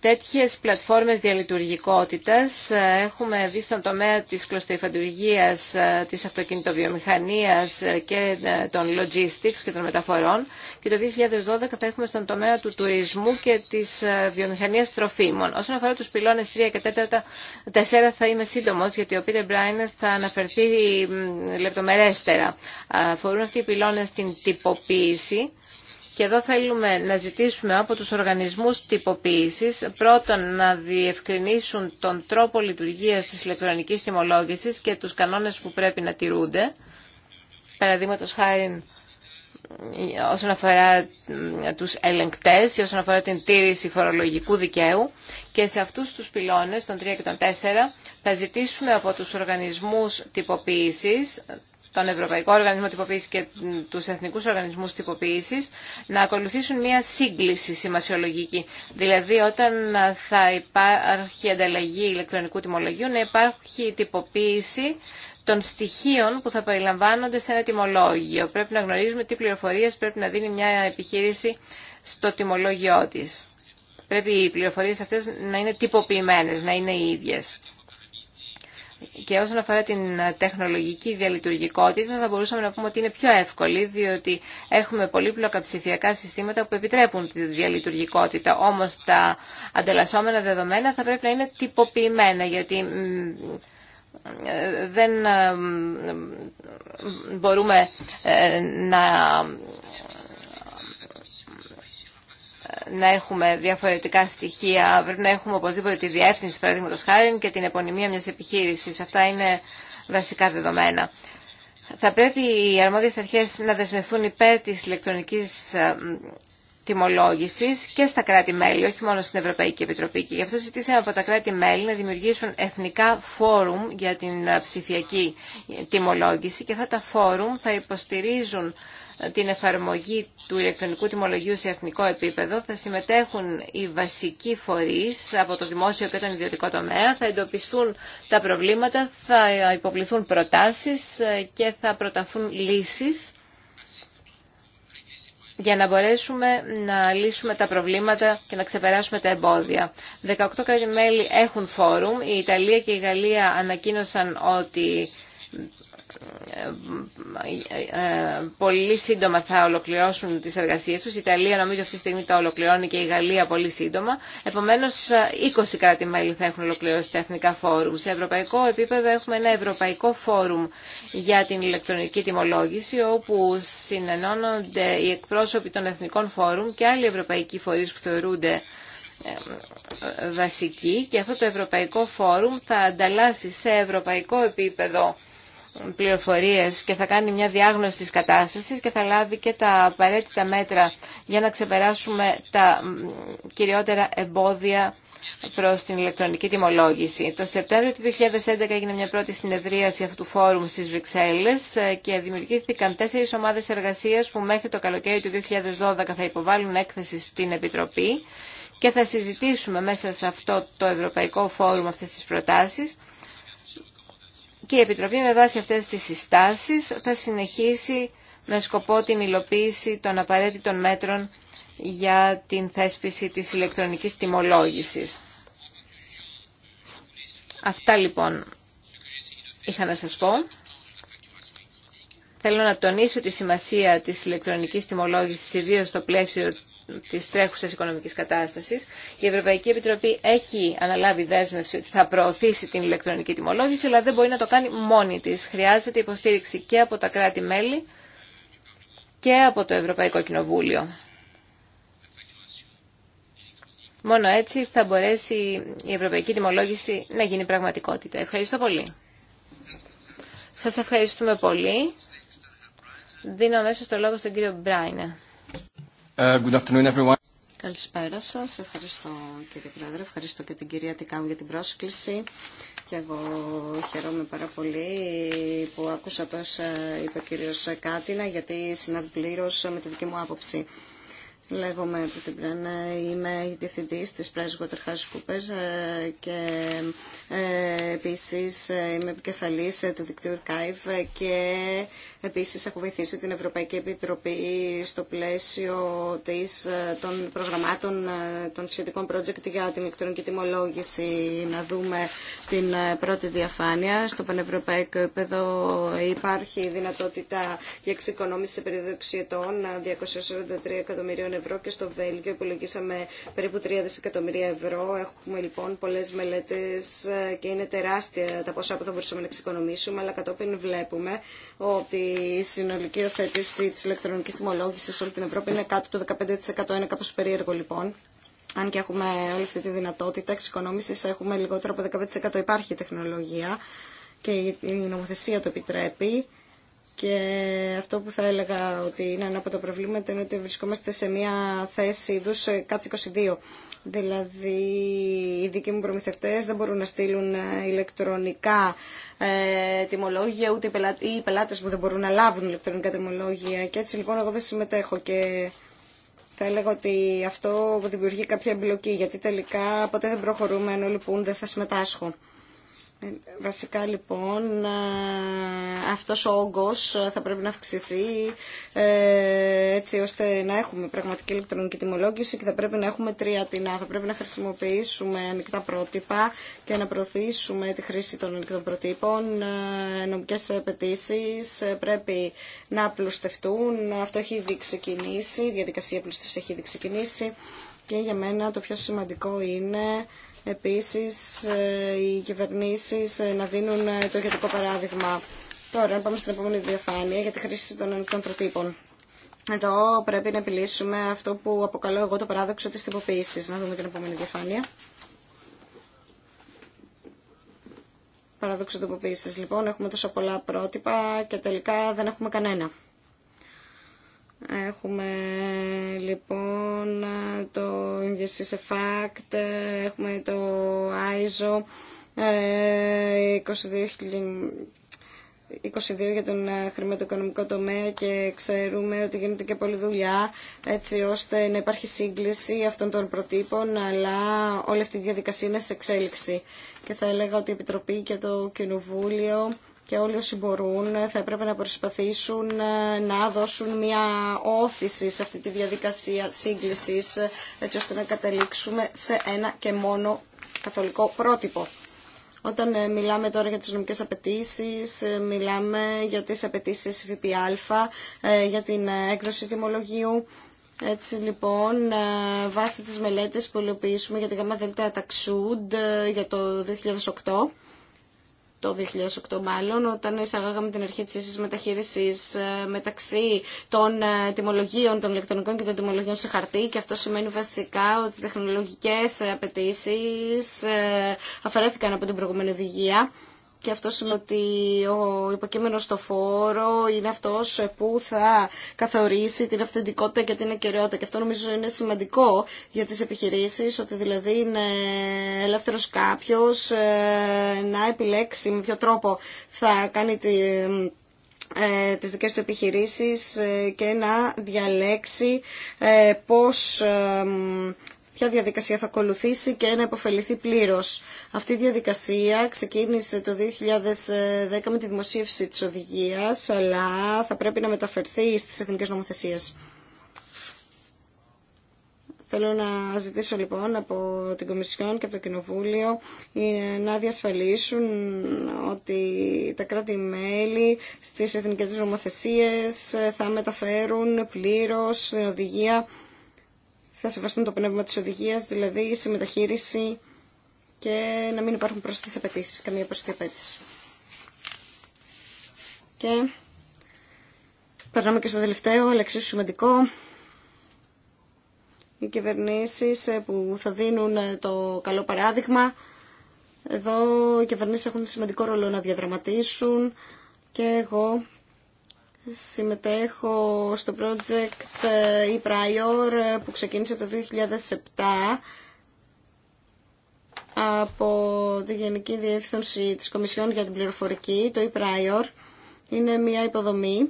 τέτοιες πλατφόρμες διαλειτουργικότητας έχουμε δει στον τομέα της κλωστοϊφαντουργίας, της αυτοκινητοβιομηχανίας και των logistics και των μεταφορών και το 2012 θα έχουμε στον τομέα του τουρισμού και της βιομηχανίας τροφίμων. Όσον αφορά τους πυλώνες 3 και 4, θα είμαι σύντομος γιατί ο Πίτερ Μπράιν θα αναφερθεί λεπτομερέστερα. Αφορούν αυτοί οι πυλώνες την τυποποίηση και εδώ θέλουμε να ζητήσουμε από τους οργανισμούς τυποποίησης πρώτον να διευκρινίσουν τον τρόπο λειτουργίας της ηλεκτρονικής τιμολόγησης και τους κανόνες που πρέπει να τηρούνται. Παραδείγματος χάρη όσον αφορά τους ελεγκτές ή όσον αφορά την τήρηση φορολογικού δικαίου και σε αυτούς τους πυλώνες, τον 3 και τον 4, θα ζητήσουμε από τους οργανισμούς τυποποίησης τον Ευρωπαϊκό Οργανισμό Τυποποίησης και τους Εθνικούς Οργανισμούς Τυποποίησης να ακολουθήσουν μια σύγκληση σημασιολογική. Δηλαδή όταν θα υπάρχει ανταλλαγή ηλεκτρονικού τιμολογίου να υπάρχει τυποποίηση των στοιχείων που θα περιλαμβάνονται σε ένα τιμολόγιο. Πρέπει να γνωρίζουμε τι πληροφορίες πρέπει να δίνει μια επιχείρηση στο τιμολόγιο της. Πρέπει οι πληροφορίες αυτές να είναι τυποποιημένες, να είναι οι ίδιες. Και όσον αφορά την τεχνολογική διαλειτουργικότητα, θα μπορούσαμε να πούμε ότι είναι πιο εύκολη, διότι έχουμε πολύπλοκα ψηφιακά συστήματα που επιτρέπουν τη διαλειτουργικότητα. όμως τα αντελασσόμενα δεδομένα θα πρέπει να είναι τυποποιημένα, γιατί δεν μπορούμε ε, να να έχουμε διαφορετικά στοιχεία. Πρέπει να έχουμε οπωσδήποτε τη διεύθυνση, παραδείγματο χάρη, και την επωνυμία μια επιχείρηση. Αυτά είναι βασικά δεδομένα. Θα πρέπει οι αρμόδιες αρχές να δεσμευθούν υπέρ τη ηλεκτρονική. Ε, τιμολόγησης και στα κράτη-μέλη, όχι μόνο στην Ευρωπαϊκή Επιτροπή. Και γι' αυτό ζητήσαμε από τα κράτη-μέλη να δημιουργήσουν εθνικά φόρουμ για την ε, ψηφιακή τιμολόγηση και αυτά τα φόρουμ θα υποστηρίζουν ε, την εφαρμογή του ηλεκτρονικού τιμολογίου σε εθνικό επίπεδο θα συμμετέχουν οι βασικοί φορείς από το δημόσιο και τον ιδιωτικό τομέα, θα εντοπιστούν τα προβλήματα, θα υποβληθούν προτάσεις ε, και θα προταθούν λύσεις για να μπορέσουμε να λύσουμε τα προβλήματα και να ξεπεράσουμε τα εμπόδια. 18 κράτη-μέλη έχουν φόρουμ. Η Ιταλία και η Γαλλία ανακοίνωσαν ότι πολύ σύντομα θα ολοκληρώσουν τις εργασίες τους. Η Ιταλία νομίζω αυτή τη στιγμή τα ολοκληρώνει και η Γαλλία πολύ σύντομα. Επομένως 20 κράτη-μέλη θα έχουν ολοκληρώσει τα εθνικά φόρουμ. Σε ευρωπαϊκό επίπεδο έχουμε ένα ευρωπαϊκό φόρουμ για την ηλεκτρονική τιμολόγηση όπου συνενώνονται οι εκπρόσωποι των εθνικών φόρουμ και άλλοι ευρωπαϊκοί φορείς που θεωρούνται δασικοί ε, και αυτό το Ευρωπαϊκό Φόρουμ θα ανταλλάσσει σε ευρωπαϊκό επίπεδο πληροφορίες και θα κάνει μια διάγνωση της κατάστασης και θα λάβει και τα απαραίτητα μέτρα για να ξεπεράσουμε τα κυριότερα εμπόδια προς την ηλεκτρονική τιμολόγηση. Το Σεπτέμβριο του 2011 έγινε μια πρώτη συνεδρίαση αυτού του φόρουμ στις Βρυξέλλες ε, και δημιουργήθηκαν τέσσερις ομάδες εργασίας που μέχρι το καλοκαίρι του 2012 θα υποβάλουν έκθεση στην Επιτροπή και θα συζητήσουμε μέσα σε αυτό το Ευρωπαϊκό Φόρουμ αυτές τις προτάσεις και η Επιτροπή με βάση αυτές τις συστάσεις θα συνεχίσει με σκοπό την υλοποίηση των απαραίτητων μέτρων για την θέσπιση της ηλεκτρονικής τιμολόγησης. Αυτά λοιπόν είχα να σας πω. Θέλω να τονίσω τη σημασία της ηλεκτρονικής τιμολόγησης, ιδίως στο πλαίσιο Τη τρέχουσα οικονομική κατάσταση. Η Ευρωπαϊκή Επιτροπή έχει αναλάβει δέσμευση ότι θα προωθήσει την ηλεκτρονική τιμολόγηση, αλλά δεν μπορεί να το κάνει μόνη τη. Χρειάζεται υποστήριξη και από τα κράτη-μέλη και από το Ευρωπαϊκό Κοινοβούλιο. Μόνο έτσι θα μπορέσει η ευρωπαϊκή τιμολόγηση να γίνει πραγματικότητα. Ευχαριστώ πολύ. Σας ευχαριστούμε πολύ. Δίνω αμέσως το λόγο στον κύριο Μπράινε. Uh, good afternoon everyone. Καλησπέρα σας. Ευχαριστώ κύριε Πρόεδρε. Ευχαριστώ και την κυρία Τικάμου για την πρόσκληση. Και εγώ χαιρόμαι πάρα πολύ που άκουσα τόσα είπε ο κύριο Κάτινα γιατί συναντηπλήρωσε με τη δική μου άποψη. Λέγομαι Πιτεμπράν, είμαι η διευθυντή τη PricewaterhouseCoopers ε, και ε, επίση είμαι επικεφαλή ε, του δικτύου Archive και Επίσης, έχω βοηθήσει την Ευρωπαϊκή Επιτροπή στο πλαίσιο της, ε, των προγραμμάτων ε, των σχετικών project για την ηλεκτρονική τιμολόγηση. Να δούμε την ε, πρώτη διαφάνεια. Στο πανευρωπαϊκό επίπεδο υπάρχει δυνατότητα για εξοικονόμηση σε περίοδο εξιετών 243 εκατομμυρίων ευρώ και στο Βέλγιο υπολογίσαμε περίπου 3 δισεκατομμύρια ευρώ. Έχουμε λοιπόν πολλές μελέτες και είναι τεράστια τα ποσά που θα μπορούσαμε να εξοικονομήσουμε, αλλά κατόπιν βλέπουμε ότι η συνολική οθέτηση της ηλεκτρονικής τιμολόγηση σε όλη την Ευρώπη είναι κάτω του 15%. Είναι κάπως περίεργο λοιπόν. Αν και έχουμε όλη αυτή τη δυνατότητα εξοικονόμησης, έχουμε λιγότερο από 15%. Υπάρχει τεχνολογία και η νομοθεσία το επιτρέπει. Και αυτό που θα έλεγα ότι είναι ένα από τα προβλήματα είναι ότι βρισκόμαστε σε μια θέση είδου ε, κάτσε 22 Δηλαδή, οι δικοί μου προμηθευτές δεν μπορούν να στείλουν ε, ηλεκτρονικά ε, τιμολόγια, ούτε οι πελάτες που δεν μπορούν να λάβουν ηλεκτρονικά τιμολόγια. Και έτσι λοιπόν εγώ δεν συμμετέχω και θα έλεγα ότι αυτό δημιουργεί κάποια εμπλοκή, γιατί τελικά ποτέ δεν προχωρούμε ενώ λοιπόν δεν θα συμμετάσχω. Βασικά λοιπόν ε, αυτός ο όγκος θα πρέπει να αυξηθεί ε, έτσι ώστε να έχουμε πραγματική ηλεκτρονική τιμολόγηση και θα πρέπει να έχουμε τρία τεινά. Θα πρέπει να χρησιμοποιήσουμε ανοιχτά πρότυπα και να προωθήσουμε τη χρήση των ανοιχτών προτύπων. Ε, νομικές απαιτήσει πρέπει να απλουστευτούν. Αυτό έχει ήδη ξεκινήσει, η διαδικασία απλουστευσης έχει ήδη ξεκινήσει. Και για μένα το πιο σημαντικό είναι επίσης ε, οι κυβερνήσεις ε, να δίνουν ε, το ηγετικό παράδειγμα. Τώρα, να πάμε στην επόμενη διαφάνεια για τη χρήση των ανοιχτών προτύπων. Εδώ πρέπει να επιλύσουμε αυτό που αποκαλώ εγώ το παράδοξο της τυποποίησης. Να δούμε την επόμενη διαφάνεια. Παράδοξο τυποποίησης λοιπόν, έχουμε τόσο πολλά πρότυπα και τελικά δεν έχουμε κανένα. Έχουμε λοιπόν το GCS Fact, έχουμε το ISO 22 ε, για τον ε, χρηματοοικονομικό τομέα και ξέρουμε ότι γίνεται και πολλή δουλειά έτσι ώστε να υπάρχει σύγκληση αυτών των προτύπων αλλά όλη αυτή η διαδικασία είναι σε εξέλιξη. Και θα έλεγα ότι η Επιτροπή και το Κοινοβούλιο και όλοι όσοι μπορούν θα έπρεπε να προσπαθήσουν ε, να δώσουν μια όθηση σε αυτή τη διαδικασία σύγκλησης έτσι ώστε να καταλήξουμε σε ένα και μόνο καθολικό πρότυπο. Όταν ε, μιλάμε τώρα για τις νομικές απαιτήσει, ε, μιλάμε για τις απαιτήσει ΦΠΑ, για την έκδοση τιμολογίου. Έτσι λοιπόν, βάσει της μελέτες που υλοποιήσουμε για την ΓΑΜΑ για το 2008, το 2008 μάλλον, όταν εισαγάγαμε την αρχή της ίσης μεταχείρισης ε, μεταξύ των ε, τιμολογίων, των ηλεκτρονικών και των τιμολογίων σε χαρτί και αυτό σημαίνει βασικά ότι τεχνολογικές απαιτήσει ε, αφαιρέθηκαν από την προηγούμενη οδηγία και αυτό σημαίνει ότι ο υποκείμενο στο φόρο είναι αυτό που θα καθορίσει την αυθεντικότητα και την ακαιρεότητα. Και αυτό νομίζω είναι σημαντικό για τι επιχειρήσει, ότι δηλαδή είναι ελεύθερο κάποιο ε, να επιλέξει με ποιο τρόπο θα κάνει τη ε, τις δικές του επιχειρήσεις ε, και να διαλέξει πώς ποια διαδικασία θα ακολουθήσει και να υποφεληθεί πλήρως. Αυτή η διαδικασία ξεκίνησε το 2010 με τη δημοσίευση της οδηγίας, αλλά θα πρέπει να μεταφερθεί στις εθνικές νομοθεσίες. Θέλω να ζητήσω λοιπόν από την Κομισιόν και από το Κοινοβούλιο ε, να διασφαλίσουν ότι τα κράτη-μέλη στις εθνικές νομοθεσίες ε, θα μεταφέρουν πλήρως την οδηγία θα σεβαστούν το πνεύμα της οδηγίας, δηλαδή σε μεταχείριση και να μην υπάρχουν πρόσθετες απαιτήσει, καμία πρόσθετη απαίτηση. Και περνάμε και στο τελευταίο, αλλά εξίσου σημαντικό. Οι κυβερνήσει ε, που θα δίνουν ε, το καλό παράδειγμα. Εδώ οι κυβερνήσει έχουν σημαντικό ρόλο να διαδραματίσουν και εγώ Συμμετέχω στο project ε, η prior που ξεκίνησε το 2007 από τη Γενική Διεύθυνση της Κομισιόν για την Πληροφορική, το e-prior. Είναι μια υποδομή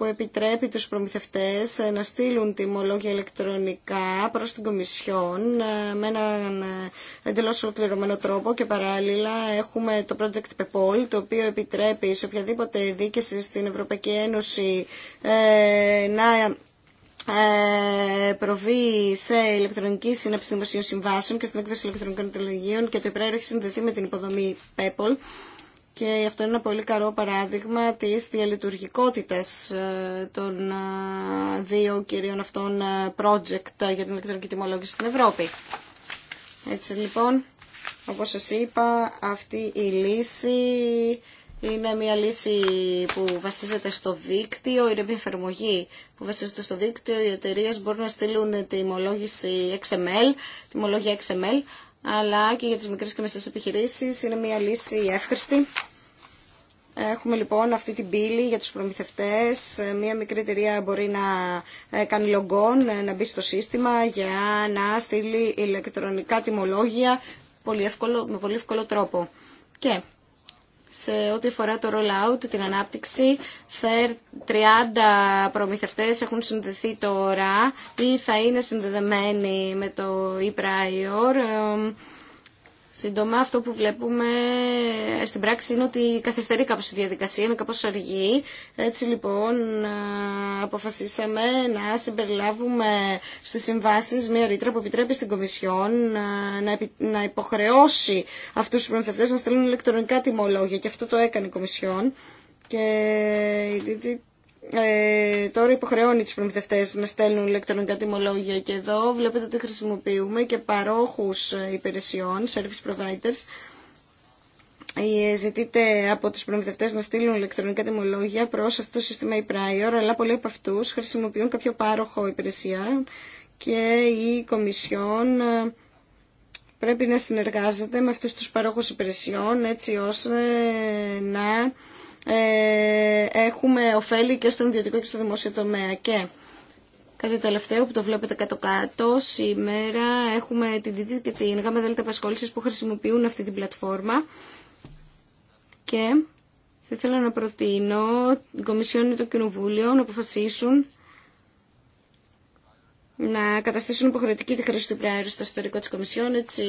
που επιτρέπει τους προμηθευτές ε, να στείλουν τιμολόγια ηλεκτρονικά προς την Κομισιόν ε, με έναν ε, εντελώς ολοκληρωμένο τρόπο και παράλληλα έχουμε το Project PEPOL το οποίο επιτρέπει σε οποιαδήποτε δίκηση στην Ευρωπαϊκή Ένωση να προβεί σε ηλεκτρονική σύναψη δημοσίων συμβάσεων και στην έκδοση ηλεκτρονικών τελογίων και το υπέρ έχει συνδεθεί με την υποδομή PEPOL και αυτό είναι ένα πολύ καρό παράδειγμα της διαλειτουργικότητας ε, των ε, δύο κυρίων αυτών ε, project για την ηλεκτρονική τιμολόγηση στην Ευρώπη. Έτσι λοιπόν, όπως σας είπα, αυτή η λύση είναι μια λύση που βασίζεται στο δίκτυο, είναι μια εφαρμογή που βασίζεται στο δίκτυο. Οι εταιρείε μπορούν να στείλουν τιμολόγηση XML, τιμολόγια XML, αλλά και για τις μικρές και μεσές επιχειρήσεις είναι μια λύση εύχριστη Έχουμε λοιπόν αυτή την πύλη για τους προμηθευτές. Μία μικρή εταιρεία μπορεί να ε, κάνει λογκόν, ε, να μπει στο σύστημα για να στείλει ηλεκτρονικά τιμολόγια πολύ εύκολο, με πολύ εύκολο τρόπο. Και σε ό,τι αφορά το rollout, την ανάπτυξη, 30 προμηθευτές έχουν συνδεθεί τώρα ή θα είναι συνδεδεμένοι με το e-prior Σύντομα, αυτό που βλέπουμε ε, στην πράξη είναι ότι καθυστερεί κάπως η διαδικασία, είναι κάπως αργή. Έτσι λοιπόν αποφασίσαμε να συμπεριλάβουμε στις συμβάσεις μια ρήτρα που επιτρέπει στην Κομισιόν να υποχρεώσει αυτούς τους προμηθευτές να στέλνουν ηλεκτρονικά τιμολόγια και αυτό το έκανε η Κομισιόν. Και η ε, τώρα υποχρεώνει τους προμηθευτές να στέλνουν ηλεκτρονικά τιμολόγια και εδώ βλέπετε ότι χρησιμοποιούμε και παρόχους ε, υπηρεσιών, service providers. Ε, ζητείτε από τους προμηθευτές να στείλουν ηλεκτρονικά τιμολόγια προς αυτό το σύστημα e-prior, αλλά πολλοί από αυτούς χρησιμοποιούν κάποιο πάροχο υπηρεσία και η Κομισιόν πρέπει να συνεργάζεται με αυτούς τους παρόχους υπηρεσιών έτσι ώστε να ε, έχουμε ωφέλη και στον ιδιωτικό και στο δημόσιο τομέα. Και κάτι τελευταίο που το βλέπετε κάτω-κάτω, σήμερα έχουμε την Digit και την ΓΑΜΑ ΔΕΛΤΑ Πασχόλησης που χρησιμοποιούν αυτή την πλατφόρμα. Και θα ήθελα να προτείνω την Κομισιόν και το Κοινοβούλιο να αποφασίσουν να καταστήσουν υποχρεωτική τη χρήση του πράιρου στο ιστορικό της Κομισιόν, έτσι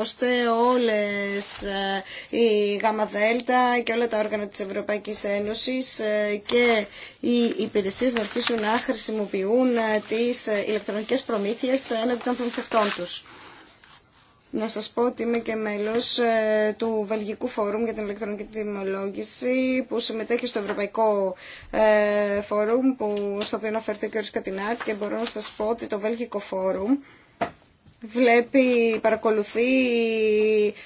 ώστε όλες ε, οι δέλτα και όλα τα όργανα της Ευρωπαϊκής Ένωσης ε, και οι υπηρεσίες να αρχίσουν να χρησιμοποιούν ε, τις ηλεκτρονικές προμήθειες έναντι των προμηθευτών τους. Να σας πω ότι είμαι και μέλος ε, του Βελγικού Φόρουμ για την Ελεκτρονική τιμολόγηση που συμμετέχει στο Ευρωπαϊκό ε, Φόρουμ που, στο οποίο αναφέρθηκε ο κ. Κατινάκ και μπορώ να σας πω ότι το Βελγικό Φόρουμ βλέπει, παρακολουθεί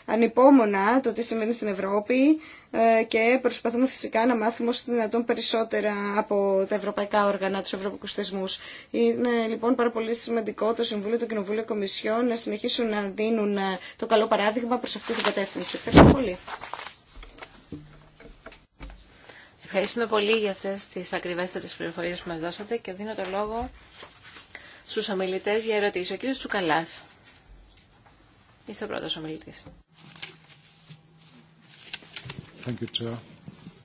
ανυπόμονα το τι σημαίνει στην Ευρώπη ε, και προσπαθούμε φυσικά να μάθουμε όσο δυνατόν περισσότερα από τα ευρωπαϊκά όργανα, του ευρωπαϊκού θεσμού. Είναι λοιπόν πάρα πολύ σημαντικό το Συμβούλιο, το Κοινοβούλιο Κομισιόν να συνεχίσουν να δίνουν ε, το καλό παράδειγμα προ αυτή την κατεύθυνση. Ευχαριστώ πολύ. Ευχαριστούμε πολύ για αυτές τις ακριβέστερες πληροφορίες που μας δώσατε και δίνω το λόγο στους ομιλητές για ερωτήσεις. Ο κύριος Τσουκαλάς. Είστε ο πρώτος ο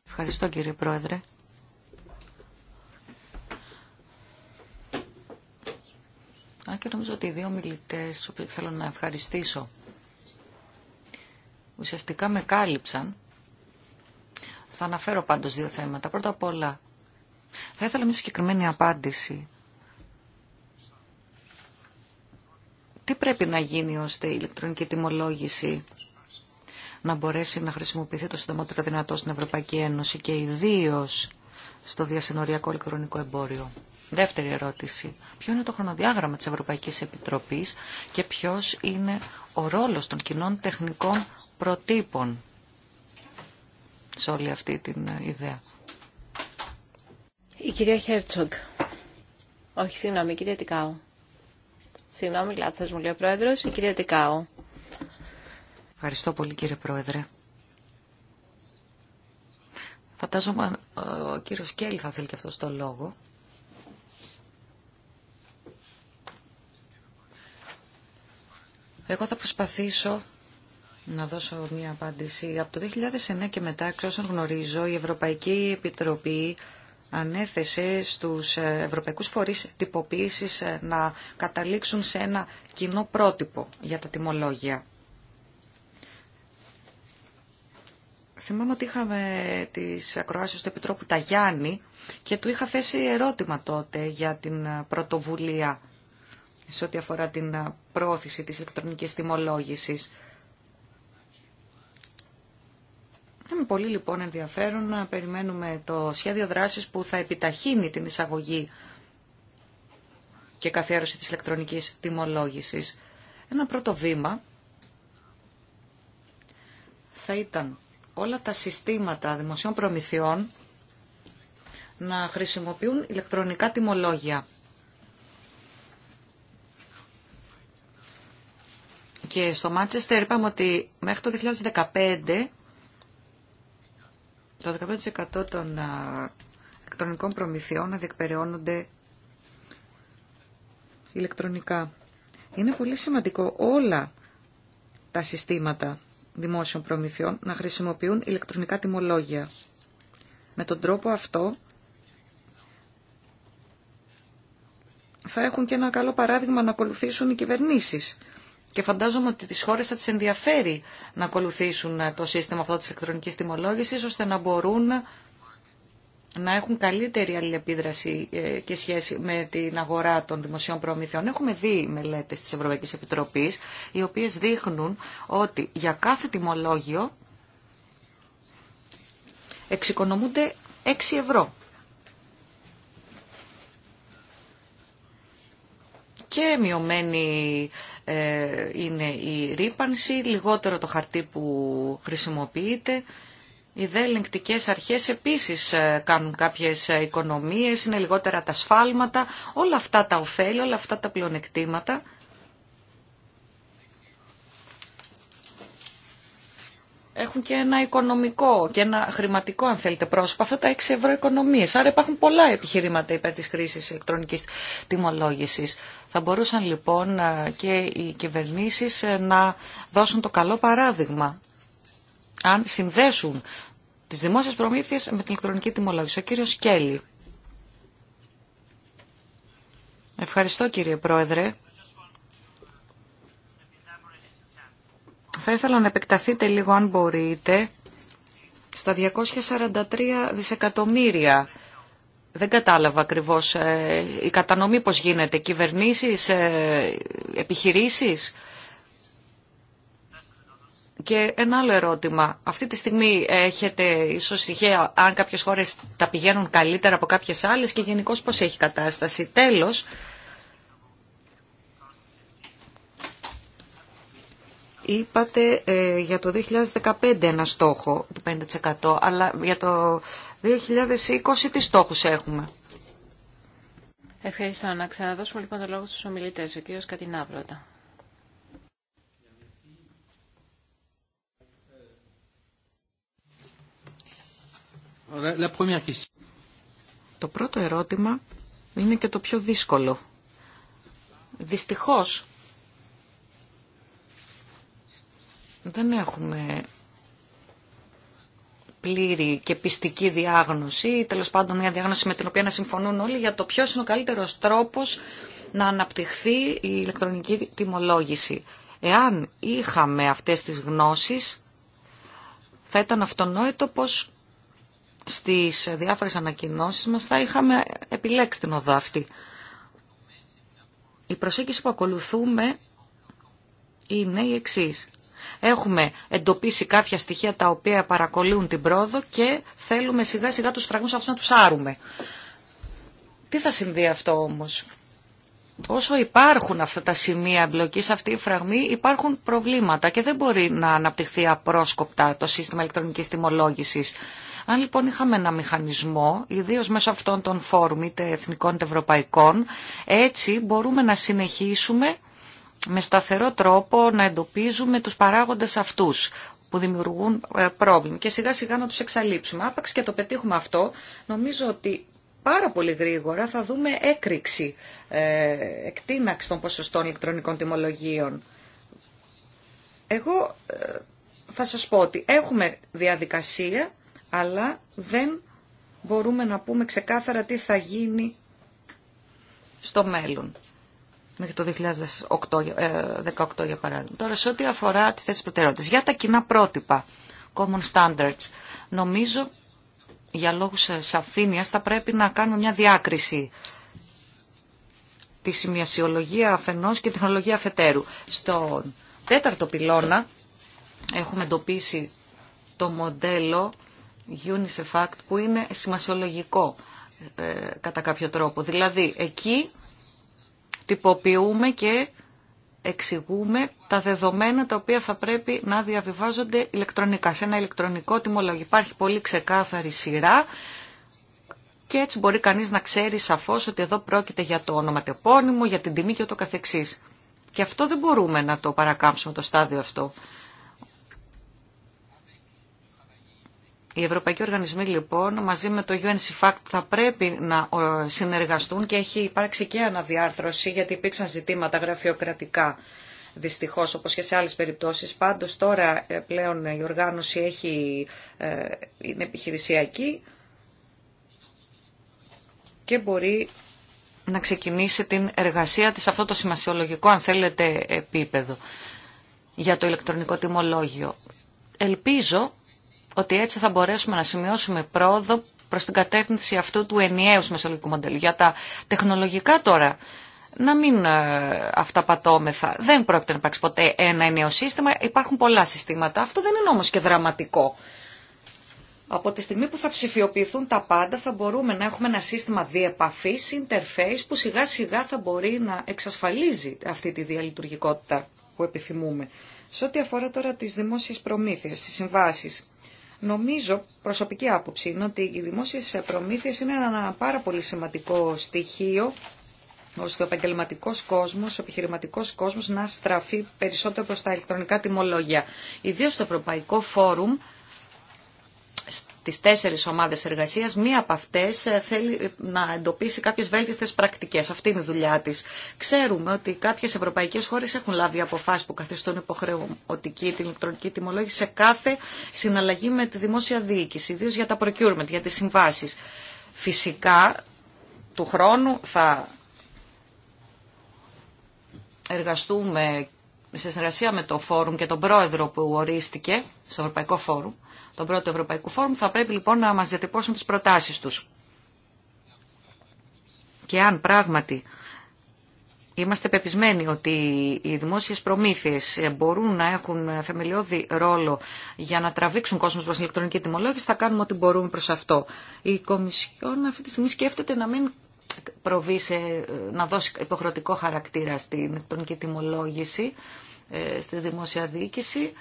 Ευχαριστώ κύριε Πρόεδρε. Αν και νομίζω ότι οι δύο ομιλητέ του θέλω να ευχαριστήσω, ουσιαστικά με κάλυψαν. Θα αναφέρω πάντως δύο θέματα. Πρώτα απ' όλα, θα ήθελα μια συγκεκριμένη απάντηση τι πρέπει να γίνει ώστε η ηλεκτρονική τιμολόγηση να μπορέσει να χρησιμοποιηθεί το συντομότερο δυνατό στην Ευρωπαϊκή Ένωση και ιδίω στο διασυνοριακό ηλεκτρονικό εμπόριο. Δεύτερη ερώτηση. Ποιο είναι το χρονοδιάγραμμα της Ευρωπαϊκής Επιτροπής και ποιος είναι ο ρόλος των κοινών τεχνικών προτύπων σε όλη αυτή την ιδέα. Η κυρία Χέρτσογκ. Όχι, συγγνώμη, κυρία Τικάου. Συγγνώμη, λάθος μου λέει ο Πρόεδρος, η κυρία Τικάου. Ευχαριστώ πολύ κύριε Πρόεδρε. Φαντάζομαι ε, ο κύριος Κέλλη θα θέλει και αυτό το λόγο. Εγώ θα προσπαθήσω να δώσω μία απάντηση. Από το 2009 και μετά, εξ όσων γνωρίζω, η Ευρωπαϊκή Επιτροπή ανέθεσε στους ε, ευρωπαϊκούς φορείς τυποποίησης ε, να καταλήξουν σε ένα κοινό πρότυπο για τα τιμολόγια. Θυμάμαι ότι είχαμε τις ακροάσεις του Επιτρόπου Ταγιάννη και του είχα θέσει ερώτημα τότε για την ε, πρωτοβουλία σε ό,τι αφορά την πρόθεση της ηλεκτρονικής τιμολόγησης. Είναι πολύ λοιπόν ενδιαφέρον να περιμένουμε το σχέδιο δράσης που θα επιταχύνει την εισαγωγή και καθιέρωση της ηλεκτρονικής τιμολόγησης. Ένα πρώτο βήμα θα ήταν όλα τα συστήματα δημοσίων προμηθειών να χρησιμοποιούν ηλεκτρονικά τιμολόγια. Και στο Μάντσεστερ είπαμε ότι μέχρι το 2015 το 15% των ηλεκτρονικών προμηθειών να διεκπεραιώνονται ηλεκτρονικά. Είναι πολύ σημαντικό όλα τα συστήματα δημόσιων προμηθειών να χρησιμοποιούν ηλεκτρονικά τιμολόγια. Με τον τρόπο αυτό θα έχουν και ένα καλό παράδειγμα να ακολουθήσουν οι κυβερνήσεις και φαντάζομαι ότι τις χώρες θα τις ενδιαφέρει να ακολουθήσουν το σύστημα αυτό της ηλεκτρονικής τιμολόγησης, ώστε να μπορούν να έχουν καλύτερη αλληλεπίδραση ε, και σχέση με την αγορά των δημοσίων προμηθειών. Έχουμε δει μελέτες της Ευρωπαϊκής Επιτροπής, οι οποίες δείχνουν ότι για κάθε τιμολόγιο εξοικονομούνται 6 ευρώ. και μειωμένη ε, είναι η ρήπανση, λιγότερο το χαρτί που χρησιμοποιείται. Οι δε αρχές επίσης ε, κάνουν κάποιες οικονομίες, είναι λιγότερα τα σφάλματα, όλα αυτά τα ωφέλη, όλα αυτά τα πλεονεκτήματα έχουν και ένα οικονομικό και ένα χρηματικό αν θέλετε πρόσωπο, αυτά τα 6 ευρώ οικονομίε. Άρα υπάρχουν πολλά επιχειρήματα υπέρ της χρήσης ηλεκτρονικής τιμολόγησης. Θα μπορούσαν λοιπόν και οι κυβερνήσει ε, να δώσουν το καλό παράδειγμα. Αν συνδέσουν τις δημόσιες προμήθειες με την ηλεκτρονική τιμολόγηση. Ο κύριο Κέλλη. Ευχαριστώ κύριε Πρόεδρε. Θα ήθελα να επεκταθείτε λίγο αν μπορείτε στα 243 δισεκατομμύρια. Δεν κατάλαβα ακριβώς ε, η κατανομή πώς γίνεται. Κυβερνήσεις, ε, επιχειρήσεις. Και ένα άλλο ερώτημα. Αυτή τη στιγμή έχετε ίσως στοιχεία αν κάποιες χώρες τα πηγαίνουν καλύτερα από κάποιες άλλες και γενικώ πώς έχει κατάσταση. Τέλος, είπατε ε, για το 2015 ένα στόχο του 5%, αλλά για το 2020 τι στόχους έχουμε. Ευχαριστώ. Να ξαναδώσουμε λοιπόν το λόγο στους ομιλητές. Ο κύριος Κατινά Το πρώτο ερώτημα είναι και το πιο δύσκολο. Δυστυχώς δεν έχουμε πλήρη και πιστική διάγνωση τέλο τέλος πάντων μια διάγνωση με την οποία να συμφωνούν όλοι για το ποιος είναι ο καλύτερος τρόπος να αναπτυχθεί η ηλεκτρονική τιμολόγηση. Εάν είχαμε αυτές τις γνώσεις θα ήταν αυτονόητο πως στις διάφορες ανακοινώσεις μας θα είχαμε επιλέξει την οδά αυτή. Η προσέγγιση που ακολουθούμε είναι η εξής. Έχουμε εντοπίσει κάποια στοιχεία τα οποία παρακολούν την πρόοδο και θέλουμε σιγά σιγά τους φραγμούς αυτούς να τους άρουμε. Τι θα συμβεί αυτό όμως. Όσο υπάρχουν αυτά τα σημεία εμπλοκή, αυτή η φραγμή, υπάρχουν προβλήματα και δεν μπορεί να αναπτυχθεί απρόσκοπτα το σύστημα ηλεκτρονικής τιμολόγηση. Αν λοιπόν είχαμε ένα μηχανισμό, ιδίω μέσω αυτών των φόρουμ, είτε εθνικών είτε ευρωπαϊκών, έτσι μπορούμε να συνεχίσουμε με σταθερό τρόπο να εντοπίζουμε τους παράγοντες αυτούς που δημιουργούν ε, πρόβλημα και σιγά σιγά να τους εξαλείψουμε. Άπαξ και το πετύχουμε αυτό, νομίζω ότι πάρα πολύ γρήγορα θα δούμε έκρηξη, ε, εκτείναξη των ποσοστών ηλεκτρονικών τιμολογίων. Εγώ ε, θα σας πω ότι έχουμε διαδικασία, αλλά δεν μπορούμε να πούμε ξεκάθαρα τι θα γίνει στο μέλλον μέχρι το 2018 ε, για παράδειγμα. Τώρα σε ό,τι αφορά τις θέσεις προτεραιότητες, για τα κοινά πρότυπα, common standards, νομίζω για λόγους ε, σαφήνειας θα πρέπει να κάνουμε μια διάκριση τη σημειασιολογία αφενός και τεχνολογία αφετέρου. Στο τέταρτο πυλώνα έχουμε εντοπίσει το μοντέλο UNICEF Act που είναι σημασιολογικό ε, κατά κάποιο τρόπο. Δηλαδή εκεί τυποποιούμε και εξηγούμε τα δεδομένα τα οποία θα πρέπει να διαβιβάζονται ηλεκτρονικά, σε ένα ηλεκτρονικό τιμολόγιο. Υπάρχει πολύ ξεκάθαρη σειρά και έτσι μπορεί κανείς να ξέρει σαφώς ότι εδώ πρόκειται για το ονοματεπώνυμο, για την τιμή και ούτω καθεξής. Και αυτό δεν μπορούμε να το παρακάμψουμε το στάδιο αυτό. Οι ευρωπαϊκοί οργανισμοί λοιπόν μαζί με το UNCFACT θα πρέπει να ε, συνεργαστούν και έχει υπάρξει και αναδιάρθρωση γιατί υπήρξαν ζητήματα γραφειοκρατικά δυστυχώς όπως και σε άλλες περιπτώσεις. Πάντως τώρα ε, πλέον η οργάνωση έχει, ε, είναι επιχειρησιακή και μπορεί να ξεκινήσει την εργασία της αυτό το σημασιολογικό αν θέλετε επίπεδο για το ηλεκτρονικό τιμολόγιο. Ελπίζω ότι έτσι θα μπορέσουμε να σημειώσουμε πρόοδο προς την κατεύθυνση αυτού του ενιαίου μεσολογικού μοντέλου. Για τα τεχνολογικά τώρα, να μην ε, αυταπατώμεθα. Δεν πρόκειται να υπάρξει ποτέ ένα ενιαίο σύστημα. Υπάρχουν πολλά συστήματα. Αυτό δεν είναι όμως και δραματικό. Από τη στιγμή που θα ψηφιοποιηθούν τα πάντα θα μπορούμε να έχουμε ένα σύστημα διεπαφής, interface που σιγά σιγά θα μπορεί να εξασφαλίζει αυτή τη διαλειτουργικότητα που επιθυμούμε. Σε ό,τι αφορά τώρα τις δημόσιες προμήθειες, τις συμβάσεις, Νομίζω, προσωπική άποψη, είναι ότι οι δημόσιε προμήθειε είναι ένα πάρα πολύ σημαντικό στοιχείο ώστε ο επαγγελματικό κόσμο, ο επιχειρηματικό κόσμο να στραφεί περισσότερο προ τα ηλεκτρονικά τιμολόγια. Ιδίω στο Ευρωπαϊκό Φόρουμ στις τέσσερις ομάδες εργασίας, μία από αυτές ε, θέλει ε, να εντοπίσει κάποιες βέλτιστες πρακτικές. Αυτή είναι η δουλειά της. Ξέρουμε ότι κάποιες ευρωπαϊκές χώρες έχουν λάβει αποφάσεις που καθιστούν υποχρεωτική την ηλεκτρονική τιμολόγηση σε κάθε συναλλαγή με τη δημόσια διοίκηση, ιδίω για τα procurement, για τις συμβάσεις. Φυσικά, του χρόνου θα εργαστούμε σε συνεργασία με το φόρουμ και τον πρόεδρο που ορίστηκε στο Ευρωπαϊκό Φόρουμ τον πρώτο Ευρωπαϊκό Φόρουμ, θα πρέπει λοιπόν να μας διατυπώσουν τις προτάσεις τους. Και αν πράγματι είμαστε πεπισμένοι ότι οι δημόσιες προμήθειες μπορούν να έχουν θεμελιώδη ρόλο για να τραβήξουν κόσμο προς ηλεκτρονική τιμολόγηση, θα κάνουμε ό,τι μπορούμε προς αυτό. Η Κομισιόν αυτή τη στιγμή σκέφτεται να μην προβεί να δώσει υποχρεωτικό χαρακτήρα στην ηλεκτρονική τιμολόγηση ε, στη δημόσια διοίκηση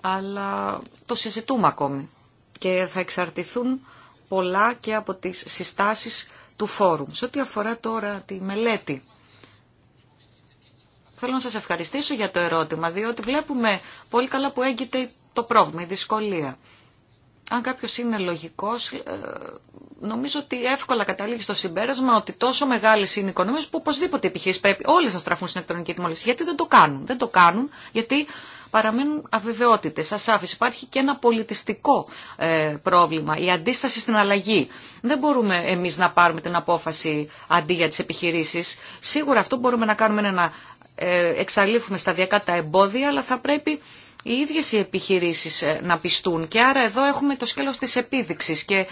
αλλά το συζητούμε ακόμη και θα εξαρτηθούν πολλά και από τις συστάσεις του φόρουμ. Σε ό,τι αφορά τώρα τη μελέτη, θέλω να σας ευχαριστήσω για το ερώτημα, διότι βλέπουμε πολύ καλά που έγκυται το πρόβλημα, η δυσκολία. Αν κάποιος είναι λογικός, ε, νομίζω ότι εύκολα καταλήγει στο συμπέρασμα ότι τόσο μεγάλης είναι οι οικονομία που οπωσδήποτε οι πρέπει όλες να στραφούν στην ηλεκτρονική τιμολογία. Γιατί δεν το κάνουν. Δεν το κάνουν γιατί παραμένουν αβεβαιότητες, άφησε. Υπάρχει και ένα πολιτιστικό ε, πρόβλημα, η αντίσταση στην αλλαγή. Δεν μπορούμε εμείς να πάρουμε την απόφαση αντί για τις επιχειρήσεις. Σίγουρα αυτό μπορούμε να κάνουμε είναι να ε, εξαλείφουμε σταδιακά τα εμπόδια, αλλά θα πρέπει οι ίδιες οι επιχειρήσεις ε, να πιστούν και άρα εδώ έχουμε το σκέλος της επίδειξης και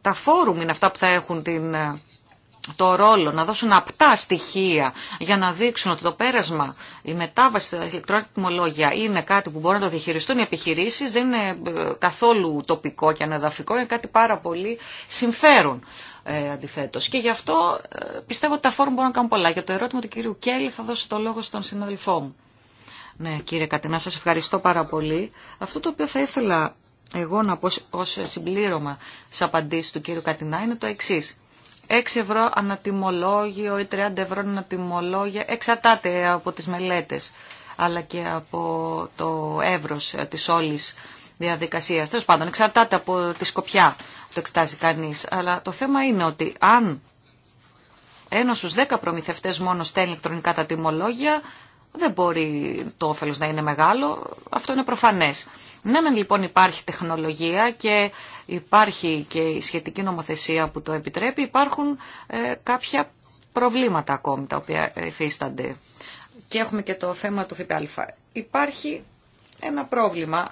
τα φόρουμ είναι αυτά που θα έχουν την το ρόλο, να δώσουν απτά στοιχεία για να δείξουν ότι το πέρασμα, η μετάβαση στα ηλεκτρονικά τιμολόγια είναι κάτι που μπορούν να το διαχειριστούν οι επιχειρήσει, δεν είναι ε, καθόλου τοπικό και ανεδαφικό, είναι κάτι πάρα πολύ συμφέρον ε, αντιθέτω. Και γι' αυτό ε, πιστεύω ότι τα φόρμα μπορούν να κάνουν πολλά. Για το ερώτημα του κυρίου Κέλλη θα δώσω το λόγο στον συναδελφό μου. Ναι, κύριε Κατινά, σας ευχαριστώ πάρα πολύ. Αυτό το οποίο θα ήθελα εγώ να πω ως συμπλήρωμα σε απαντήσει του κύριου Κατινά είναι το εξής. 6 ευρώ ανατιμολόγιο ή 30 ευρώ ανατιμολόγια εξαρτάται από τις μελέτες αλλά και από το εύρος ε, της όλης διαδικασίας. Τέλος πάντων, εξαρτάται από τη σκοπιά το εξτάζει κανείς. Αλλά το θέμα είναι ότι αν ένα στους 10 προμηθευτές μόνο στέλνει ηλεκτρονικά τα τιμολόγια, δεν μπορεί το όφελος να είναι μεγάλο, αυτό είναι προφανές. Ναι, μεν λοιπόν υπάρχει τεχνολογία και υπάρχει και η σχετική νομοθεσία που το επιτρέπει, υπάρχουν ε, κάποια προβλήματα ακόμη τα οποία υφίστανται. Και έχουμε και το θέμα του ΦΠΑ. Υπάρχει ένα πρόβλημα.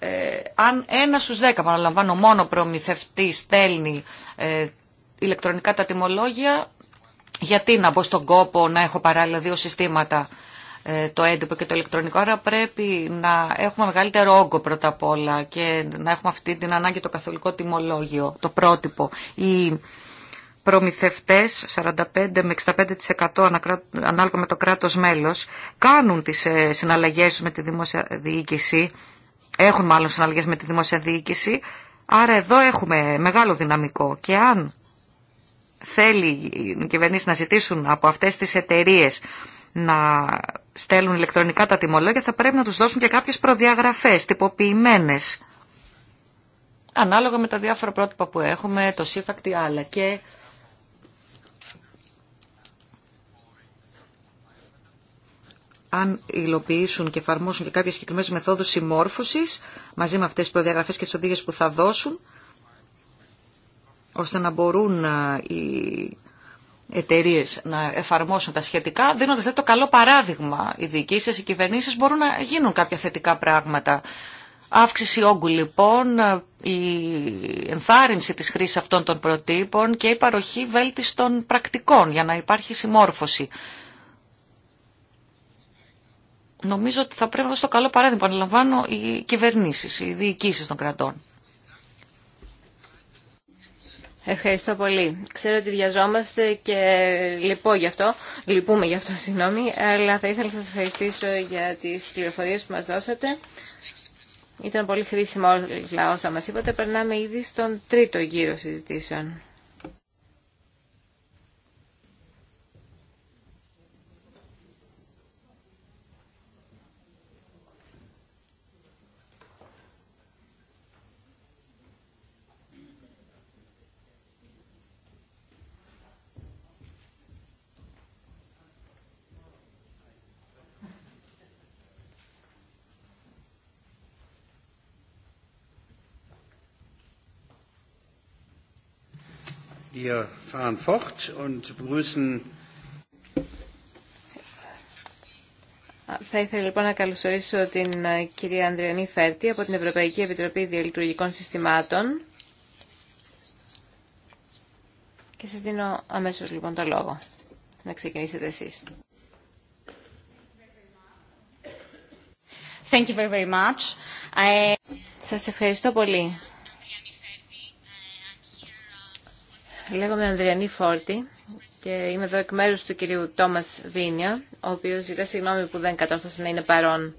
Ε, αν ένα στους δέκα, παραλαμβάνω, μόνο προμηθευτή στέλνει ε, ηλεκτρονικά τα τιμολόγια, γιατί να μπω στον κόπο να έχω παράλληλα δύο συστήματα, ε, το έντυπο και το ηλεκτρονικό. Άρα πρέπει να έχουμε μεγαλύτερο όγκο πρώτα απ' όλα και να έχουμε αυτή την ανάγκη το καθολικό τιμολόγιο, το πρότυπο. Οι προμηθευτές, 45 με 65% ανάλογα με το κράτος μέλος, κάνουν τις ε, συναλλαγές με τη δημόσια διοίκηση, έχουν μάλλον συναλλαγές με τη δημόσια διοίκηση, άρα εδώ έχουμε μεγάλο δυναμικό και αν θέλει οι κυβερνήσει να ζητήσουν από αυτές τις εταιρείε να στέλνουν ηλεκτρονικά τα τιμολόγια, θα πρέπει να τους δώσουν και κάποιες προδιαγραφές τυποποιημένες. Ανάλογα με τα διάφορα πρότυπα που έχουμε, το σύφακτι άλλα και... Αν υλοποιήσουν και εφαρμόσουν και κάποιες συγκεκριμένες μεθόδους συμμόρφωσης, μαζί με αυτές τις προδιαγραφές και τις οδηγίες που θα δώσουν, ώστε να μπορούν ε, οι εταιρείε να εφαρμόσουν τα σχετικά, δίνοντας δε δηλαδή το καλό παράδειγμα. Οι διοικήσει, οι κυβερνήσει μπορούν να γίνουν κάποια θετικά πράγματα. Αύξηση όγκου λοιπόν, ε, η ενθάρρυνση της χρήσης αυτών των προτύπων και η παροχή βέλτιστων πρακτικών για να υπάρχει συμμόρφωση. Νομίζω ότι θα πρέπει να δώσω το καλό παράδειγμα, αναλαμβάνω, οι κυβερνήσεις, οι διοικήσεις των κρατών. Ευχαριστώ πολύ. Ξέρω ότι βιαζόμαστε και λυπώ γι' αυτό, λυπούμε γι' αυτό, συγγνώμη, αλλά θα ήθελα να σας ευχαριστήσω για τις πληροφορίες που μας δώσατε. Ήταν πολύ χρήσιμο όλα όσα μας είπατε. Περνάμε ήδη στον τρίτο γύρο συζητήσεων. fahren fort und begrüßen Θα ήθελα λοιπόν να καλωσορίσω την ε, κυρία Ανδριανή Φέρτη από την Ευρωπαϊκή Επιτροπή Διαλειτουργικών Συστημάτων και σας δίνω αμέσως λοιπόν το λόγο να ξεκινήσετε εσείς. Thank you very much. I... Σας ευχαριστώ πολύ. Λέγομαι Ανδριανή Φόρτη και είμαι εδώ εκ μέρους του κυρίου Τόμας Βίνια, ο οποίος ζητά συγγνώμη που δεν κατόρθωσε να είναι παρόν.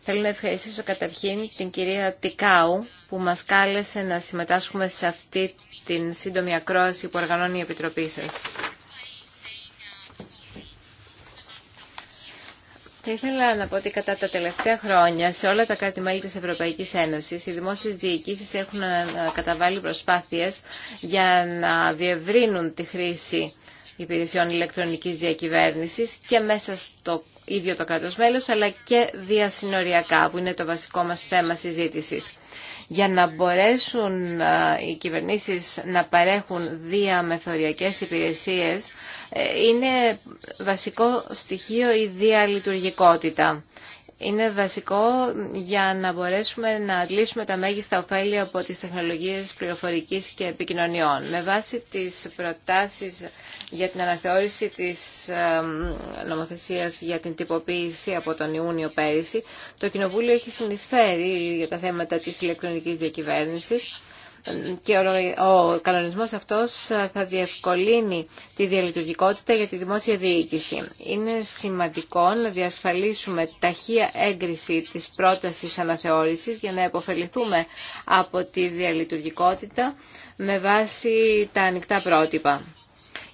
Θέλω να ευχαριστήσω καταρχήν την κυρία Τικάου που μας κάλεσε να συμμετάσχουμε σε αυτή την σύντομη ακρόαση που οργανώνει η Επιτροπή σας. Θα ήθελα να πω ότι κατά τα τελευταία χρόνια σε όλα τα κράτη-μέλη της Ευρωπαϊκής Ένωσης οι δημόσιες διοικήσεις έχουν καταβάλει προσπάθειες για να διευρύνουν τη χρήση υπηρεσιών ηλεκτρονικής διακυβέρνησης και μέσα στο ίδιο το κράτος μέλος, αλλά και διασυνοριακά, που είναι το βασικό μας θέμα συζήτησης. Για να μπορέσουν οι κυβερνήσεις να παρέχουν διαμεθοριακές υπηρεσίες, ε, είναι βασικό στοιχείο η διαλειτουργικότητα είναι βασικό για να μπορέσουμε να λύσουμε τα μέγιστα ωφέλη από τις τεχνολογίες πληροφορικής και επικοινωνιών. Με βάση τις προτάσεις για την αναθεώρηση της νομοθεσίας για την τυποποίηση από τον Ιούνιο πέρυσι, το Κοινοβούλιο έχει συνεισφέρει για τα θέματα της ηλεκτρονικής διακυβέρνησης και ο κανονισμός αυτός θα διευκολύνει τη διαλειτουργικότητα για τη δημόσια διοίκηση. Είναι σημαντικό να διασφαλίσουμε ταχεία έγκριση της πρότασης αναθεώρησης για να επωφεληθούμε από τη διαλειτουργικότητα με βάση τα ανοιχτά πρότυπα.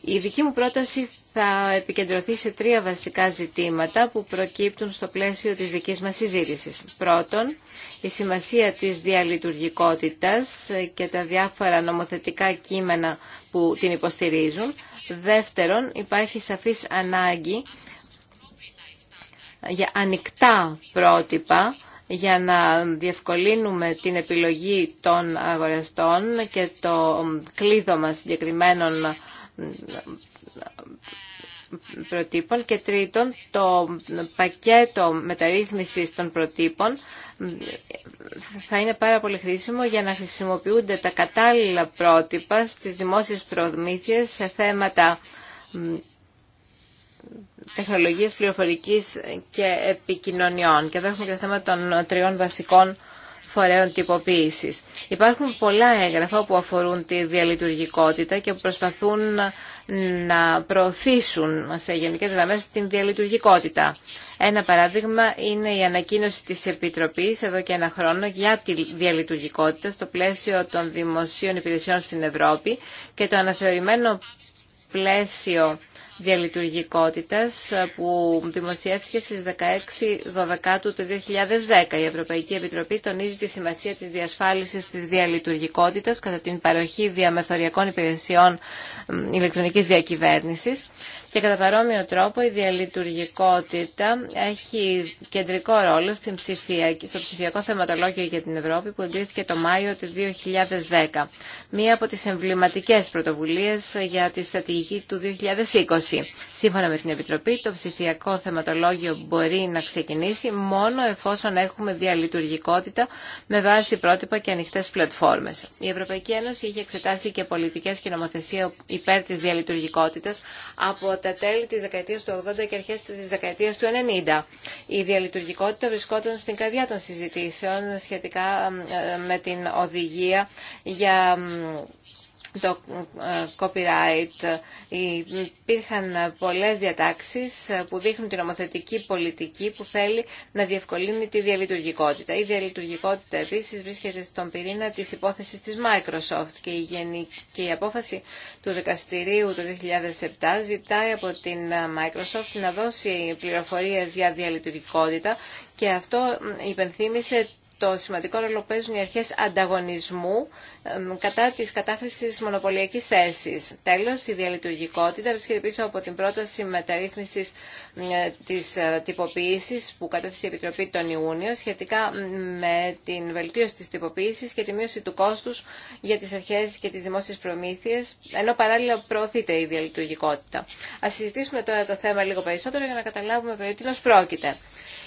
Η δική μου πρόταση θα επικεντρωθεί σε τρία βασικά ζητήματα που προκύπτουν στο πλαίσιο της δικής μας συζήτησης. Πρώτον, η σημασία της διαλειτουργικότητας και τα διάφορα νομοθετικά κείμενα που την υποστηρίζουν. Δεύτερον, υπάρχει σαφής ανάγκη για ανοιχτά πρότυπα για να διευκολύνουμε την επιλογή των αγοραστών και το κλείδωμα συγκεκριμένων προτύπων και τρίτον το πακέτο μεταρρύθμισης των προτύπων θα είναι πάρα πολύ χρήσιμο για να χρησιμοποιούνται τα κατάλληλα πρότυπα στις δημόσιες προμήθειες σε θέματα τεχνολογίας πληροφορικής και επικοινωνιών. Και εδώ έχουμε και το θέμα των τριών βασικών φορέων Υπάρχουν πολλά έγγραφα που αφορούν τη διαλειτουργικότητα και που προσπαθούν να προωθήσουν σε γενικέ γραμμέ την διαλειτουργικότητα. Ένα παράδειγμα είναι η ανακοίνωση της Επιτροπής εδώ και ένα χρόνο για τη διαλειτουργικότητα στο πλαίσιο των δημοσίων υπηρεσιών στην Ευρώπη και το αναθεωρημένο πλαίσιο διαλειτουργικότητας ε, που δημοσιεύθηκε στις 16-12 του 2010. Η Ευρωπαϊκή Επιτροπή τονίζει τη σημασία της διασφάλισης της διαλειτουργικότητας κατά την παροχή διαμεθοριακών υπηρεσιών ηλεκτρονικής διακυβέρνησης και κατά παρόμοιο τρόπο η διαλειτουργικότητα έχει κεντρικό ρόλο στην στο ψηφιακό θεματολόγιο για την Ευρώπη που εγκρίθηκε το Μάιο του 2010. Μία από τις εμβληματικές πρωτοβουλίες για τη στρατηγική του 2020. Σύμφωνα με την Επιτροπή, το ψηφιακό θεματολόγιο μπορεί να ξεκινήσει μόνο εφόσον έχουμε διαλειτουργικότητα με βάση πρότυπα και ανοιχτέ πλατφόρμε. Η Ευρωπαϊκή Ένωση είχε εξετάσει και πολιτικέ και νομοθεσία υπέρ τη διαλειτουργικότητα από τα τέλη της δεκαετίας του 80 και αρχές της δεκαετίας του 90. Η διαλειτουργικότητα βρισκόταν στην καρδιά των συζητήσεων σχετικά ε, με την οδηγία για το ε, copyright. Υπήρχαν πολλές διατάξεις ε, που δείχνουν την νομοθετική πολιτική που θέλει να διευκολύνει τη διαλειτουργικότητα. Η διαλειτουργικότητα επίσης βρίσκεται στον πυρήνα της υπόθεσης της Microsoft και η, γενική, απόφαση του δικαστηρίου το 2007 ζητάει από την ε, Microsoft να δώσει πληροφορίες για διαλειτουργικότητα και αυτό υπενθύμησε το σημαντικό ρόλο παίζουν οι αρχές ανταγωνισμού κατά της κατάχρησης μονοπωλιακής θέσης. Τέλος, η διαλειτουργικότητα βρίσκεται πίσω από την πρόταση μεταρρύθμισης ε, της ε, τυποποίησης που κατέθεσε η Επιτροπή τον Ιούνιο σχετικά με την βελτίωση της τυποποίησης και τη μείωση του κόστους για τις αρχές και τις δημόσιες προμήθειες, ενώ παράλληλα προωθείται η διαλειτουργικότητα. Ας συζητήσουμε τώρα το θέμα λίγο περισσότερο για να καταλάβουμε περί τίνος πρόκειται.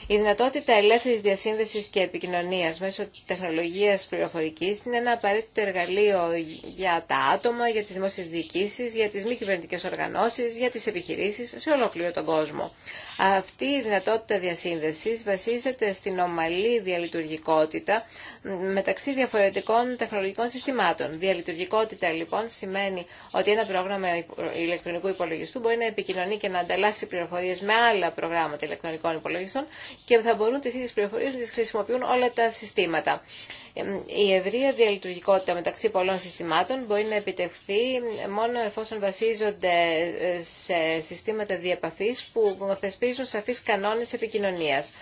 Η δυνατότητα ελεύθερης διασύνδεσης και επικοινωνίας μέσω τεχνολογίας πληροφορικής είναι ένα απαραίτητο εργαλείο για τα άτομα, για τις δημόσιες διοικήσεις, για τις μη κυβερνητικές οργανώσεις, για τις επιχειρήσεις σε ολόκληρο τον κόσμο. Αυτή η δυνατότητα διασύνδεσης βασίζεται στην ομαλή διαλειτουργικότητα μεταξύ διαφορετικών τεχνολογικών συστημάτων. Διαλειτουργικότητα λοιπόν σημαίνει ότι ένα πρόγραμμα ηλεκτρονικού υπολογιστού μπορεί να επικοινωνεί και να ανταλλάσσει πληροφορίε με άλλα προγράμματα ηλεκτρονικών υπολογιστών και θα μπορούν τις ίδιες πληροφορίες να τις χρησιμοποιούν όλα τα συστήματα. Η ευρεία διαλειτουργικότητα μεταξύ πολλών συστημάτων μπορεί να επιτευχθεί μόνο εφόσον βασίζονται ε, σε συστήματα διαπαθής που θεσπίζουν σαφείς κανόνες επικοινωνίας.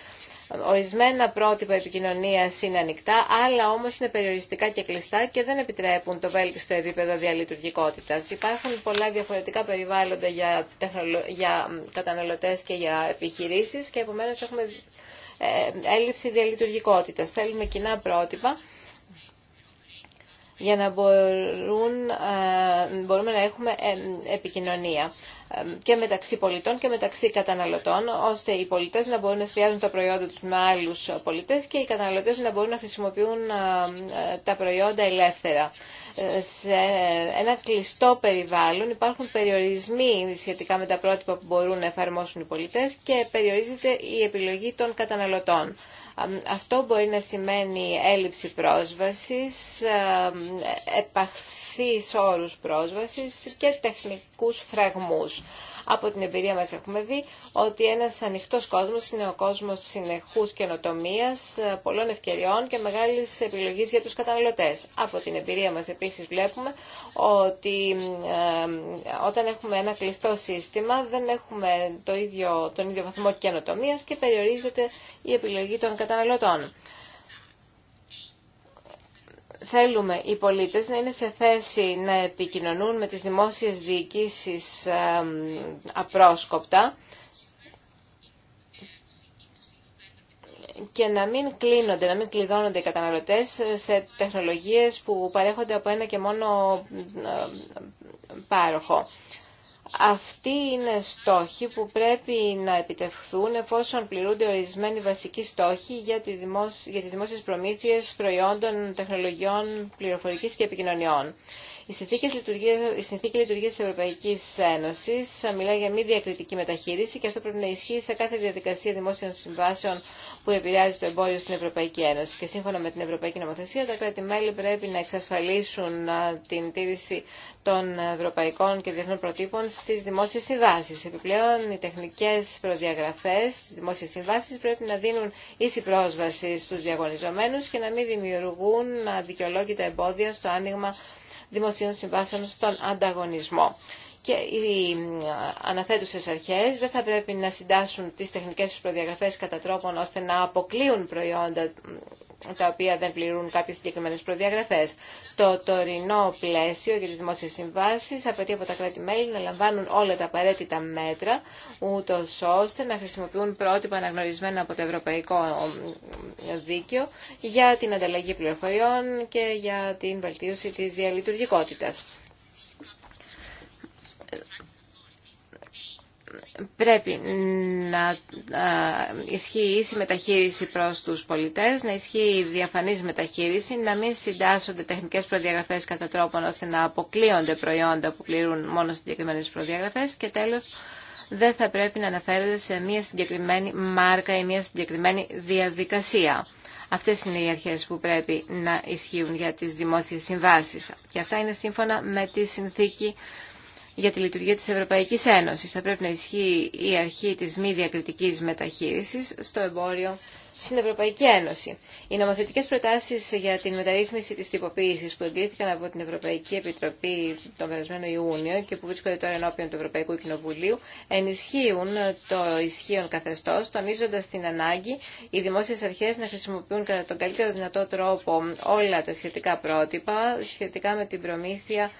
Ορισμένα πρότυπα επικοινωνία είναι ανοιχτά, άλλα όμω είναι περιοριστικά και κλειστά και δεν επιτρέπουν το βέλτιστο επίπεδο διαλειτουργικότητα. Υπάρχουν πολλά διαφορετικά περιβάλλοντα για, τεχνολο... καταναλωτέ και για επιχειρήσει και επομένω έχουμε ε, έλλειψη διαλειτουργικότητα. Θέλουμε κοινά πρότυπα για να ε, μπορούμε να έχουμε ε, επικοινωνία και μεταξύ πολιτών και μεταξύ καταναλωτών, ώστε οι πολιτές να μπορούν να συνδυάζουν τα προϊόντα τους με άλλους πολιτές και οι καταναλωτές να μπορούν να χρησιμοποιούν ε, τα προϊόντα ελεύθερα. Ε, σε ένα κλειστό περιβάλλον υπάρχουν περιορισμοί σχετικά με τα πρότυπα που μπορούν να εφαρμόσουν οι πολιτές και περιορίζεται η επιλογή των καταναλωτών. Αυτό μπορεί να σημαίνει έλλειψη πρόσβασης, επαχθή ευθύς όρους πρόσβασης και τεχνικούς φραγμούς. Από την εμπειρία μας έχουμε δει ότι ένας ανοιχτός κόσμος είναι ο κόσμος συνεχούς καινοτομία, πολλών ευκαιριών και μεγάλης επιλογής για τους καταναλωτές. Από την εμπειρία μας επίσης βλέπουμε ότι όταν έχουμε ένα κλειστό σύστημα δεν έχουμε το ίδιο, τον ίδιο βαθμό καινοτομία και περιορίζεται η επιλογή των καταναλωτών θέλουμε οι πολίτες να είναι σε θέση να επικοινωνούν με τις δημόσιες διοικήσεις απρόσκοπτα και να μην κλείνονται, να μην κλειδώνονται οι καταναλωτές σε τεχνολογίες που παρέχονται από ένα και μόνο πάροχο. Αυτοί είναι στόχοι που πρέπει να επιτευχθούν εφόσον πληρούνται ορισμένοι βασικοί στόχοι για, τη δημόσια, για τις δημόσιες προμήθειες προϊόντων, τεχνολογιών, πληροφορικής και επικοινωνιών. Η συνθήκη λειτουργία της Ευρωπαϊκής Ένωσης μιλά για μη διακριτική μεταχείριση και αυτό πρέπει να ισχύει σε κάθε διαδικασία δημόσιων συμβάσεων που επηρεάζει το εμπόριο στην Ευρωπαϊκή Ένωση. Και σύμφωνα με την Ευρωπαϊκή Νομοθεσία, τα κράτη-μέλη πρέπει να εξασφαλίσουν την τήρηση των ευρωπαϊκών και διεθνών προτύπων στι δημόσιε συμβάσει. Επιπλέον, οι τεχνικέ προδιαγραφέ στις δημόσιε συμβάσει πρέπει να δίνουν ίση πρόσβαση στου διαγωνιζομένους και να μην δημιουργούν αδικαιολόγητα εμπόδια στο άνοιγμα δημοσίων συμβάσεων στον ανταγωνισμό. Και οι αναθέτουσες αρχέ δεν θα πρέπει να συντάσσουν τι τεχνικέ του προδιαγραφές κατά τρόπον ώστε να αποκλείουν προϊόντα τα οποία δεν πληρούν κάποιε συγκεκριμένε προδιαγραφέ. Το τωρινό πλαίσιο για τι δημόσίε συμβάσει απαιτεί από τα κράτη-μέλη να λαμβάνουν όλα τα απαραίτητα μέτρα, ούτω ώστε να χρησιμοποιούν πρότυπα αναγνωρισμένα από το Ευρωπαϊκό Δίκαιο για την ανταλλαγή πληροφοριών και για την βελτίωση της διαλειτουργικότητα πρέπει να ισχύει η μεταχείριση προς τους πολιτές, να ισχύει η διαφανής μεταχείριση, να μην συντάσσονται τεχνικές προδιαγραφές κατά τρόπον ώστε να αποκλείονται προϊόντα που πληρούν μόνο συγκεκριμένε προδιαγραφές και τέλος δεν θα πρέπει να αναφέρονται σε μια συγκεκριμένη μάρκα ή μια συγκεκριμένη διαδικασία. Αυτές είναι οι αρχές που πρέπει να ισχύουν για τις δημόσιες συμβάσεις. Και αυτά είναι σύμφωνα με τη συνθήκη για τη λειτουργία της Ευρωπαϊκής Ένωσης. Θα πρέπει να ισχύει η αρχή της μη διακριτικής μεταχείρισης στο εμπόριο στην Ευρωπαϊκή Ένωση. Οι νομοθετικέ προτάσει για την μεταρρύθμιση τη τυποποίηση που εγκρίθηκαν από την Ευρωπαϊκή Επιτροπή τον περασμένο Ιούνιο και που βρίσκονται τώρα ενώπιον του Ευρωπαϊκού Κοινοβουλίου ενισχύουν το ισχύον καθεστώ, τονίζοντα την ανάγκη οι δημόσιε αρχέ να χρησιμοποιούν κατά τον καλύτερο δυνατό τρόπο όλα τα σχετικά πρότυπα σχετικά με την προμήθεια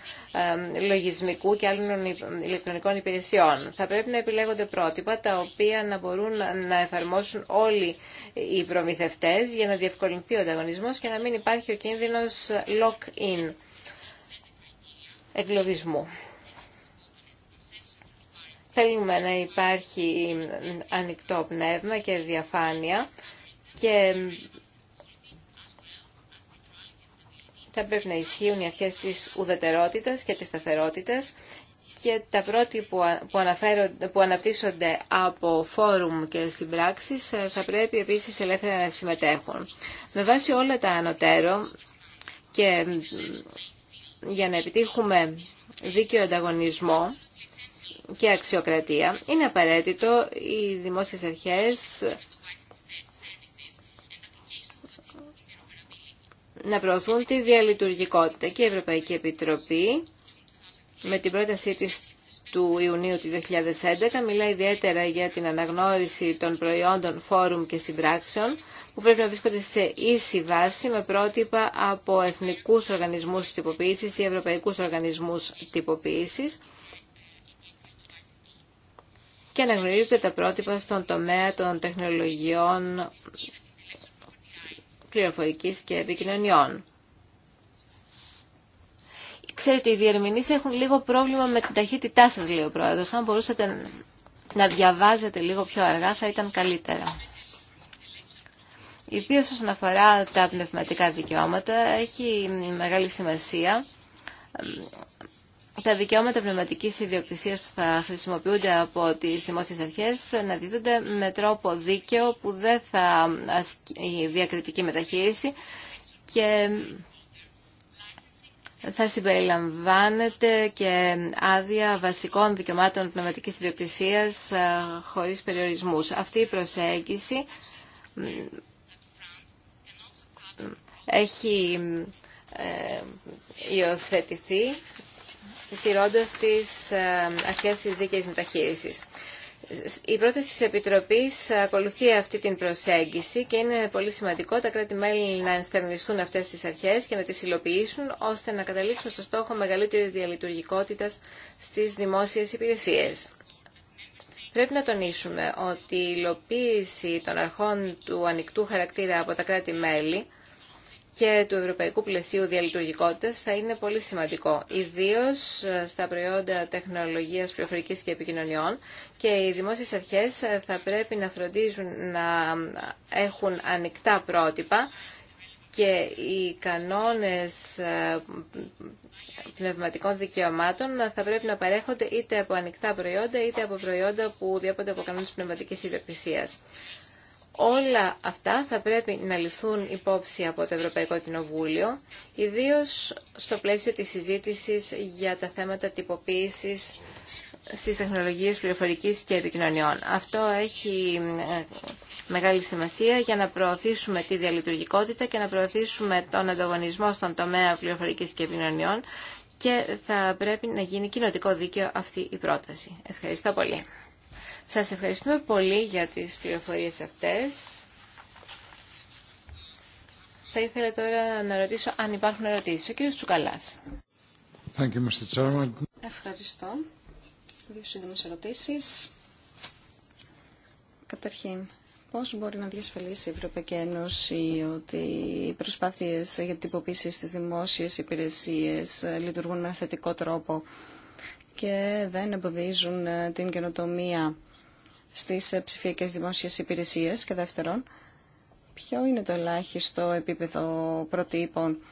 λογισμικού και άλλων ηλεκτρονικών υπηρεσιών. Θα πρέπει να επιλέγονται πρότυπα τα οποία να μπορούν να εφαρμόσουν όλοι οι προμηθευτές για να διευκολυνθεί ο ανταγωνισμός και να μην υπάρχει ο κίνδυνος lock-in εγκλωβισμού. Θέλουμε να υπάρχει ανοιχτό πνεύμα και διαφάνεια και θα πρέπει να ισχύουν οι αρχές της ουδετερότητας και της σταθερότητας και τα πρώτη που, που αναπτύσσονται από φόρουμ και συμπράξεις ε, θα πρέπει επίσης ελεύθερα να συμμετέχουν. Με βάση όλα τα ανωτέρω και για να επιτύχουμε δίκαιο ανταγωνισμό και αξιοκρατία, είναι απαραίτητο οι δημόσιες αρχές να προωθούν τη διαλειτουργικότητα και η Ευρωπαϊκή Επιτροπή με την πρότασή της του Ιουνίου του 2011 μιλά ιδιαίτερα για την αναγνώριση των προϊόντων φόρουμ και συμπράξεων που πρέπει να βρίσκονται σε ίση βάση με πρότυπα από εθνικούς οργανισμούς τυποποίησης ή ευρωπαϊκούς οργανισμούς τυποποίησης και αναγνωρίζονται τα πρότυπα στον τομέα των τεχνολογιών πληροφορικής και επικοινωνιών. Ξέρετε, οι διερμηνείς έχουν λίγο πρόβλημα με την ταχύτητά σας, λέει ο Πρόεδρος. Αν μπορούσατε να διαβάζετε λίγο πιο αργά θα ήταν καλύτερα. Ιδίω όσον αφορά τα πνευματικά δικαιώματα, έχει μεγάλη σημασία τα δικαιώματα πνευματική ιδιοκτησία που θα χρησιμοποιούνται από τι δημόσιε αρχέ να δίδονται με τρόπο δίκαιο που δεν θα ασκεί διακριτική μεταχείριση και θα συμπεριλαμβάνεται και άδεια βασικών δικαιωμάτων πνευματικής ιδιοκτησίας ε, χωρίς περιορισμούς. Αυτή η προσέγγιση έχει ε, υιοθετηθεί τηρώντας τις ε, αρχές της δίκαιης μεταχείρισης. Η πρόταση της Επιτροπής ακολουθεί αυτή την προσέγγιση και είναι πολύ σημαντικό τα κράτη-μέλη να ενστερνιστούν αυτές τις αρχές και να τις υλοποιήσουν ώστε να καταλήξουν στο στόχο μεγαλύτερη διαλειτουργικότητα στις δημόσιες υπηρεσίες. Πρέπει να τονίσουμε ότι η υλοποίηση των αρχών του ανοιχτού χαρακτήρα από τα κράτη-μέλη και του Ευρωπαϊκού Πλαισίου Διαλειτουργικότητας θα είναι πολύ σημαντικό, ιδίως στα προϊόντα τεχνολογίας πληροφορικής και επικοινωνιών και οι δημόσιες αρχές θα πρέπει να φροντίζουν να έχουν ανοιχτά πρότυπα και οι κανόνες ε, πνευματικών δικαιωμάτων θα πρέπει να παρέχονται είτε από ανοιχτά προϊόντα είτε από προϊόντα που διέπονται από κανόνες πνευματικής ιδιοκτησίας. Όλα αυτά θα πρέπει να ληφθούν υπόψη από το Ευρωπαϊκό Κοινοβούλιο, ιδίως στο πλαίσιο της συζήτησης για τα θέματα τυποποίησης στις τεχνολογίες πληροφορικής και επικοινωνιών. Αυτό έχει ε, μεγάλη σημασία για να προωθήσουμε τη διαλειτουργικότητα και να προωθήσουμε τον ανταγωνισμό στον τομέα πληροφορικής και επικοινωνιών και θα πρέπει να γίνει κοινοτικό δίκαιο αυτή η πρόταση. Ευχαριστώ πολύ. Σας ευχαριστούμε πολύ για τις πληροφορίες αυτές. Θα ήθελα τώρα να ρωτήσω αν υπάρχουν ερωτήσεις. Ο κύριος Τσουκαλάς. Thank you, Ευχαριστώ. Δύο σύντομες ερωτήσεις. Καταρχήν, πώς μπορεί να διασφαλίσει η Ευρωπαϊκή Ένωση ότι οι προσπάθειες για την τυποποίηση στις δημόσιες υπηρεσίες λειτουργούν με θετικό τρόπο και δεν εμποδίζουν την καινοτομία στις ε, ψηφιακές δημόσιες υπηρεσίες και δεύτερον, ποιο είναι το ελάχιστο επίπεδο προτύπων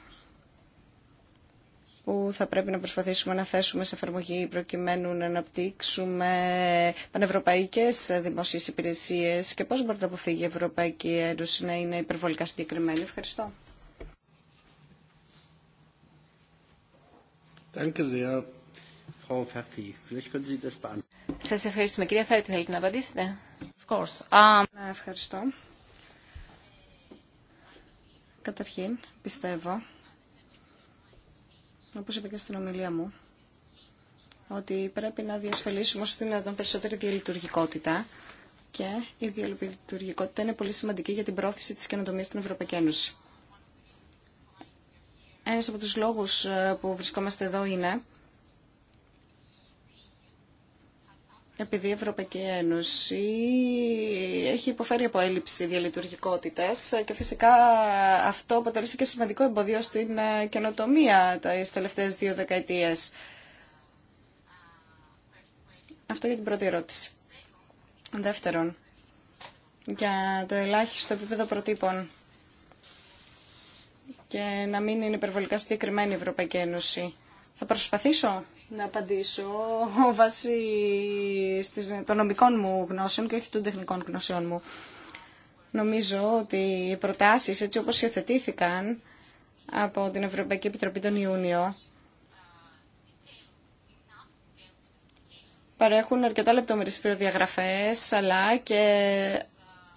που θα πρέπει να προσπαθήσουμε να θέσουμε σε εφαρμογή προκειμένου να αναπτύξουμε πανευρωπαϊκές δημόσιες υπηρεσίες και πώς μπορεί να αποφύγει η Ευρωπαϊκή Ένωση να είναι υπερβολικά συγκεκριμένη. Ευχαριστώ. Danke sehr, Frau Ferti. Vielleicht können Sie das σας ευχαριστούμε. Κυρία Φέρτη, θέλετε να απαντήσετε. Of course. Um, ευχαριστώ. Καταρχήν, πιστεύω, όπως είπα και στην ομιλία μου, ότι πρέπει να διασφαλίσουμε όσο δυνατόν περισσότερη διαλειτουργικότητα και η διαλειτουργικότητα είναι πολύ σημαντική για την πρόθεση της καινοτομίας στην Ευρωπαϊκή Ένωση. Ένας από τους λόγους ε, που βρισκόμαστε εδώ είναι επειδή η Ευρωπαϊκή Ένωση έχει υποφέρει από έλλειψη διαλειτουργικότητας και φυσικά αυτό αποτελεί και σημαντικό εμποδίο στην ε, καινοτομία τι τελευταίε δύο δεκαετίε. Αυτό για την πρώτη ερώτηση. Δεύτερον, για το ελάχιστο επίπεδο προτύπων και να μην είναι υπερβολικά συγκεκριμένη η Ευρωπαϊκή Ένωση. Θα προσπαθήσω να απαντήσω βάσει των νομικών μου γνώσεων και όχι των τεχνικών γνώσεων μου. Νομίζω ότι οι προτάσεις έτσι όπως υιοθετήθηκαν από την Ευρωπαϊκή Επιτροπή τον Ιούνιο παρέχουν αρκετά λεπτομερείς προδιαγραφές αλλά και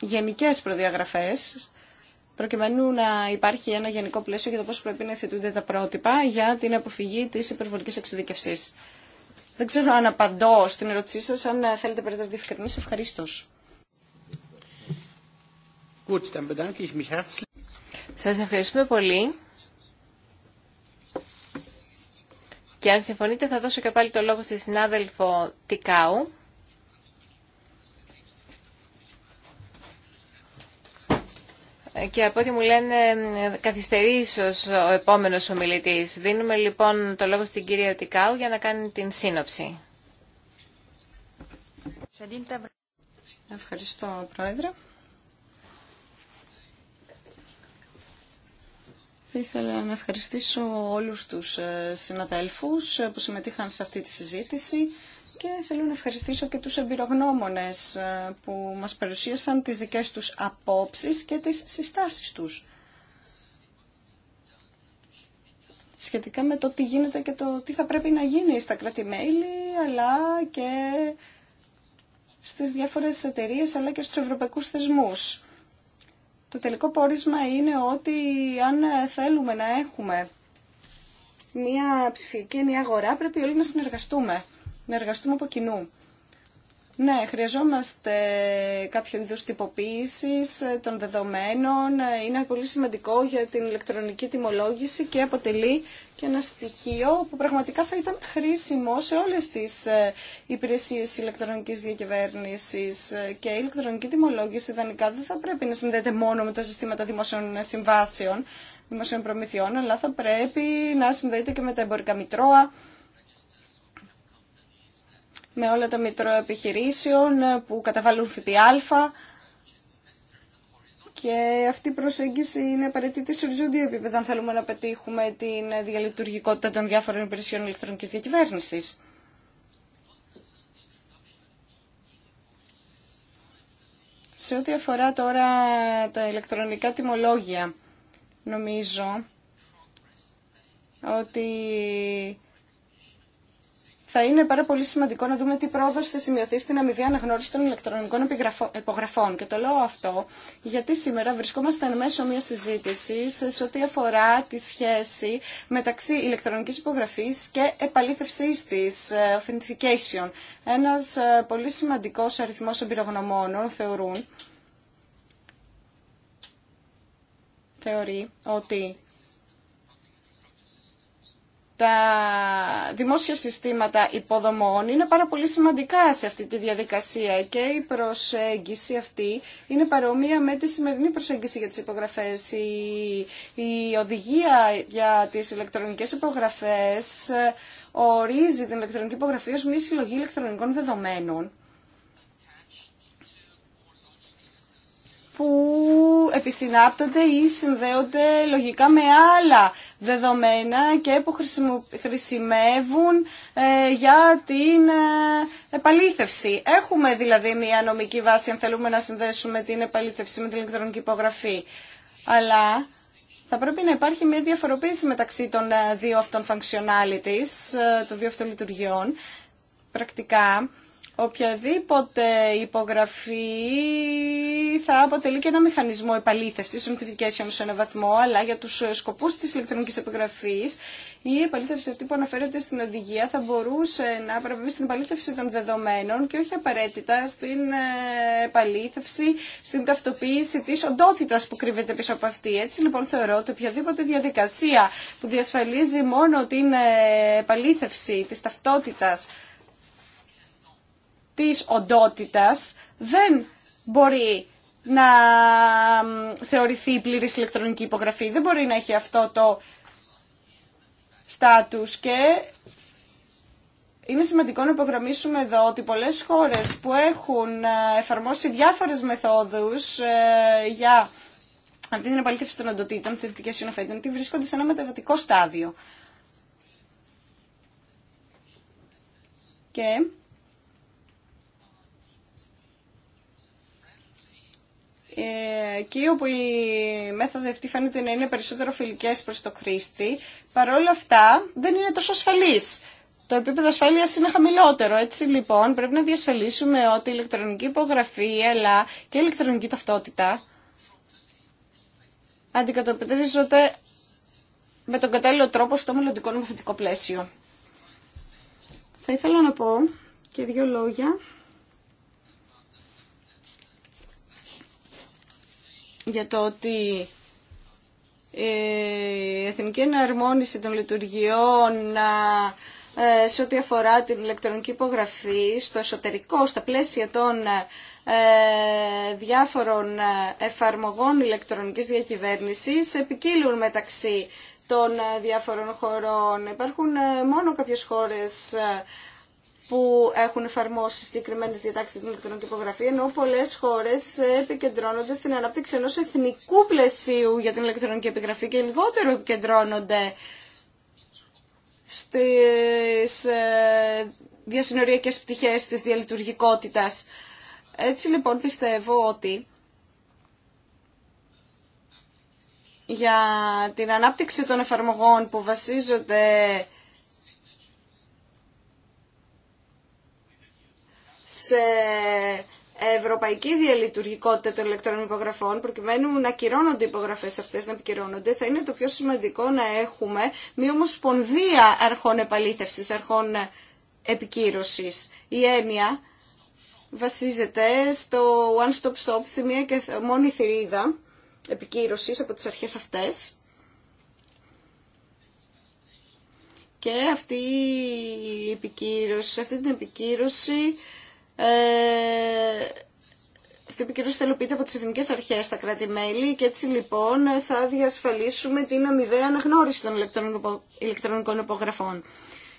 γενικές προδιαγραφές προκειμένου να υπάρχει ένα γενικό πλαίσιο για το πώς πρέπει να θετούνται τα πρότυπα για την αποφυγή της υπερβολικής εξειδικευσής. Δεν ξέρω αν απαντώ στην ερώτησή σας, αν θέλετε περαιτέρω διευκρινής. ευχαριστώ. Σας ευχαριστούμε πολύ. Και αν συμφωνείτε θα δώσω και πάλι το λόγο στη συνάδελφο Τικάου και από ό,τι μου λένε καθυστερεί ίσω ο επόμενος ομιλητής. Δίνουμε λοιπόν το λόγο στην κυρία Τικάου για να κάνει την σύνοψη. Ευχαριστώ Πρόεδρε. Θα ήθελα να ευχαριστήσω όλους τους ε, συναδέλφους ε, που συμμετείχαν σε αυτή τη συζήτηση και θέλω να ευχαριστήσω και τους εμπειρογνώμονες ε, που μας παρουσίασαν τις δικές τους απόψεις και τις συστάσεις τους. Σχετικά με το τι γίνεται και το τι θα πρέπει να γίνει στα κράτη-μέλη, αλλά και στις διάφορες εταιρείε αλλά και στους ευρωπαϊκούς θεσμούς. Το τελικό πόρισμα είναι ότι αν θέλουμε να έχουμε μια ψηφιακή ενιαία αγορά πρέπει όλοι να συνεργαστούμε να εργαστούμε από κοινού. Ναι, χρειαζόμαστε κάποιο είδους τυποποίησης ε, των δεδομένων. Ε, είναι πολύ σημαντικό για την ηλεκτρονική τιμολόγηση και αποτελεί και ένα στοιχείο που πραγματικά θα ήταν χρήσιμο σε όλες τις ε, υπηρεσίες ηλεκτρονικής διακυβέρνησης. Και η ηλεκτρονική τιμολόγηση ιδανικά δεν θα πρέπει να συνδέεται μόνο με τα συστήματα δημοσίων συμβάσεων, δημοσίων προμηθειών, αλλά θα πρέπει να συνδέεται και με τα εμπορικά μητρώα, με όλα τα μητροεπιχειρήσεων ε, που καταβάλουν ΦΠΑ και αυτή η προσέγγιση είναι απαραίτητη σε οριζόντιο επίπεδο αν θέλουμε να πετύχουμε την διαλειτουργικότητα των διάφορων υπηρεσιών ηλεκτρονικής διακυβέρνησης. Σε ό,τι αφορά τώρα τα ηλεκτρονικά τιμολόγια, νομίζω ότι θα είναι πάρα πολύ σημαντικό να δούμε τι πρόοδο θα σημειωθεί στην αμοιβή αναγνώριση των ηλεκτρονικών υπογραφών. Και το λέω αυτό γιατί σήμερα βρισκόμαστε εν μέσω μια συζήτηση σε ό,τι αφορά τη σχέση μεταξύ ηλεκτρονική υπογραφή και επαλήθευση τη, ε, authentication. Ένα ε, πολύ σημαντικό αριθμό εμπειρογνωμόνων θεωρούν θεωρεί ότι τα δημόσια συστήματα υποδομών είναι πάρα πολύ σημαντικά σε αυτή τη διαδικασία και η προσέγγιση αυτή είναι παρόμοια με τη σημερινή προσέγγιση για τις υπογραφές. Η, οδηγία για τις ηλεκτρονικές υπογραφές ορίζει την ηλεκτρονική υπογραφή ως μια συλλογή ηλεκτρονικών δεδομένων που επισυνάπτονται ή συνδέονται λογικά με άλλα δεδομένα και που χρησιμεύουν ε, για την ε, επαλήθευση. Έχουμε δηλαδή μια νομική βάση αν θέλουμε να συνδέσουμε την επαλήθευση με την ηλεκτρονική υπογραφή. Αλλά θα πρέπει να υπάρχει μια διαφοροποίηση μεταξύ των ε, δύο αυτών functionalities, των δύο αυτών λειτουργιών. Πρακτικά, οποιαδήποτε υπογραφή θα αποτελεί και ένα μηχανισμό επαλήθευσης, συνθηκές σε έναν βαθμό, αλλά για τους ε, σκοπούς της ηλεκτρονικής επιγραφής η επαλήθευση αυτή που αναφέρεται στην οδηγία θα μπορούσε να παραβεί στην επαλήθευση των δεδομένων και όχι απαραίτητα στην ε, επαλήθευση, στην ταυτοποίηση της οντότητας που κρύβεται πίσω από αυτή. Έτσι λοιπόν θεωρώ ότι οποιαδήποτε διαδικασία που διασφαλίζει μόνο την ε, επαλήθευση της ταυτότητας της οντότητας δεν μπορεί να θεωρηθεί πλήρης ηλεκτρονική υπογραφή. Δεν μπορεί να έχει αυτό το στάτους και είναι σημαντικό να υπογραμμίσουμε εδώ ότι πολλές χώρες που έχουν ε, εφαρμόσει διάφορες μεθόδους ε, για αυτή την επαλήθευση των οντοτήτων, θετικές συνοφέτων, βρίσκονται σε ένα μεταβατικό στάδιο. Και εκεί όπου η μέθοδο αυτή φαίνεται να είναι περισσότερο φιλικές προς το χρήστη, παρόλα αυτά δεν είναι τόσο ασφαλής. Το επίπεδο ασφάλεια είναι χαμηλότερο. Έτσι λοιπόν πρέπει να διασφαλίσουμε ότι η ηλεκτρονική υπογραφή αλλά και η ηλεκτρονική ταυτότητα αντικατοπτρίζονται με τον κατάλληλο τρόπο στο μελλοντικό νομοθετικό πλαίσιο. Θα ήθελα να πω και δύο λόγια για το ότι ε, η εθνική εναρμόνιση των λειτουργιών ε, σε ό,τι αφορά την ηλεκτρονική υπογραφή στο εσωτερικό, στα πλαίσια των ε, διάφορων εφαρμογών ηλεκτρονικής διακυβέρνησης επικύλουν μεταξύ των διάφορων χωρών. Υπάρχουν μόνο κάποιες χώρες που έχουν εφαρμόσει συγκεκριμένε διατάξει στην ηλεκτρονική υπογραφή, ενώ πολλέ χώρε επικεντρώνονται στην ανάπτυξη ενό εθνικού πλαισίου για την ηλεκτρονική επιγραφή και λιγότερο επικεντρώνονται στις ε, διασυνοριακές πτυχέ της διαλειτουργικότητας. Έτσι λοιπόν πιστεύω ότι για την ανάπτυξη των εφαρμογών που βασίζονται σε ευρωπαϊκή διαλειτουργικότητα των ηλεκτρονικών υπογραφών, προκειμένου να κυρώνονται οι υπογραφέ αυτές, να επικυρώνονται, θα είναι το πιο σημαντικό να έχουμε μία ομοσπονδία αρχών επαλήθευση αρχών επικύρωσης. Η έννοια βασίζεται στο One Stop Stop, στη μία και μόνη θηρίδα επικύρωσης από τις αρχές αυτέ Και αυτή, η επικύρωση, αυτή την επικύρωση ε, αυτή η επικοινωνία πείτε από τις εθνικέ αρχές στα κράτη-μέλη και έτσι λοιπόν θα διασφαλίσουμε την αμοιβαία αναγνώριση των ηλεκτρονικών υπογραφών.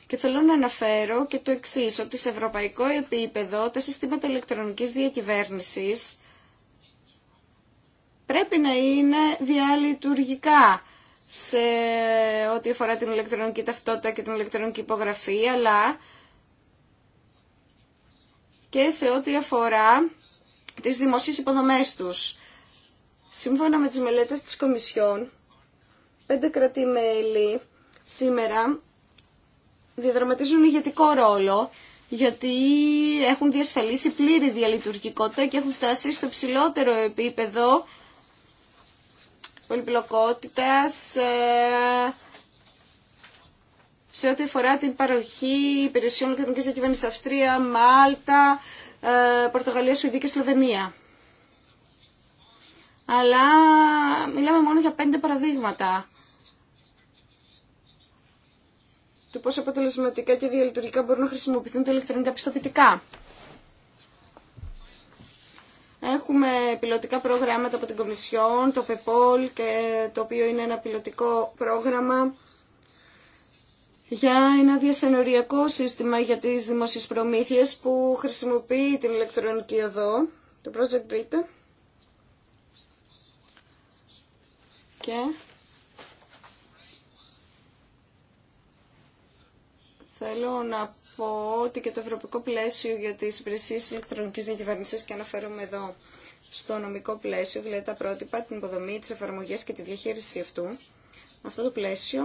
Και θέλω να αναφέρω και το εξή ότι σε ευρωπαϊκό επίπεδο τα συστήματα ηλεκτρονικής διακυβέρνησης πρέπει να είναι διαλειτουργικά σε ό,τι αφορά την ηλεκτρονική ταυτότητα και την ηλεκτρονική υπογραφή, αλλά και σε ό,τι αφορά τις δημοσίες υποδομές τους. Σύμφωνα με τις μελέτες της Κομισιόν, πέντε κρατή-μέλη σήμερα διαδραματίζουν ηγετικό ρόλο γιατί έχουν διασφαλίσει πλήρη διαλειτουργικότητα και έχουν φτάσει στο ψηλότερο επίπεδο πολυπλοκότητας, ε, σε ό,τι αφορά την παροχή υπηρεσιών οικονομικής διακυβέρνηση Αυστρία, Μάλτα, ε, Πορτογαλία, Σουηδία και Σλοβενία. Αλλά μιλάμε μόνο για πέντε παραδείγματα του πόσο αποτελεσματικά και διαλειτουργικά μπορούν να χρησιμοποιηθούν τα ηλεκτρονικά πιστοποιητικά. Έχουμε πιλωτικά προγράμματα από την Κομισιόν, το ΠΕΠΟΛ, το οποίο είναι ένα πιλωτικό πρόγραμμα για ένα διασενοριακό σύστημα για τις δημόσιες προμήθειες που χρησιμοποιεί την ηλεκτρονική οδό, το Project Brita. Και Θέλω να πω ότι και το ευρωπαϊκό πλαίσιο για τις υπηρεσίες ηλεκτρονικής διακυβέρνησης και αναφέρομαι εδώ στο νομικό πλαίσιο, δηλαδή τα πρότυπα, την υποδομή, τις εφαρμογές και τη διαχείριση αυτού. Αυτό το πλαίσιο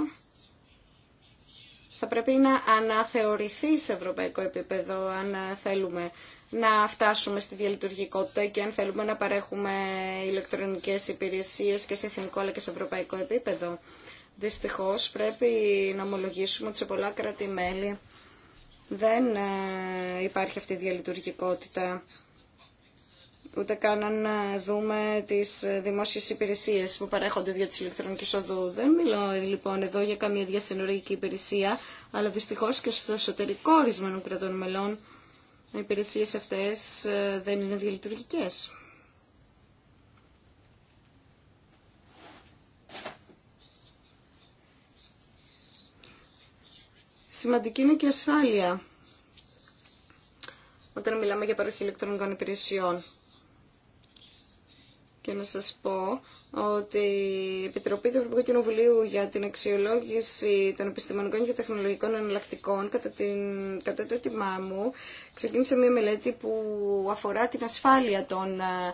θα πρέπει να αναθεωρηθεί σε ευρωπαϊκό επίπεδο αν θέλουμε να φτάσουμε στη διαλειτουργικότητα και αν θέλουμε να παρέχουμε ηλεκτρονικές υπηρεσίες και σε εθνικό αλλά και σε ευρωπαϊκό επίπεδο. Δυστυχώς πρέπει να ομολογήσουμε ότι σε πολλά κράτη-μέλη δεν ε, υπάρχει αυτή η διαλειτουργικότητα ούτε καν να ε, δούμε τις ε, δημόσιες υπηρεσίες που παρέχονται δια της ηλεκτρονικής οδού. Δεν μιλώ ε, λοιπόν εδώ για καμία διασυνορική υπηρεσία, αλλά δυστυχώς και στο εσωτερικό ορισμένων κρατών μελών οι υπηρεσίες αυτές δεν είναι διαλειτουργικές. Σημαντική είναι και η ασφάλεια όταν μιλάμε για παροχή ηλεκτρονικών υπηρεσιών και να σας πω ότι η Επιτροπή του Ευρωπαϊκού Κοινοβουλίου για την αξιολόγηση των επιστημονικών και τεχνολογικών εναλλακτικών κατά, την, κατά το έτοιμά μου ξεκίνησε μια μελέτη που αφορά την ασφάλεια των ε,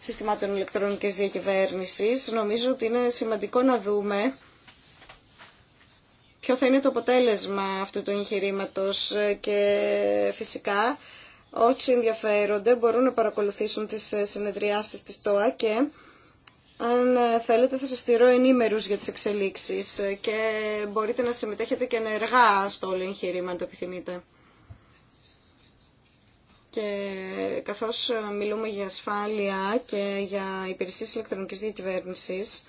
συστημάτων ηλεκτρονικής διακυβέρνησης. Νομίζω ότι είναι σημαντικό να δούμε ποιο θα είναι το αποτέλεσμα αυτού του εγχειρήματος ε, και φυσικά Όσοι ενδιαφέρονται μπορούν να παρακολουθήσουν τις ε, συνεδριάσεις της ΤΟΑ και αν ε, θέλετε θα σας στηρώ ενήμερους για τις εξελίξεις ε, και μπορείτε να συμμετέχετε και ενεργά στο όλο εγχείρημα αν το επιθυμείτε. Και καθώς μιλούμε για ασφάλεια και για υπηρεσίες ηλεκτρονικής διακυβέρνησης,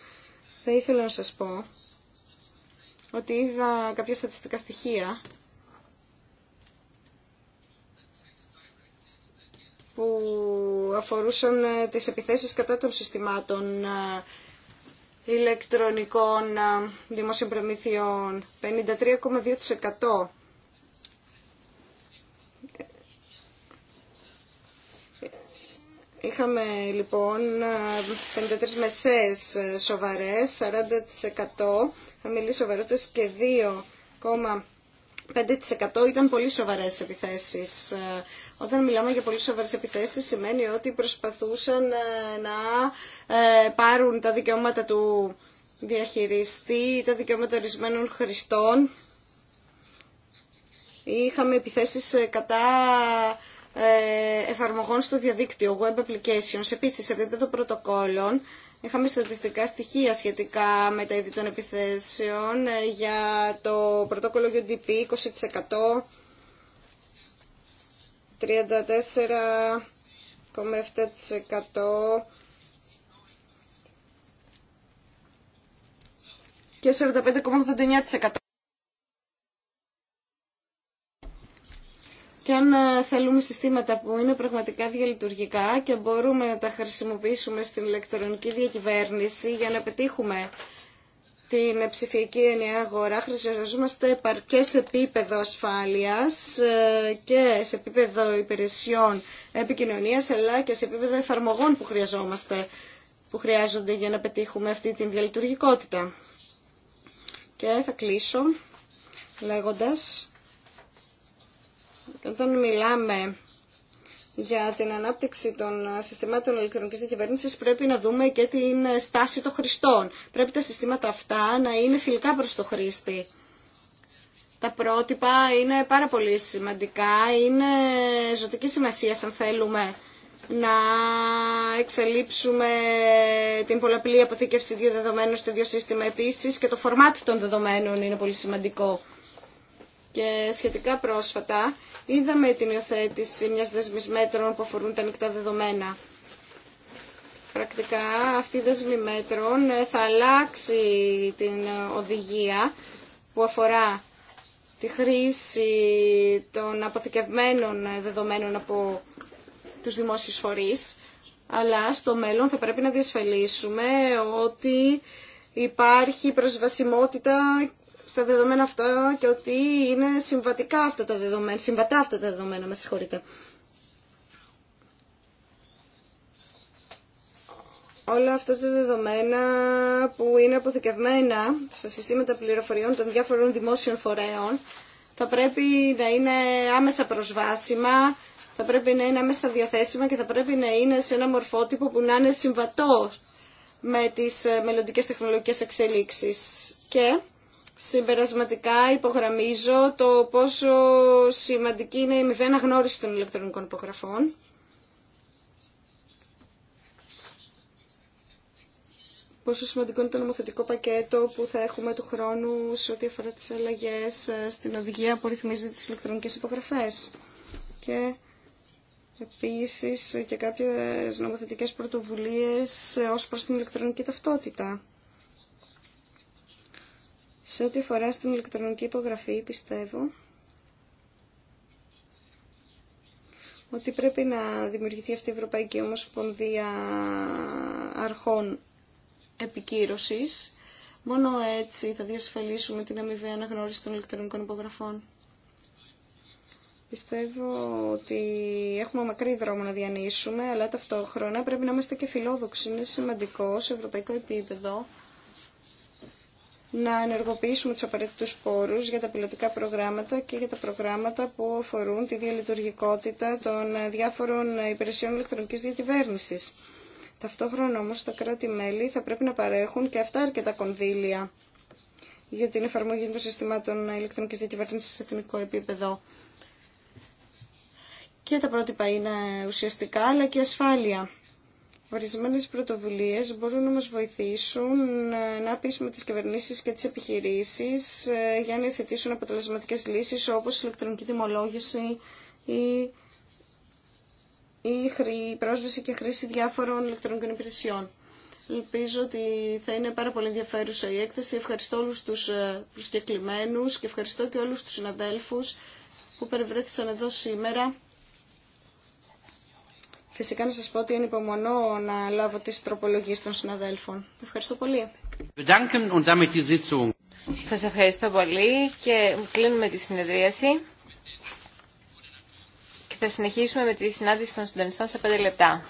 θα ήθελα να σας πω ότι είδα κάποια στατιστικά στοιχεία που αφορούσαν ε, τις επιθέσεις κατά των συστημάτων ε, ηλεκτρονικών ε, δημόσιων προμηθειών. 53,2% Είχαμε λοιπόν 53 μεσές σοβαρές, 40% χαμηλή σοβαρότητας και 2, 5% ήταν πολύ σοβαρές επιθέσεις. Ε, όταν μιλάμε για πολύ σοβαρές επιθέσεις σημαίνει ότι προσπαθούσαν ε, να ε, πάρουν τα δικαιώματα του διαχειριστή, τα δικαιώματα ορισμένων χρηστών. Είχαμε επιθέσεις κατά εφαρμογών στο διαδίκτυο, web applications, επίσης σε επίπεδο πρωτοκόλλων. Είχαμε στατιστικά στοιχεία σχετικά με τα είδη των επιθέσεων ε, για το πρωτόκολλο UDP 20%. 34,7% και 45,89%. και αν ε, θέλουμε συστήματα που είναι πραγματικά διαλειτουργικά και μπορούμε να τα χρησιμοποιήσουμε στην ηλεκτρονική διακυβέρνηση για να πετύχουμε την ψηφιακή ενιαία αγορά χρησιμοποιούμαστε και σε επίπεδο ασφάλειας ε, και σε επίπεδο υπηρεσιών επικοινωνίας αλλά και σε επίπεδο εφαρμογών που χρειαζόμαστε που χρειάζονται για να πετύχουμε αυτή την διαλειτουργικότητα. Και θα κλείσω λέγοντας όταν μιλάμε για την ανάπτυξη των συστημάτων ηλεκτρονικής διακυβέρνησης πρέπει να δούμε και την στάση των χρηστών. Πρέπει τα συστήματα αυτά να είναι φιλικά προς το χρήστη. Τα πρότυπα είναι πάρα πολύ σημαντικά, είναι ζωτική σημασία αν θέλουμε να εξελίψουμε την πολλαπλή αποθήκευση δύο δεδομένων στο ίδιο σύστημα επίσης και το φορμάτι των δεδομένων είναι πολύ σημαντικό και σχετικά πρόσφατα είδαμε την υιοθέτηση μιας δεσμής μέτρων που αφορούν τα ανοιχτά δεδομένα. Πρακτικά αυτή η δεσμή μέτρων ε, θα αλλάξει την οδηγία που αφορά τη χρήση των αποθηκευμένων ε, δεδομένων από τους δημόσιους φορείς, αλλά στο μέλλον θα πρέπει να διασφαλίσουμε ότι υπάρχει προσβασιμότητα στα δεδομένα αυτά και ότι είναι συμβατικά αυτά τα δεδομένα, συμβατά αυτά τα δεδομένα, με συγχωρείτε. όλα αυτά τα δεδομένα που είναι αποθηκευμένα στα συστήματα πληροφοριών των διάφορων δημόσιων φορέων θα πρέπει να είναι άμεσα προσβάσιμα, θα πρέπει να είναι άμεσα διαθέσιμα και θα πρέπει να είναι σε ένα μορφότυπο που να είναι συμβατό με τις μελλοντικέ τεχνολογικές εξελίξεις. Και Συμπερασματικά υπογραμμίζω το πόσο σημαντική είναι η μηδένα αναγνώριση των ηλεκτρονικών υπογραφών. Πόσο σημαντικό είναι το νομοθετικό πακέτο που θα έχουμε του χρόνου σε ό,τι αφορά τις αλλαγές ε, στην οδηγία που ρυθμίζει τις ηλεκτρονικές υπογραφές. Και επίσης και κάποιες νομοθετικές πρωτοβουλίες ε, ως προς την ηλεκτρονική ταυτότητα. Σε ό,τι αφορά στην ηλεκτρονική υπογραφή πιστεύω ότι πρέπει να δημιουργηθεί αυτή η Ευρωπαϊκή Ομοσπονδία Αρχών Επικύρωσης. Μόνο έτσι θα διασφαλίσουμε την αμοιβή αναγνώριση των ηλεκτρονικών υπογραφών. Πιστεύω ότι έχουμε μακρύ δρόμο να διανύσουμε, αλλά ταυτόχρονα πρέπει να είμαστε και φιλόδοξοι. Είναι σημαντικό σε ευρωπαϊκό επίπεδο να ενεργοποιήσουμε τους απαραίτητους πόρους για τα πιλωτικά προγράμματα και για τα προγράμματα που αφορούν τη διαλειτουργικότητα των διάφορων υπηρεσιών ηλεκτρονικής διακυβέρνησης. Ταυτόχρονα όμως τα κράτη-μέλη θα πρέπει να παρέχουν και αυτά αρκετά κονδύλια για την εφαρμογή των συστημάτων ηλεκτρονικής διακυβέρνησης σε εθνικό επίπεδο. Και τα πρότυπα είναι ουσιαστικά αλλά και ασφάλεια. Ορισμένες πρωτοβουλίες μπορούν να μας βοηθήσουν ε, να πείσουμε τις κυβερνήσεις και τις επιχειρήσεις ε, για να υιοθετήσουν αποτελεσματικές λύσεις όπως η ηλεκτρονική τιμολόγηση ή η πρόσβαση και χρήση διάφορων ηλεκτρονικών υπηρεσιών. Ελπίζω ότι θα είναι πάρα πολύ ενδιαφέρουσα η έκθεση. Ευχαριστώ όλους τους ε, προσκεκλημένους και ευχαριστώ και όλους τους συναδέλφους που περιβρέθησαν εδώ σήμερα Φυσικά να σας πω ότι είναι να λάβω τις τροπολογίες των συναδέλφων. Ευχαριστώ πολύ. Σας ευχαριστώ πολύ και κλείνουμε τη συνεδρίαση και θα συνεχίσουμε με τη συνάντηση των συντονιστών σε πέντε λεπτά.